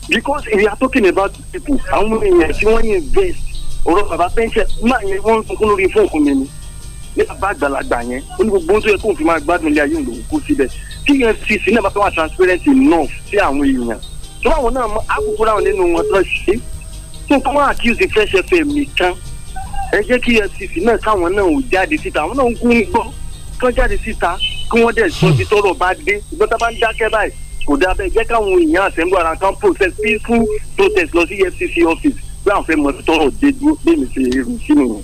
S21: because we are talking about people àwọn èèyàn tí wọ́n yẹn invest ọ̀rọ̀ bàbá pension máa yẹ wọ́n sunkún lórí fóònù mi ni ní bàbá àgbàlagbà yẹn ó ní gbogbo ohun tó yẹ kóun fi máa gbádùn ilé ayé òun lòun kó síbẹ̀ kí efcc náà bá fẹ́ wà transparent enough sí àwọn èèyàn tó báwọn náà àkókò láwọn nínú wọn tó ṣe tó kọ́ wọn accuse fresh fm nìkan ẹ jẹ́ kí efcc náà káwọn náà ò jáde síta àwọn náà ń gún gbọ́ kán jáde síta kí wọ́n dẹ̀ sọ ti tọrọ bá dé ìgbọ́n tá bá ń dákẹ́ báyìí kò dáa bẹ́ẹ̀ jẹ́ káwọn èèyàn àtẹ̀ńgbò ara kan process peaceful protest lọ sí efcc office bí àwọn fẹ́ mọ̀ tọrọ dé dúró bí mi ṣe
S18: rí sínú yẹn.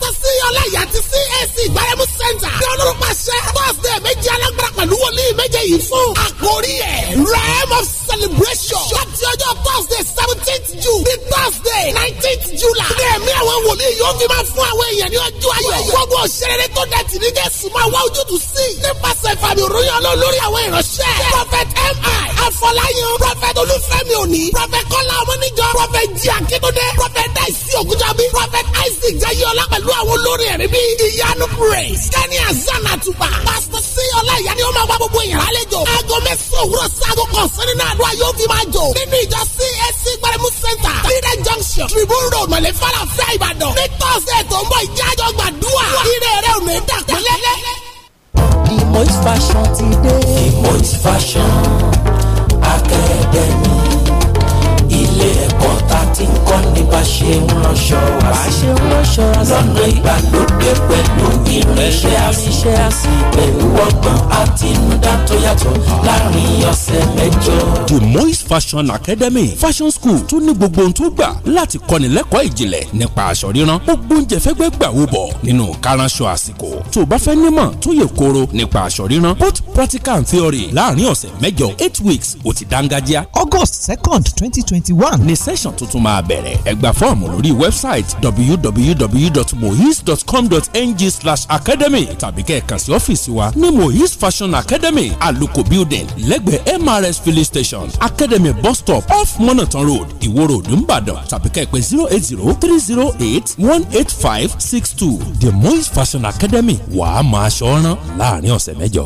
S14: Olúyọlá yàtí CAC ìgbàrẹ́mú center. bí ọlọ́run pàṣẹ thursday méje alágbára pẹ̀lú wòlíì méje yìí fún. àkórí ẹ̀ realm of celebration. láti ọjọ́ thursday seventeenth june ní thursday nineteenth july. ní ẹ̀mí àwọn wòlíì yóò fi máa fún àwọn èèyàn ní ọjọ́ ayọ̀. gbogbo òṣèré tó dẹ̀ tì ní jésù máa wá ojútùú sí. nípasẹ̀ ìfàmì òróyìn olórí àwọn ìránṣẹ́. prophet mi afọláyàn. prophet olúfẹ́mi òní. prophet kọ́lá ọmọnìjọ. prophet jí akíndúndé. prophet daisy ògúnjọ́bí. prophet isaac jayé ọlá pẹ̀lú àwọn olórí ẹ̀rí bíi ìyanu praise. Kristiani Azanatuba. Pásítọ̀ sí ọlá ìyá ni ó máa wá gbogbo èèyàn lálejò. Aago mẹ́sàn-án òwúrọ̀ sí kan sínú náà àdúrà yóò fi máa jò. Nínú ìjọ CAC Gbaremu Center, Trinidad Junction, Tribune Road, Mọ̀lẹ́fàlà Fẹ́ Ìbàdàn. Ní tọ́sídẹ̀ẹ́ tó ń bọ̀
S16: ìjájọ́ gbàdúrà. Ire rẹ̀ ò ní dàgbẹ́lẹ́. The most Fashion ti
S1: dé. The Moist Fashion Academy ilé ẹ̀kọ́ tá a ti ń kọ́ ní bá ṣe ń ránṣọ àṣì lọ́nà ìgbàlódé pẹ̀lú irinṣẹ́ àṣì pẹ̀lú ọgbọ́n àtinúdá tó yàtọ̀ láàrin ọ̀sẹ̀ mẹ́jọ.
S12: The Moist Fashion Academy Fashion School tún ní gbogbo ohun tó gbà láti kọ́ni lẹ́kọ̀ọ́ ìjìnlẹ̀ nípa aṣọ ríran gbogbo oúnjẹ fẹ́gbẹ́ gbà wò bọ̀ nínú kárànṣọ àsìkò tó bá fẹ́ nímọ̀ tó yẹ kóró nípa aṣọ ríran both practical and theory láàrin ọ̀sẹ̀ mẹ́jọ eight weeks ó ti dángájíá. August second twenty twenty one ni session tuntun máa bẹ̀rẹ̀ ẹ gba fọ́ọ̀mù lórí website www.mohis.com.ng slash academy tàbí kẹ́ ẹ̀ kàn sí ọ́fíìsì wa ní mohis fashion academy aluko building lẹ́gbẹ̀ẹ́ mrs filling station academy bus stop off monoton road ìwó road nìbàdàn tàbí kẹ́ ẹ̀ pé zero eight zero three zero eight one eight five six two the mohis fashion academy wàá máa ṣọ́ ọ́rán láàrin ọ̀sẹ̀ mẹ́jọ.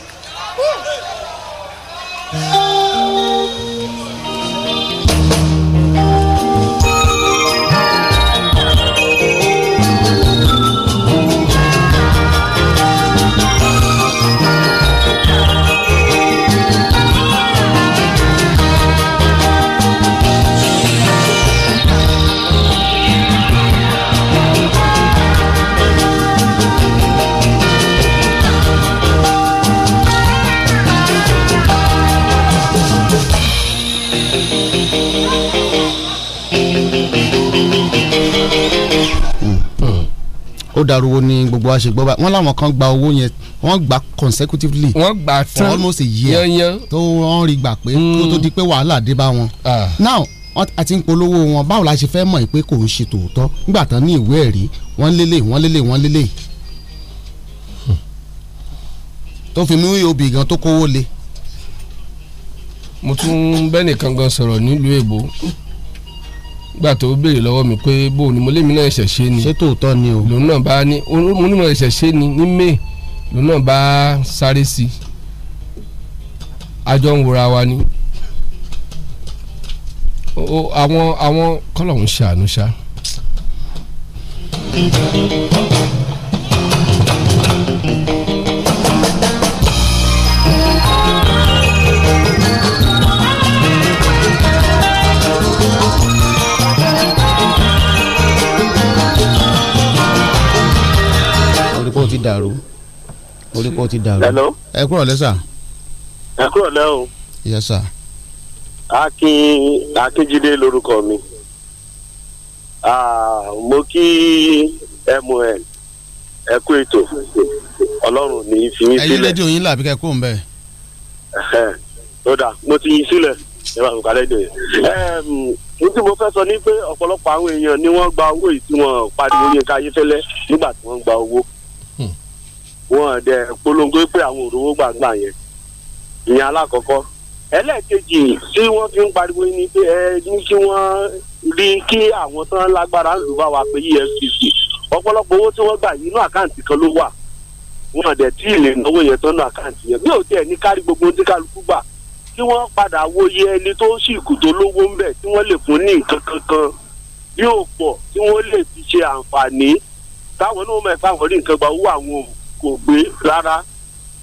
S20: ó dàrúwó ní gbogbo wa ṣe gbọ́ báyìí wọ́n láwọn kan gba owó yẹn wọ́n gbà consecutively wọ́n gbà tán for almost a year yanyan tó wọ́n rí gbà pé mm. kó tó di pé wàhálà dé bá wọn. Ah. now a ti ń polówó wọn báwo la ṣe fẹ́ mọ̀ pé kò ń ṣe tòótọ́ nígbà tán ní ìwé ẹ̀rí wọ́n lélẹ̀ wọ́n lélẹ̀ wọ́n lélẹ̀ tó fi mú obì gan tó kówó le. mo tún bẹ́ẹ̀ nìkan gan sọ̀rọ̀ nílùú èbó gbà tó béèrè lọ́wọ́ mi pé bó ni mo lémi náà ẹ̀ṣẹ̀ ṣe ni ṣé tòótọ́ ni o lòun náà bá ní mo ní mo ẹ̀ṣẹ̀ ṣe ni ní may lòun náà bá sáré sí i àjọ ń wòra wa ni àwọn àwọn kọ́lọ̀ ń ṣàánú ṣá. ti dàrú orí kò ti dàrú. hello. ẹ kúrò lẹ́sà.
S21: ẹ kúrò lẹ́ o. yes sir. akin akínjídé lórúkọ mi mo kí mon ẹ kú ètò ọlọ́run ní fi mí sílẹ̀. ẹyin
S20: rédíò yín làbí kẹ́ kó ń bẹ̀.
S21: ó dà mo ti yí sílẹ̀ ẹ bá mi kálẹ̀ dè ní tí mo fẹ́ sọ ni pé ọ̀pọ̀lọpọ̀ àwọn èèyàn ni wọ́n gba owó yìí tí wọ́n pariwo yín ká fẹ́lẹ́ nígbà tí wọ́n gba owó. wọn dẹ̀ polongo pé àwọn òrówó gbàgbà yẹn ìyẹn alákọ̀ọ́kọ́ ẹlẹ́ẹ̀kejì tí wọ́n fi ń pariwo ni pé ẹ ní kí wọ́n rí kí àwọn tán lágbára ń lù bá wa pé e owó tí wọ́n wọn tí náwó yẹn tán àkáǹtì yẹn bí ní kárí gbogbo ohun tí kálukú gbà kí padà wo iye ẹni tó sì kù tó lówó ń tí lè fún ní nǹkan kankan tí lè fi ṣe àǹfààní gba owó àwọn kò gbé rárá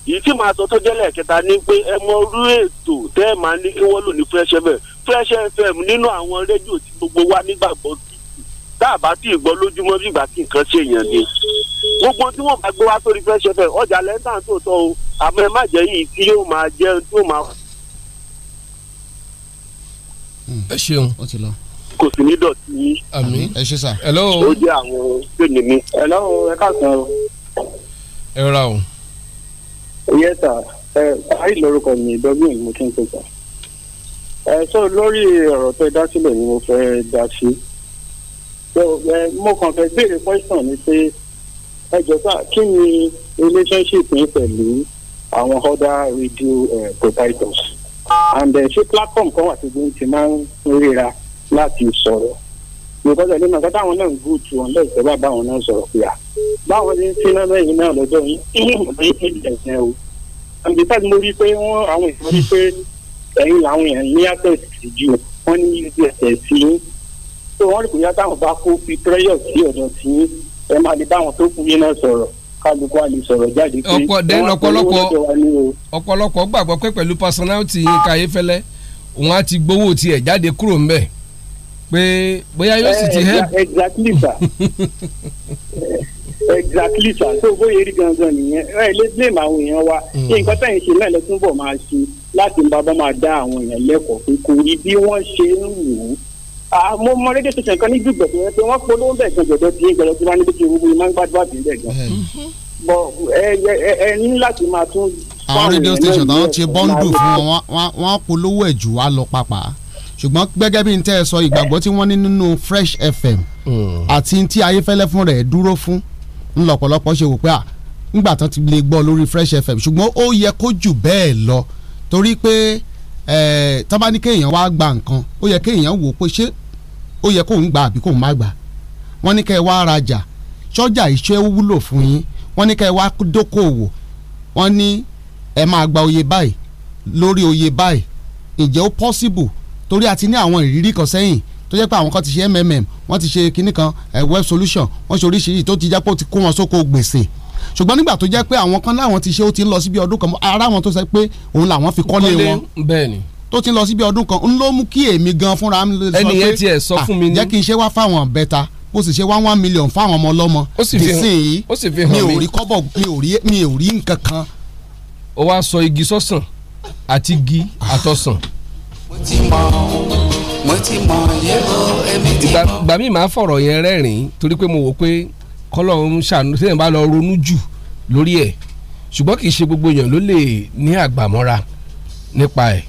S21: èyí tí màá sọ tó jẹ́ lẹ́ẹ̀kẹta ni pé ẹ mọ orú ètò tẹ́ ẹ máa ní kí wọ́n lò ní fresh fm fresh fm nínú àwọn rédíò tí gbogbo wa nígbàgbọ́ tá a bá tí ì gbọ́ lójúmọ́ bí ìgbà tí nǹkan ṣe èèyàn ni gbogbo tí wọ́n bá gbé wá sórí fresh fm ọjà lẹ́ńtà tó tọ́ o àmọ́ ẹ má jẹ́ yìí tí yóò máa jẹ́ tí yóò máa.
S20: ẹ ṣeun ó ti lọ kò sí ní dọ̀tí ẹ ṣe sá.
S21: ó jẹ́ àwọn pèmí mi. hello ẹ káàsán o ẹ rà o. yẹ sà ẹ àì lórúkọ mi ìdọ́gbìn mo ti ń pè sà.
S22: ẹ sọ lórí ọ̀rọ̀ tẹ dá sílẹ̀ ni mo fẹ́ dá sí. mo kàn fẹ́ béèrè question ni pé ẹ jọ sà kí ni relationship yín pẹ̀lú àwọn other radio uh, and ṣé uh, platform kan wà tó ti máa ń ríra láti sọ̀rọ̀ because ẹni
S21: mọ̀ kọ́tà àwọn náà ń gùn tù wọn bẹ́ẹ̀ sẹ́wà báwọn náà sọ̀rọ̀ pé báwọn ti ń lẹ́yìn náà lọ́jọ́ yín ẹ̀sìn o and besides mo rí pé wọ́n àwọn èèyàn rí pé ẹ̀yin làwọn èèyàn ní access ju wọ́n ní uss sí yín so wọ́n rí pé táwọn bá kó fi pressure sí ọ̀dọ̀ sí ẹ máa lè báwọn tó kú yín náà sọ̀rọ̀ kálukú
S20: àlè pé bóyá yóò sì ti eh, help.
S21: exactly sir exactly sir so bóyá rí gangan nìyẹn ẹ lè blame àwọn èèyàn wa hmm. nǹkan tẹ̀yìn ṣe náà lè túbọ̀ máa ṣe láti bàbá máa dá àwọn èèyàn lẹ́kọ̀ọ́ pé kò rí bí wọ́n ṣe ń wò ó mo mọ rédíò tuntun kan ní gbígbẹ̀ tó yẹ pé wọ́n polówó bẹ̀ gan jọ̀dọ̀ tí gbẹ̀rẹ̀ tí wọ́n ní bíi gbogbo ìmọ̀ gbàdúrà bí bẹ̀ gan. bọ ẹ ẹ ẹ ní láti máa tún. àwọn rédíò station náà ti bọ́ńdù fún
S20: wọn wọn polówó ẹ̀ jù wá lọ pàápàá ṣùgbọ́n gẹ́gẹ́ bí n tẹ́ ẹ sọ ìgbàgbọ́ tí wọ́n ní nínú Fresh FM hmm. àti tí ayéfẹ́lẹ́ fún rẹ̀ dúró fún ńlọpọlọpọ ṣe wò pé à ńgbà tán ti lè gbọ́ lórí Fresh FM ṣùgbọ́n ó yẹ kó jù bẹ́ẹ̀ lọ torí pé tán bá ní kéèyàn wá gba nǹkan ó yẹ kéèyàn wò pé ṣé ó yẹ kóun gba àbí kóun má gba wọ́n ní kẹ́ ẹ wá rajà ṣọ́jà iṣẹ́ wúlò fún yín wọ́n ní kẹ́ ẹ wá dókòwò wọ́n ní ẹ máa gba oyè báyìí lórí oyè báyìí ǹjẹ́ ó possible torí a ti ní àwọn ìrírí kan sẹ́yìn tó jẹ́ pé àwọn kan ti ṣe mmm wọ́n ti ṣe kinní kan eh, web solution wọ́n ṣe oríṣiríṣi tó ti jẹ́ pé ó ti kó wọn sóko gbèsè ṣùgbọ́n nígbà tó jẹ́ pé àwọn kan láwọn ti ṣe ó ti ń lọ síbi ọdún kan ara wọn tó sọ pé òun làwọn fi kọ́lé wọn tó ti ń lọ síbi ọdún kan ń ló mú kí èmi gan fúnra mi sọ pé ẹnìyẹn tiẹ̀ sọ ah, fún mi ní jẹ́ kí n ṣe wá fáwọn bẹ́ta ó sì ṣe one one million fáwọn ọmọ ọlọ́mọ nísìnyí mi ò rí kọ́bọ̀ mi ò rí nǹkan kan. ó wá sọ igi sọ́sàn àti igi àtọ̀sàn ìgbà míì máa fọ̀rọ̀ yẹn rẹ́rìn-ín torí pé mo wò pé kọ́lọ̀ ń ṣàánú tí èèyàn bá lọ ronú jù lórí ẹ̀ ṣùgbọ́n kì í ṣe gbogbo èèyàn ló lè ní àgbàmọ́ra nípa ẹ̀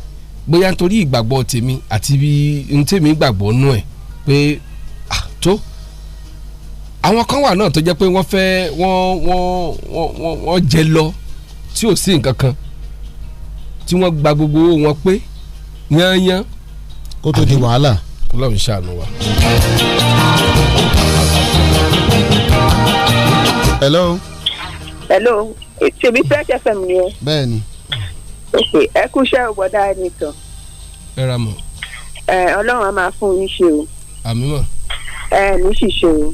S20: bóyá nítorí ìgbàgbọ́ tèmi àti bí n tèmi gbàgbọ́ nú ẹ̀ pé tó àwọn kan wà náà tó jẹ́ pé wọ́n fẹ́ wọ́n wọ́n wọ́n jẹ lọ tí ò sí nǹkan kan tí wọ́n gba gbogbo owó wọn pé yányán. kó tó di wàhálà. ọlọ́run ṣàánú wa.
S10: hello. hello tèmi fresh fm ni o. bẹ́ẹ̀ni. ok ẹ kú iṣẹ́ ògbọ́dá ẹni tán. ẹ ra mọ̀. ẹ ọlọ́run a máa fún yín ṣe o. àmì mọ̀. ẹ ní ṣìṣe o.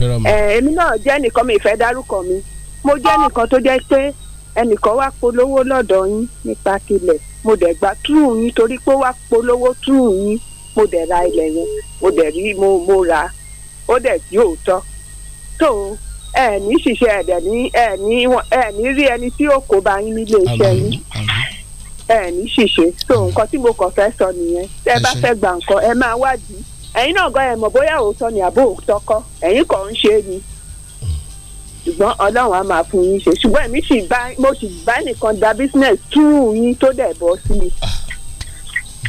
S10: ẹ ra mọ̀. ẹ èmi náà jẹ́ nìkan mi ìfẹ́ dárúkọ mi mo jẹ́ nìkan tó jẹ́ pé ẹnìkan wá polówó lọ́dọ̀ yín nípa kílẹ̀ mo dẹ̀ gba túrù yín torí pé ó wá polówó yín mo dẹ̀ ra ilẹ̀ yẹn mo dẹ̀ rí mo mo ra ó dẹ̀ tí ò tọ́ tó ẹ ní ṣiṣẹ́ ẹ̀dẹ̀ ní ẹ ní ẹ ní rí ẹni tí ó kó bá yín nílé iṣẹ́ yín ẹ ní ṣiṣẹ́ nǹkan tí mo sọ nìyẹn ẹ bá fẹ́ gba nǹkan ẹ máa wádìí ẹ̀yin náà gan mọ̀ bóyá òótọ́ ni kọ́ ẹ̀yin ṣùgbọ́n ọlọ́run á máa fún yín ṣe ṣùgbọ́n èmi sì bá mo sì bá nìkan da business túrú yín tó dẹ̀ bọ́ sí mi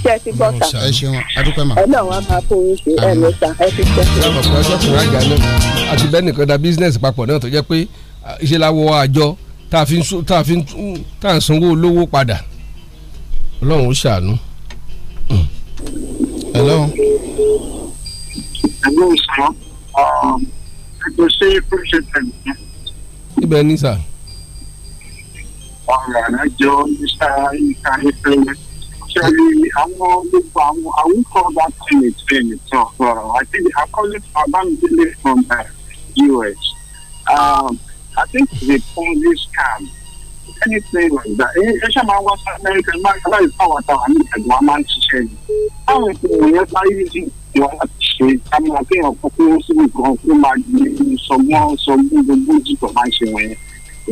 S19: ṣe ti bọ́ ta ẹ ṣeun adúpẹ́ mà.
S10: ọlọ́run á máa fún yín ṣe ẹ lọ ẹ ti tẹ́. ọ̀pọ̀
S20: ọjọ́ kùnrin àjà náà àti bẹ́ẹ̀ nìkan da business papọ̀ náà tó jẹ́ pé iṣẹ́ la wọ àjọ tá a fi tá a sanwó olówó padà ọlọ́run ó ṣàánú. Mm.
S23: hello. ẹ̀gbọ́n sọ ọ́ ẹ̀gbọ́n ṣe fún ṣe tẹ̀lé ibẹ̀ ní sà. ọ̀rọ̀ àdájọ́ mr nka efele ṣẹlẹ̀ àwọn gbogbo àwọn àwùkọ́ bá tẹ̀lé tẹ̀lé tó ọ̀rọ̀ àti àkọlé abáńdílé from us um, i think the ponzi scam anything like that ẹ my máa ń wá sí amẹ́ríkà máa ń ṣe láì fáwọn àtàwọn àmì ìtẹ̀gbọ́n máa ń not yìí ṣe ká máa kéèyàn kó kó síbi kan kó máa di sọgbọ́n sọgbọ́n gbogbo ìjìtọ̀ máa ṣe wọn yẹn.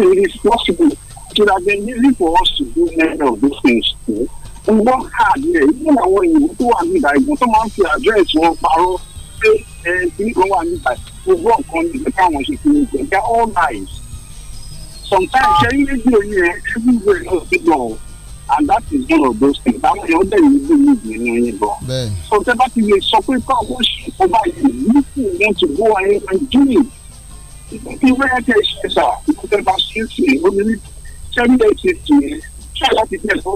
S23: it is possible to have been easy for us to do many of those things too. we work hard here even àwọn èèyàn tó wà nígbà ìgbọ̀n tó máa ń fi address wọn parọ́ pé ẹni tí wọ́n wà nígbà gbogbo nǹkan nígbà táwọn ṣe fi ń gbẹ they are all lies. sometimes ṣe ń lé bí oyin ẹ everywhere else dey dull and that is one of those things àwọn èèyàn bẹ̀rẹ̀ ní bí mi nínú yín bọ̀ so tẹ́ bá ti lè sọ pé káwọn ṣe ọba yìí you too want to go ahead and do it ìwé ẹ̀kẹ́ ṣe sà ìkọ́tẹ́ bá ṣe é sí omi ní sẹ́mi ẹ̀ ṣe sí ẹ̀ ṣáà láti tẹ̀ ọ́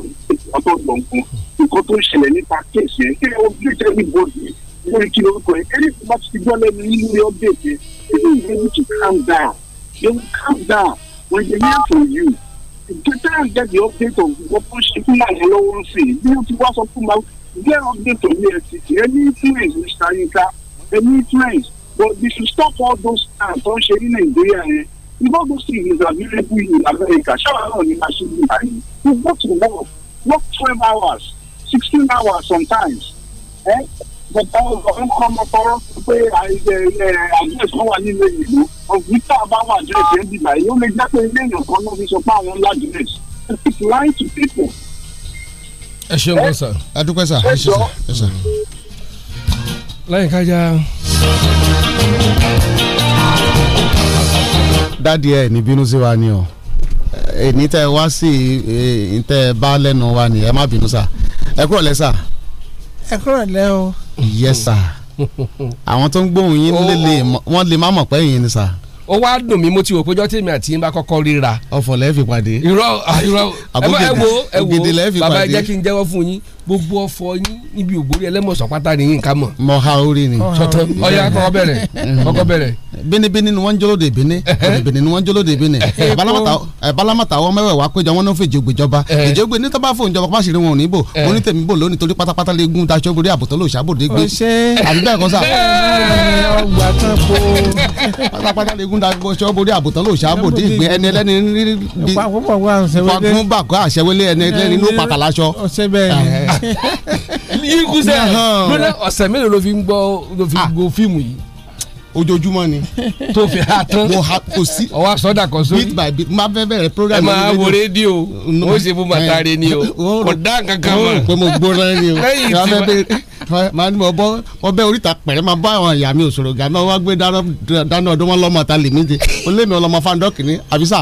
S23: ọ̀tọ̀ gbọ̀ngàn nǹkan tó ń ṣẹlẹ̀ nípa kéèsì ẹ̀ kí ẹ̀ ó bí tẹ́lẹ̀ bọ́ọ̀dù lórí kí lórúkọ ẹ̀ ẹni tó bá ti gbọ́ lẹ́nu lórí ọ̀bẹ̀ẹ̀dẹ̀ ẹ̀ ẹ̀ ẹ̀ ẹ̀ ẹ̀ ẹ̀ ẹ̀ ẹ̀ ẹ̀ ẹ̀ ẹ̀ ẹ̀ ẹ̀ ẹ̀ ẹ̀ peter and get the update of what ó ṣe fún àwọn lọ́wọ́ ń sìn bí ó ti wá sọ fún ma get update of efcc any influence mr ayinka any influence but we should stop all those plans tó ń ṣe ní nàìjíríà yẹn you no go see his available in america ṣáà náà ni ma ṣe ní báyìí you go to work work twelve hours sixteen hours sometimes eh? bọ̀tà ọ̀hún kọ́ ọmọ tọrọ pé wà nílé ìlú ọ̀gbìtà bá wà àdírẹ́sì ẹ̀ dìbà yìí ó lè jẹ́ pé ilé èèyàn kan ló fi sọ pé àwọn ńlá àdírẹ́sì it's lying to people.
S20: ẹ ṣeun kọ sà. a dúpẹ́ sà ẹ ṣe sà. lẹ́yìn kájà. dáàdi ẹ ní bínú sí wa ni o èyí tẹ wá sí èyí tẹ bá lẹ́nu wa ni ẹ má bínú sà ẹ kúrò lẹ sà.
S19: ẹ kúrò lẹ o
S20: yes sir àwọn tó ń gbóhùn yín lélẹ̀ oh. wọ́n lè má mọ̀ pé yín ni sir ó wá dùn mí mo ti wò pé ọjọ́ tèmi àti yín bá kọ́kọ́ ríra. ọ̀fọ̀ lẹ́ẹ̀ fi pàdé. irọ́ ah, irọ́ ẹ wo ẹ jẹ́ kí n jẹ́wọ́ fún yín gbogbo ọ̀fọ̀ yín níbi ògbórí ẹlẹ́mọ̀sán pátá ni yín ká mọ̀. mọ̀ha orí ni. ọ̀ya kọ́kọ́ bẹ̀rẹ̀ kọ́kọ́ bẹ̀rẹ̀ bínibíní ni wọ́n ń jólóde bíní bínibíní ni wọ́n ń jólóde bíní balamata ọmọ mẹ́wẹ̀ẹ́wà péjọ wọn náà fi ìjọba ìjọba ní tó fún ìjọba pàṣẹ wọn ò ní bò mo ní tèmi bò lónìí torí pátápátá lè gún daṣọ borí àbòtó lò ṣàbòdè gbé àbí bẹ́ẹ̀ kọ́ pátápátá lè gún daṣọ borí àbòtó lò ṣàbòdè gbé ẹni ẹlẹ́ni rí fagun bàkọ́ àṣẹwélé ẹni ẹlẹ́ni ló pàtàláṣọ. ọ̀sẹ̀ mélòó ló fi ń gbọ́ ló fi ń ah. gbọ́ fíìmù yìí ojoojúmọ́ ni tó fi ha tán mo ha kò sí ọwọ́ sọ́dà kan sórí bit by bit máa fẹ́ bẹ̀rẹ̀ program mi. ẹ máa wo rédíò ó sì fún bàtà rẹ ni o kò dá kankan mọ́. pé mo gbóná ni o máa ní mo bọ́ ọbẹ̀ oríta pẹ̀rẹ́ máa bá àwọn ìyá mi òṣòro gà máa wá gbé dáná ọdún wọn lọ́mọ ta lèmi de ó lé mi ọlọmọ fáńdọ́kì ni àbísà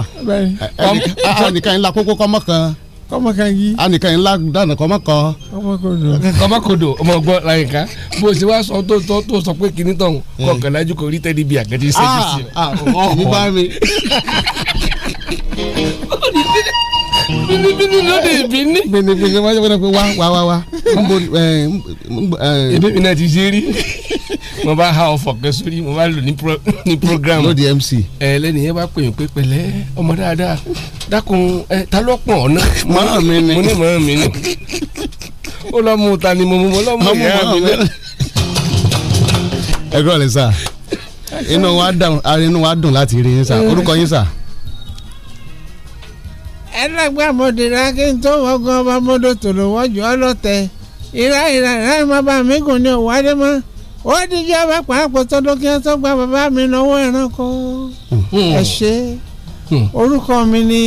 S20: ẹnìkan ńlá kókó kọ́mọ́ kan kọ́mọkànjí. anìkan yìí ńlá dáná kọ́mọkọ. kọ́mọkodo. kọ́mọkodo ọmọ ọgbọ́n láyìnká bó ṣe wá sọ tó sọ tó sọ pé kìíní tọ̀hún eh. kọkànlájú kò rí tẹ́lẹ̀ bí àgẹ́dẹ́ ṣẹ́jú sí i. ọ̀hún ọ̀hún bá mi bínibíní lóde ìbíní. bínibíní wáyé wọ́n pe wá wá wá wá. Eh, eh. èdè mi náà ti ṣe rí mo bá ha ọ̀fọ̀ kan sórí mo bá lò ní program. lóde mc. ẹ eh, lẹ́nu yẹn bá pè mí pé pẹ̀lẹ́ ọmọ dáadáa dákun ẹ ta ló pọ̀ ọ̀nà. mọ́ mi ni mo ní mọ́ mi ni. ó lọ mú ta ni mo mú lọ mú ìyá mi náà. ẹ gbọ́dọ̀ lè sà inú wa dùn láti rí yín sà orúkọ yín sà
S19: ẹlẹgbẹ́ àmọdèrè akíntó wọgán ọba mọdò tòló wọjọ ọlọtẹ ìrà ìrà ìrà ìmọba àmígùn ni òwò adé mọ ó díjọ bá pàápọ tọdọ kí wọn tó gba bàbá mi lọ́wọ́ ẹranko hmm. ẹ ṣe hmm. orúkọ mi ni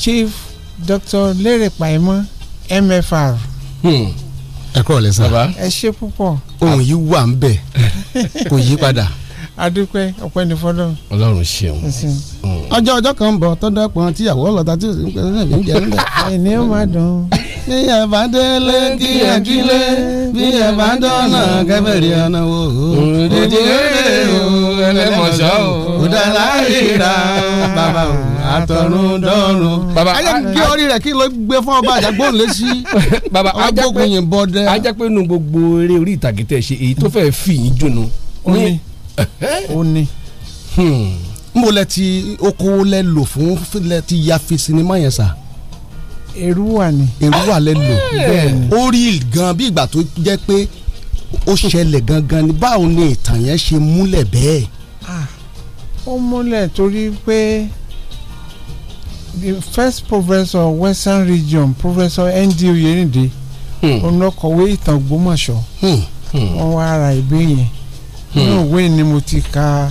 S19: Chief Dr. Lérè Pàímọ́ MFR. Hmm. ẹ kúrò lẹ́sàn. ẹ ṣe púpọ̀.
S20: ohun yìí wà ń bẹ̀
S19: kò yí padà adúpẹ́ ọpẹ́ ní fọ́dọ̀. Ọlọ́run ṣeun. Mm. ọjọ́ ọjọ́ kan ń bọ̀
S20: tọ́dọ̀ pọ̀ tíyàwó ọlọ́ta tí òsì ń pẹ́ sẹ́yìn lóúnjẹ nílẹ̀. ẹni ó máa dùn. bí ẹ bá délé kí ẹ dílé
S1: bí ẹ bá dọ́nà kẹfẹ́rì
S16: ọ̀nà wò ó. ìdílé o ẹlẹ́mọ̀ṣọ́ o ọ̀dàlá ìra bàbá o
S20: àtọ̀run dọ́run. bàbá ajá kí orí rẹ̀ kí ló gbé fún ọba àjàgbọ́n lẹ́sí. bàbá ajá pé ajá pé nu gbogbo eré orí ìtàgé tẹ̀ ṣe èyí tó fẹ́ fi yín ó ní. Hmm, n bò lẹ ti okòwò lẹ lò fún lẹ ti ya fi sinimá yẹn sà. èrú wà ni. èrú wà lẹ lò bẹ́ẹ̀ ni. ó rí gan bí ìgbà tó jẹ́ pé ó ṣẹlẹ̀ gangan ni báwo ni ìtàn yẹn
S19: ṣe múlẹ̀ bẹ́ẹ̀. Ah, ó múlẹ̀ torí pé the first professor western region professor nd oyerinde hmm. òun ló kọ̀wé ìtàn Ògbómọ̀ṣọ́ hmm, wọ́n wá ara ìbí yẹn nínú ìwé ni mo ti ka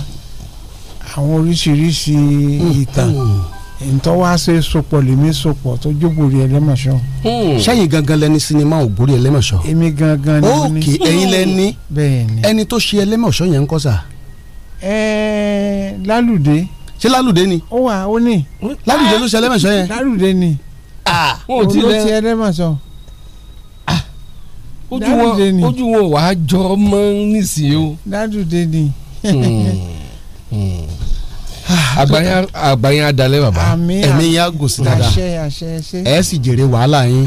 S19: àwọn oríṣiríṣi ìtàn ntọ́ wá ṣe sopọ̀ lèmi sopọ̀ tó jóbòrí ẹlẹ́mọ̀ṣọ́.
S20: sẹ́yìn hmm. gangan lẹni sinimá ò borí ẹlẹ́mọ̀ṣọ́.
S19: èmi gangan ni mo ní. òkè ẹ̀yin lẹni ẹni tó ṣe ẹlẹ́mọ̀ṣọ́ yẹn ń kọ́ sà. ẹẹ lálùdé. ṣé lálùdé ni. ó wà ó ní. lálùdé ló ṣe ẹlẹ́mọ̀ṣọ́ yẹn. lálùdé ni. ah wọn ò tí ì lẹ́ ẹlẹ́mọ̀ṣọ́ ojú
S20: wọn ojú wọn wàá jọ ọmọ nísìnyí o. dádùde ni. àgbáyán àgbáyán adalẹ bàbá ẹ̀mí yà gò sí dáadáa ẹ sì jèrè wàhálà yín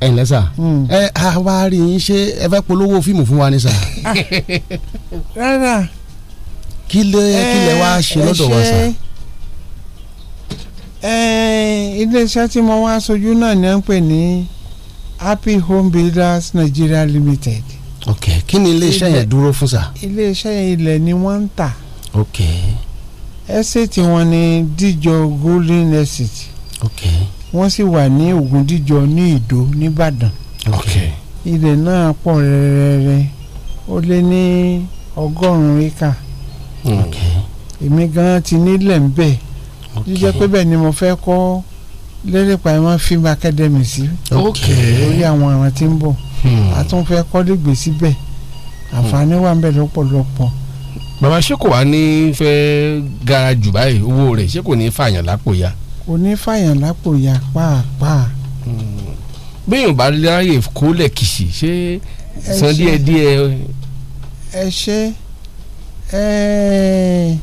S20: ẹ ǹlẹ́ sà hmm. ẹ àwa rí yín ṣé ẹ fẹ́ polówó fíìmù fún wa ni sà.
S19: rárá. kí lẹ kí lẹ eh, wá ṣe lọ́dọ̀ wa sà eh, iléeṣẹ́ tí mo wá sojú náà ni wọ́n ń pè ní happy home builders nigeria limited. ok
S24: kí ni iléeṣẹ́ yẹn dúró fún sa.
S19: iléeṣẹ́ yẹn ilẹ̀ ni wọ́n ń tà. ok. ẹ́sẹ̀tì wọn ni díjọ golden estate. ok. wọ́n sì wà ní ògùn díjọ ní ìdó nìbàdàn. ok. ilẹ̀ náà pọ̀ rẹ́rẹ́rẹ́ ó lé ní ọgọ́rùn-ún éka. ok. èmi gan-an ti nílẹ̀ ń bẹ̀. ok jíjẹ́ pé bẹ́ẹ̀ ni mo fẹ́ kọ́ lẹ́lẹ́pàá ẹ̀ máa film academy sí lórí àwọn àwọn tí ń bọ̀ hmm. a tún fẹ́ kọ́légbè síbẹ̀ àǹfààní wà ń bẹ lọ́pọ̀lọpọ̀.
S20: bàbá ṣé kò wá ní fẹ́ gara jù báyìí owó rẹ̀ ṣé kò ní fàyàn lápò ya.
S19: kò ní fàyàn lápò ya pàápàá. Hmm.
S20: béèyàn bá láàyè kólẹ̀ kìsì ṣé san díẹ̀ díẹ̀.
S19: ẹ ṣe ẹ.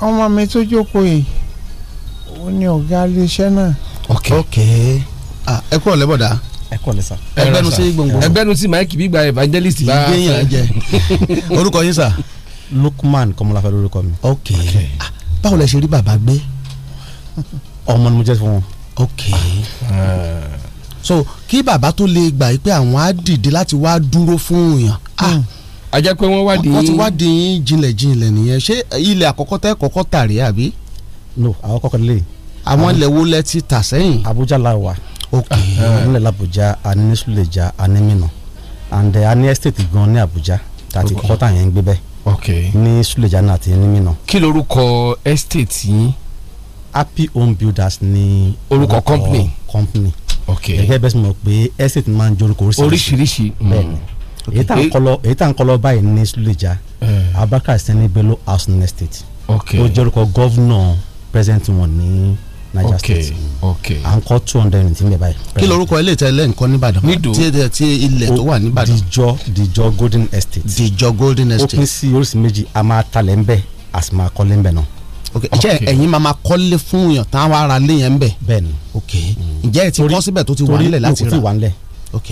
S19: ọmọ mi tó jókòó yìí òun ni ọ̀gá iléeṣẹ́ náà.
S24: ok ok ah, ẹ kúrò lẹ́bọ̀dá ẹ kọ́ lẹ́sà. ẹgbẹ́nu sí gbòǹgbò.
S19: ẹgbẹ́nu
S20: sí máìkì gbígba
S24: evangelist. ìgbéyàn jẹ orúkọ yín sà. Lukman kọmọláfẹ lórúkọ mi. ok ah, báwo lẹ ṣe rí bàbá gbé. ọmọ ni mo jẹ fún wọn. ok ah. so kí bàbá tó lè gbà yí pé àwọn á dìde láti wá dúró
S20: fún yàn. Hmm a jẹ́ pé wọ́n wádìí. wọ́n ti wádìí yín jinlẹ̀ jinlẹ̀ nìyẹn ṣé ilẹ̀ àkọ́kọ́
S24: tẹ́ kọ́kọ́ tà rí àbí. no àwọn kọ́kọ́ lè. àwọn ah. ilẹ̀ wo lẹ ti tà sẹ́yìn. Abuja la wa. ok nílẹ̀ l'Abuja a ní ní Suleja a ní Minna and a ní estate gan ní Abuja tàti kọ́kọ́ tà yẹn ń gbé bẹ́ẹ̀. ok ní Suleja náà àti ní Minna. kí lorúkọ estate yín. Happy Home Builders ni. orúkọ company. company. ok gẹ́gẹ́ bẹ́ẹ̀ sọ ma pé estate máa ń jẹ́ orúkọ oríṣiríṣi. oríṣiríṣi. bẹ́ẹ̀ mm. ni èyí tá n kọlọ báyìí ní Suleja eh. Abubakar Sani Bello Housing Estate ó jẹ́ orúkọ gọ́vnọ̀ president wọn ní Niger State Okay. ń kọ́ two hundred and twenty báyìí. kí
S20: lorúkọ ilé ìtẹ́ ilé
S24: nǹkan nìbàdàn tí tí ilẹ̀ tó wà nìbàdàn. Dìjọ Dìjọ Golden Estate. Dìjọ Golden Estate. ó pín sí oríṣi méjì a máa talẹ̀ ń bẹ̀ a sì máa kọ́lé ń bẹ̀ náà ǹjẹ́ ẹ̀yin máa ma kọ́lé fún yàn táwọn ará lé yẹn ń bẹ̀. bẹ́ẹ̀ni ok mm. ǹjẹ́ ẹ ti kọ́ síbẹ̀ tó ti wà nílẹ̀ láti rà torí o